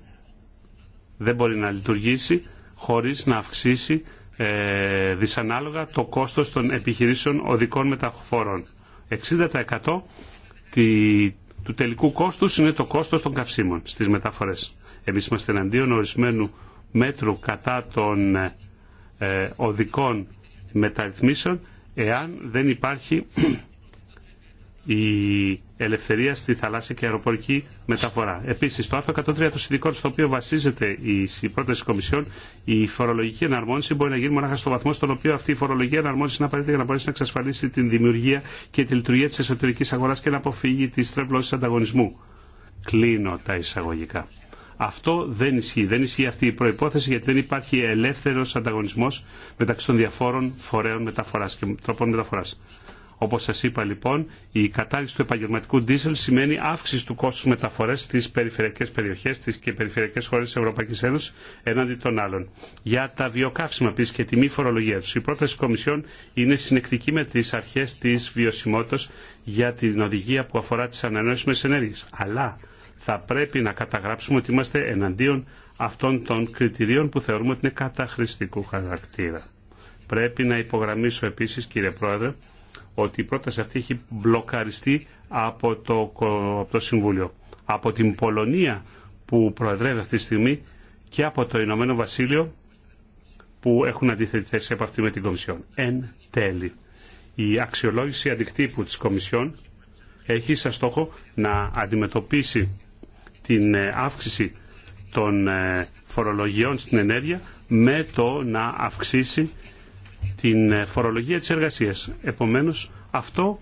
δεν μπορεί να λειτουργήσει χωρίς να αυξήσει ε, δυσανάλογα το κόστος των επιχειρήσεων οδικών μεταφορών. 60% του τελικού κόστους είναι το κόστος των καυσίμων στις μεταφορές. Εμείς είμαστε εναντίον ορισμένου μέτρου κατά των ε, οδικών μεταρρυθμίσεων εάν δεν υπάρχει η ελευθερία στη θαλάσσια και αεροπορική μεταφορά. Επίση, το άρθρο 103 των συνδικών στο οποίο βασίζεται η πρόταση τη η φορολογική εναρμόνιση μπορεί να γίνει μονάχα στο βαθμό στον οποίο αυτή η φορολογική εναρμόνιση είναι απαραίτητη για να μπορέσει να εξασφαλίσει την δημιουργία και τη λειτουργία τη εσωτερική αγορά και να αποφύγει τι τρευλώσει ανταγωνισμού. Κλείνω τα εισαγωγικά. Αυτό δεν ισχύει. Δεν ισχύει αυτή η προπόθεση γιατί δεν υπάρχει ελεύθερο ανταγωνισμό μεταξύ των διαφόρων φορέων μεταφορά και τρόπων μεταφορά. Όπως σας είπα λοιπόν, η κατάργηση του επαγγελματικού diesel σημαίνει αύξηση του κόστους μεταφορές στις περιφερειακές περιοχές στις και περιφερειακές χώρες της Ευρωπαϊκής Ένωσης έναντι των άλλων. Για τα βιοκαύσιμα επίσης και μη φορολογία τους. Η πρόταση της Κομισιόν είναι συνεκτική με τις αρχές της βιωσιμότητας για την οδηγία που αφορά τις ανανεώσιμες ενέργειες. Αλλά θα πρέπει να καταγράψουμε ότι είμαστε εναντίον αυτών των κριτηρίων που θεωρούμε ότι είναι καταχρηστικού χαρακτήρα. Πρέπει να υπογραμμίσω επίσης, κύριε Πρόεδρε, ότι η πρόταση αυτή έχει μπλοκαριστεί από το, από το Συμβούλιο. Από την Πολωνία που προεδρεύει αυτή τη στιγμή και από το Ηνωμένο Βασίλειο που έχουν αντίθετη θέση από αυτή με την Κομισιόν. Εν τέλει, η αξιολόγηση αντικτύπου της Κομισιόν έχει σαν στόχο να αντιμετωπίσει την ε, αύξηση των ε, φορολογιών στην ενέργεια με το να αυξήσει την ε, φορολογία της εργασίας. Επομένως, αυτό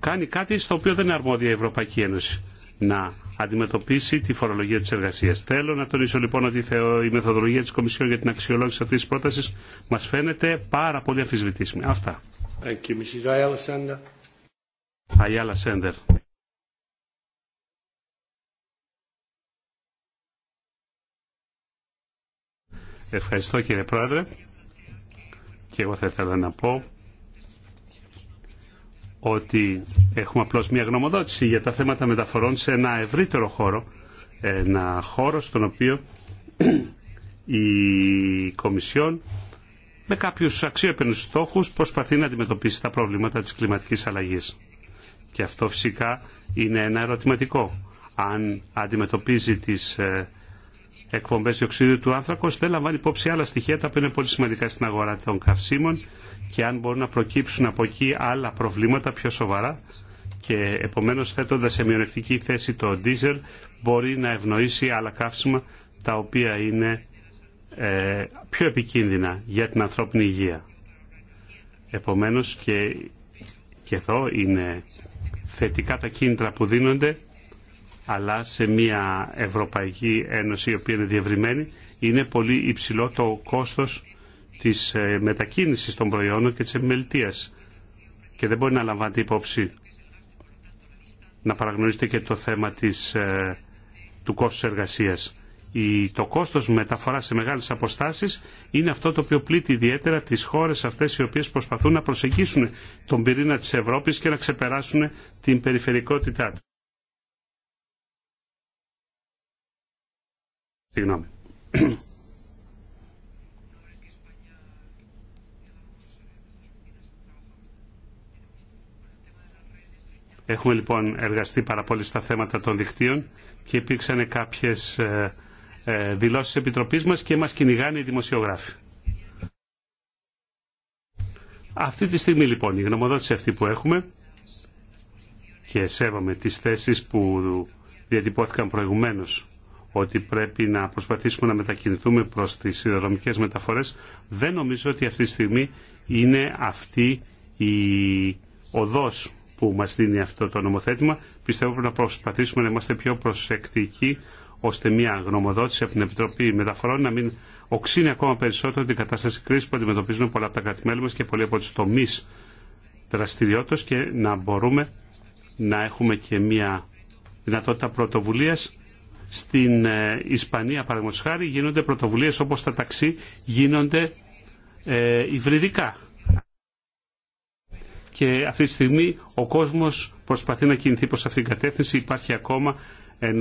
κάνει κάτι στο οποίο δεν είναι αρμόδια η Ευρωπαϊκή Ένωση να αντιμετωπίσει τη φορολογία της εργασίας. Θέλω να τονίσω λοιπόν ότι η μεθοδολογία της Κομισιόν για την αξιολόγηση αυτής της πρότασης μας φαίνεται πάρα πολύ αφισβητήσιμη. Αυτά. Thank you, Ayala Sender. Ευχαριστώ κύριε Πρόεδρε. Και εγώ θα ήθελα να πω ότι έχουμε απλώς μια γνωμοδότηση για τα θέματα μεταφορών σε ένα ευρύτερο χώρο, ένα χώρο στον οποίο η Κομισιόν με κάποιους αξιόπαινους στόχους προσπαθεί να αντιμετωπίσει τα προβλήματα της κλιματικής αλλαγής. Και αυτό φυσικά είναι ένα ερωτηματικό. Αν αντιμετωπίζει τις ε, εκπομπέ διοξιδίου του άνθρακο, δεν λαμβάνει υπόψη άλλα στοιχεία τα οποία είναι πολύ σημαντικά στην αγορά των καυσίμων και αν μπορούν να προκύψουν από εκεί άλλα προβλήματα πιο σοβαρά και επομένω θέτοντα σε μειονεκτική θέση το ντίζελ μπορεί να ευνοήσει άλλα καύσιμα τα οποία είναι ε, πιο επικίνδυνα για την ανθρώπινη υγεία. Επομένως και, και εδώ είναι θετικά τα κίνητρα που δίνονται αλλά σε μια Ευρωπαϊκή Ένωση η οποία είναι διευρυμένη είναι πολύ υψηλό το κόστος της ε, μετακίνησης των προϊόντων και της επιμελητίας και δεν μπορεί να λαμβάνεται υπόψη να παραγνωρίσετε και το θέμα της, ε, του κόστους εργασίας. το κόστος μεταφοράς σε μεγάλες αποστάσεις είναι αυτό το οποίο πλήττει ιδιαίτερα τις χώρες αυτές οι οποίες προσπαθούν να προσεγγίσουν τον πυρήνα της Ευρώπης και να ξεπεράσουν την περιφερικότητά του. Συγγνώμη. Έχουμε λοιπόν εργαστεί πάρα πολύ στα θέματα των δικτύων και υπήρξαν κάποιες ε, ε, δηλώσεις της Επιτροπής μας και μας κυνηγάνε οι δημοσιογράφοι. Αυτή τη στιγμή λοιπόν η γνωμοδότηση αυτή που έχουμε και σέβομαι τις θέσεις που διατυπώθηκαν προηγουμένως ότι πρέπει να προσπαθήσουμε να μετακινηθούμε προς τις σιδηροδρομικές μεταφορές. Δεν νομίζω ότι αυτή τη στιγμή είναι αυτή η οδός που μας δίνει αυτό το νομοθέτημα. Πιστεύω πρέπει να προσπαθήσουμε να είμαστε πιο προσεκτικοί ώστε μια γνωμοδότηση από την Επιτροπή Μεταφορών να μην οξύνει ακόμα περισσότερο την κατάσταση κρίσης που αντιμετωπίζουν πολλά από τα κρατημέλη μας και πολλοί από τους τομείς δραστηριότητας και να μπορούμε να έχουμε και μια δυνατότητα πρωτοβουλίας στην ε, Ισπανία, παραδείγματος χάρη, γίνονται πρωτοβουλίες όπως τα ταξί γίνονται ε, υβριδικά. Και αυτή τη στιγμή ο κόσμος προσπαθεί να κινηθεί προς αυτήν την κατεύθυνση. Υπάρχει ακόμα ε,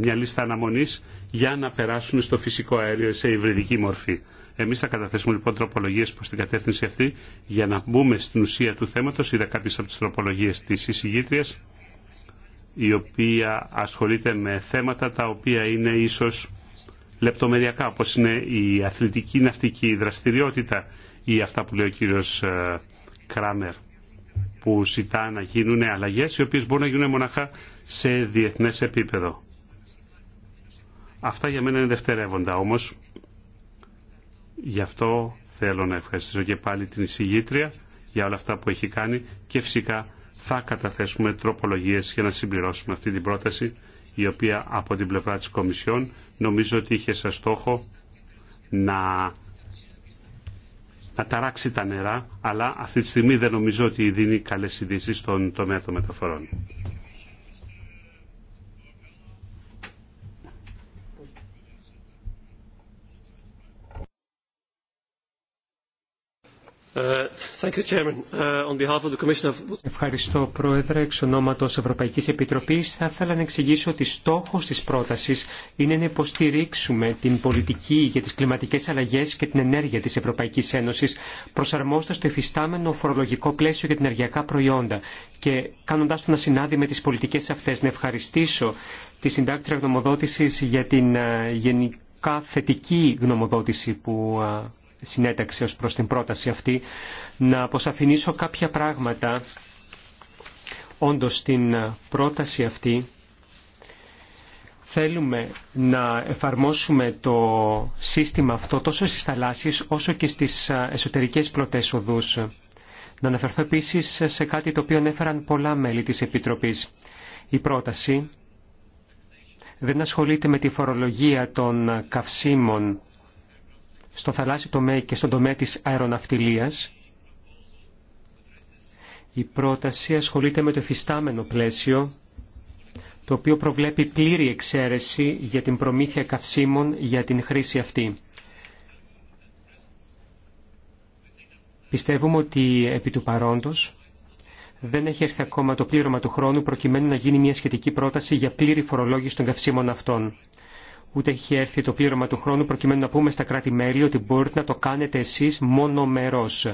μια λίστα αναμονής για να περάσουν στο φυσικό αέριο σε υβριδική μορφή. Εμείς θα καταθέσουμε λοιπόν τροπολογίες προς την κατεύθυνση αυτή για να μπούμε στην ουσία του θέματος. Είδα κάποιες από τις τροπολογίες της εισηγήτριας η οποία ασχολείται με θέματα τα οποία είναι ίσως λεπτομεριακά, όπως είναι η αθλητική ναυτική δραστηριότητα ή αυτά που λέει ο κύριος ε, Κράμερ, που ζητά να γίνουν αλλαγές οι οποίες μπορούν να γίνουν μοναχά σε διεθνές επίπεδο. Αυτά για μένα είναι δευτερεύοντα όμως. Γι' αυτό θέλω να ευχαριστήσω και πάλι την εισηγήτρια για όλα αυτά που έχει κάνει και φυσικά θα καταθέσουμε τροπολογίες για να συμπληρώσουμε αυτή την πρόταση η οποία από την πλευρά της Κομισιόν νομίζω ότι είχε σε στόχο να, να ταράξει τα νερά αλλά αυτή τη στιγμή δεν νομίζω ότι δίνει καλές ειδήσει στον τομέα των μεταφορών. Uh, uh, Ευχαριστώ, Πρόεδρε. Εξ ονόματο Ευρωπαϊκή Επιτροπή, θα ήθελα να εξηγήσω ότι στόχο τη πρόταση είναι να υποστηρίξουμε την πολιτική για τι κλιματικέ αλλαγέ και την ενέργεια τη Ευρωπαϊκή Ένωση, προσαρμόζοντα το εφιστάμενο φορολογικό πλαίσιο για την ενεργειακά προϊόντα και κάνοντά το να συνάδει με τι πολιτικέ αυτέ. Να ευχαριστήσω τη συντάκτρια γνωμοδότηση για την ε, γενικά θετική γνωμοδότηση που ε, συνέταξη ως προς την πρόταση αυτή, να αποσαφηνίσω κάποια πράγματα. Όντως, στην πρόταση αυτή θέλουμε να εφαρμόσουμε το σύστημα αυτό τόσο στις θαλάσσιες όσο και στις εσωτερικές πλωτές οδούς. Να αναφερθώ επίσης σε κάτι το οποίο ανέφεραν πολλά μέλη της Επιτροπής. Η πρόταση δεν ασχολείται με τη φορολογία των καυσίμων στο θαλάσσιο τομέα και στον τομέα της αεροναυτιλίας. Η πρόταση ασχολείται με το εφιστάμενο πλαίσιο, το οποίο προβλέπει πλήρη εξαίρεση για την προμήθεια καυσίμων για την χρήση αυτή. Πιστεύουμε ότι επί του παρόντος δεν έχει έρθει ακόμα το πλήρωμα του χρόνου προκειμένου να γίνει μια σχετική πρόταση για πλήρη φορολόγηση των καυσίμων αυτών ούτε έχει έρθει το πλήρωμα του χρόνου προκειμένου να πούμε στα κράτη-μέλη ότι μπορείτε να το κάνετε εσείς μονομερός.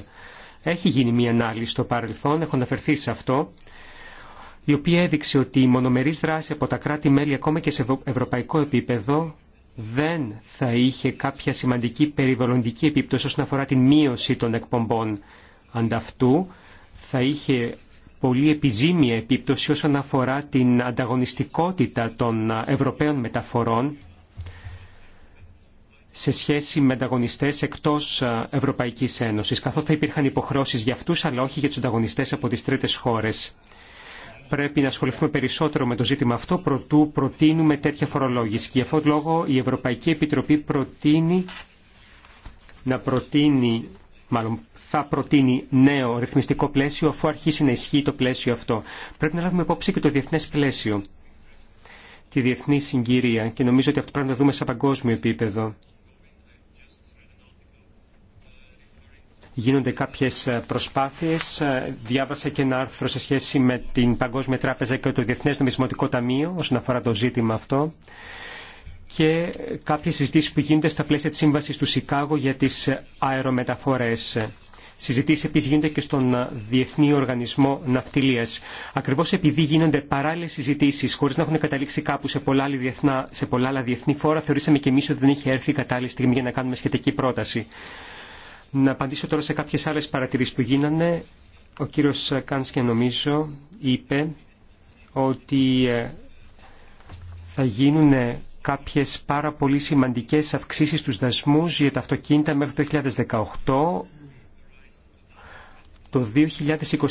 Έχει γίνει μία ανάλυση στο παρελθόν, έχω αναφερθεί σε αυτό, η οποία έδειξε ότι η μονομερής δράση από τα κράτη-μέλη ακόμα και σε ευρωπαϊκό επίπεδο δεν θα είχε κάποια σημαντική περιβαλλοντική επίπτωση όσον αφορά την μείωση των εκπομπών. Ανταυτού θα είχε πολύ επιζήμια επίπτωση όσον αφορά την ανταγωνιστικότητα των ευρωπαίων μεταφορών σε σχέση με ανταγωνιστέ εκτό ε, Ευρωπαϊκή Ένωση, καθώ θα υπήρχαν υποχρεώσει για αυτού, αλλά όχι για του ανταγωνιστέ από τι τρίτε χώρε. Πρέπει να ασχοληθούμε περισσότερο με το ζήτημα αυτό, προτού προτείνουμε τέτοια φορολόγηση. Και γι' αυτόν τον λόγο η Ευρωπαϊκή Επιτροπή προτείνει να προτείνει, μάλλον θα προτείνει νέο ρυθμιστικό πλαίσιο, αφού αρχίσει να ισχύει το πλαίσιο αυτό. Πρέπει να λάβουμε υπόψη και το διεθνέ πλαίσιο τη διεθνή συγκύρια και νομίζω ότι αυτό πρέπει να το δούμε σε παγκόσμιο επίπεδο. γίνονται κάποιες ε, προσπάθειες. Ε, διάβασα και ένα άρθρο σε σχέση με την Παγκόσμια Τράπεζα και το Διεθνές Νομισματικό Ταμείο όσον αφορά το ζήτημα αυτό και κάποιες συζητήσεις που γίνονται στα πλαίσια της Σύμβασης του Σικάγο για τις ε, αερομεταφορές. Συζητήσεις επίσης γίνονται και στον Διεθνή Οργανισμό Ναυτιλίας. Ακριβώς επειδή γίνονται παράλληλες συζητήσεις χωρίς να έχουν καταλήξει κάπου σε πολλά, διεθνά, σε πολλά άλλα διεθνή φόρα, θεωρήσαμε και εμείς ότι δεν είχε έρθει η κατάλληλη στιγμή για να κάνουμε σχετική πρόταση. Να απαντήσω τώρα σε κάποιες άλλες παρατηρήσεις που γίνανε. Ο κύριος Κάνσκια νομίζω είπε ότι ε, θα γίνουν κάποιες πάρα πολύ σημαντικές αυξήσεις στους δασμούς για τα αυτοκίνητα μέχρι το 2018 το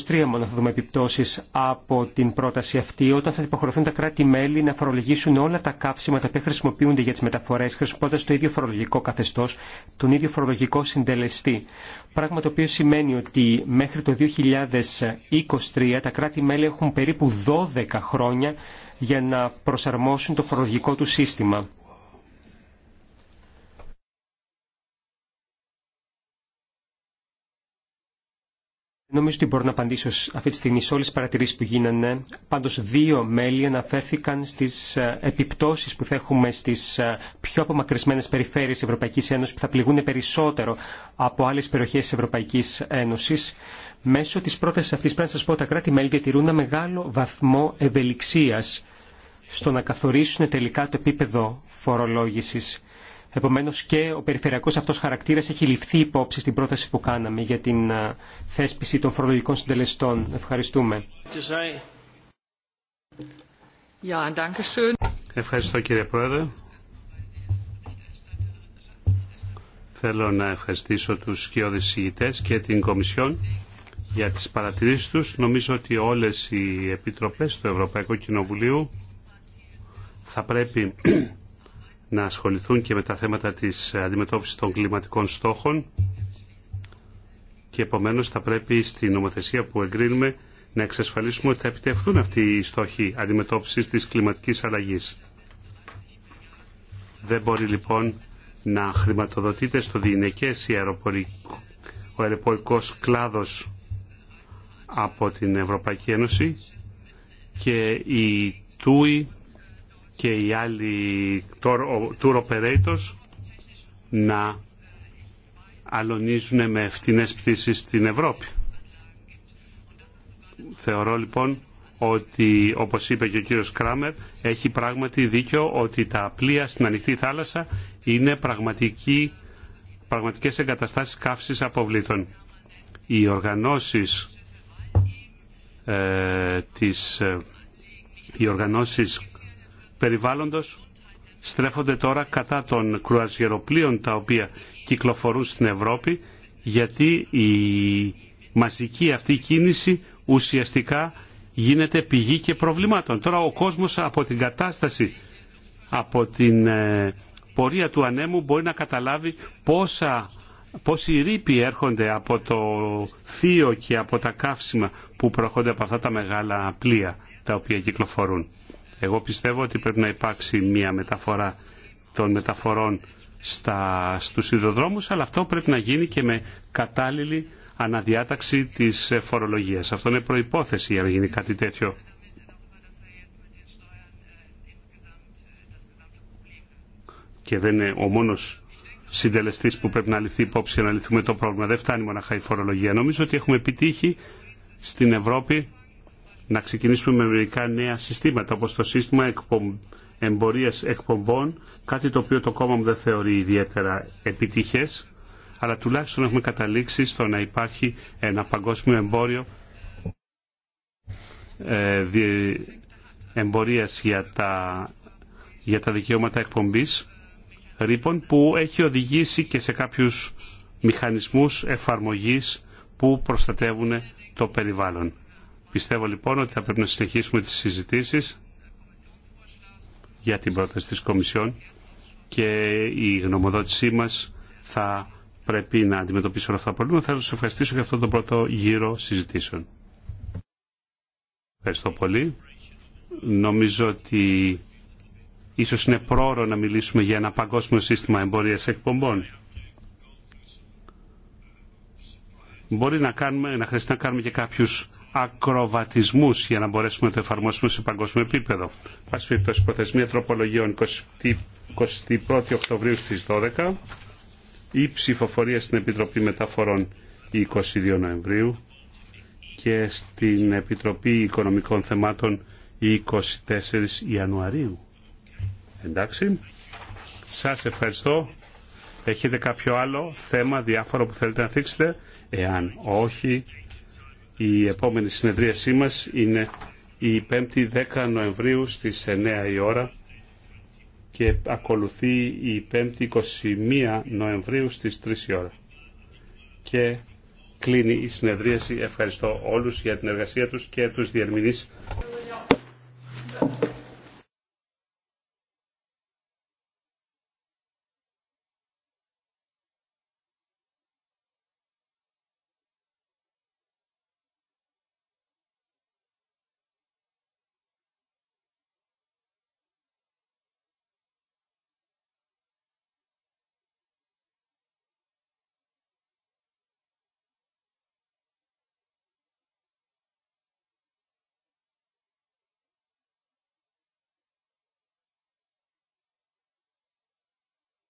2023 μόνο θα δούμε επιπτώσει από την πρόταση αυτή, όταν θα υποχρεωθούν τα κράτη-μέλη να φορολογήσουν όλα τα καύσιμα τα οποία χρησιμοποιούνται για τι μεταφορέ, χρησιμοποιώντα το ίδιο φορολογικό καθεστώ, τον ίδιο φορολογικό συντελεστή. Πράγμα το οποίο σημαίνει ότι μέχρι το 2023 τα κράτη-μέλη έχουν περίπου 12 χρόνια για να προσαρμόσουν το φορολογικό του σύστημα. Νομίζω ότι μπορώ να απαντήσω αυτή τη στιγμή σε όλε τι παρατηρήσει που γίνανε. Πάντω, δύο μέλη αναφέρθηκαν στι ε, επιπτώσει που θα έχουμε στι ε, πιο απομακρυσμένες περιφέρειες Ευρωπαϊκή Ένωση που θα πληγούν περισσότερο από άλλε περιοχέ τη Ευρωπαϊκή Ένωση. Μέσω τη πρόταση, αυτή πρέπει να σα πω τα κράτη-μέλη διατηρούν ένα μεγάλο βαθμό ευελιξία στο να καθορίσουν τελικά το επίπεδο φορολόγηση. Επομένω και ο περιφερειακό αυτό χαρακτήρα έχει ληφθεί υπόψη στην πρόταση που κάναμε για την θέσπιση των φορολογικών συντελεστών. Ευχαριστούμε. Ευχαριστώ κύριε Πρόεδρε. Θέλω να ευχαριστήσω τους σκιώδες συγητέ και την Κομισιόν για τις παρατηρήσεις τους. Νομίζω ότι όλες οι επίτροπε του Ευρωπαϊκού Κοινοβουλίου θα πρέπει να ασχοληθούν και με τα θέματα της αντιμετώπισης των κλιματικών στόχων και επομένως θα πρέπει στην νομοθεσία που εγκρίνουμε να εξασφαλίσουμε ότι θα επιτευχθούν αυτοί οι στόχοι αντιμετώπισης της κλιματικής αλλαγής. Δεν μπορεί λοιπόν να χρηματοδοτείται στο διηνεκές ο αεροπορικός κλάδος από την Ευρωπαϊκή Ένωση και η ΤΟΥΙ και οι άλλοι tour operators να αλωνίζουν με φτηνές πτήσεις στην Ευρώπη. Θεωρώ λοιπόν ότι όπως είπε και ο κύριος Κράμερ έχει πράγματι δίκιο ότι τα πλοία στην ανοιχτή θάλασσα είναι πραγματική, πραγματικές εγκαταστάσεις καύσης αποβλήτων. Οι οργανώσεις ε, της, ε, οι οργανώσεις περιβάλλοντος στρέφονται τώρα κατά των κρουαζιεροπλοίων τα οποία κυκλοφορούν στην Ευρώπη γιατί η μαζική αυτή κίνηση ουσιαστικά γίνεται πηγή και προβλημάτων. Τώρα ο κόσμος από την κατάσταση, από την ε, πορεία του ανέμου μπορεί να καταλάβει πόσα, πόσοι ρήποι έρχονται από το θείο και από τα καύσιμα που προχώνται από αυτά τα μεγάλα πλοία τα οποία κυκλοφορούν. Εγώ πιστεύω ότι πρέπει να υπάρξει μια μεταφορά των μεταφορών στα, στους σιδηροδρόμους, αλλά αυτό πρέπει να γίνει και με κατάλληλη αναδιάταξη της φορολογίας. Αυτό είναι προϋπόθεση για να γίνει κάτι τέτοιο. Και δεν είναι ο μόνος συντελεστής που πρέπει να ληφθεί υπόψη για να λυθούμε το πρόβλημα. Δεν φτάνει μόνο η φορολογία. Νομίζω ότι έχουμε επιτύχει στην Ευρώπη να ξεκινήσουμε με μερικά νέα συστήματα, όπως το σύστημα εμπορίας εκπομπών, κάτι το οποίο το κόμμα μου δεν θεωρεί ιδιαίτερα επιτυχές, αλλά τουλάχιστον έχουμε καταλήξει στο να υπάρχει ένα παγκόσμιο εμπόριο ε, εμπορίας για τα, για τα δικαιώματα εκπομπής που έχει οδηγήσει και σε κάποιους μηχανισμούς εφαρμογής που προστατεύουν το περιβάλλον. Πιστεύω λοιπόν ότι θα πρέπει να συνεχίσουμε τις συζητήσεις για την πρόταση της Κομισιόν και η γνωμοδότησή μας θα πρέπει να αντιμετωπίσει όλα αυτά τα προβλήματα. Θέλω να σας ευχαριστήσω για αυτό το πρώτο γύρο συζητήσεων. Ευχαριστώ πολύ. Νομίζω ότι ίσως είναι πρόωρο να μιλήσουμε για ένα παγκόσμιο σύστημα εμπορίας εκπομπών. Μπορεί να, κάνουμε, να χρειαστεί να κάνουμε και κάποιους ακροβατισμούς για να μπορέσουμε να το εφαρμόσουμε σε παγκόσμιο επίπεδο. πει περιπτώσει προθεσμία τροπολογιών 21 Οκτωβρίου στι 12 η ψηφοφορία στην Επιτροπή Μεταφορών 22 Νοεμβρίου και στην Επιτροπή Οικονομικών Θεμάτων 24 Ιανουαρίου. Εντάξει. Σας ευχαριστώ. Έχετε κάποιο άλλο θέμα, διάφορο που θέλετε να θίξετε. Εάν όχι, η επόμενη συνεδρίασή μας είναι η 5η 10 Νοεμβρίου στις 9 η ώρα και ακολουθεί η 5η 21 Νοεμβρίου στις 3 η ώρα. Και κλείνει η συνεδρίαση. Ευχαριστώ όλους για την εργασία τους και τους διερμηνείς.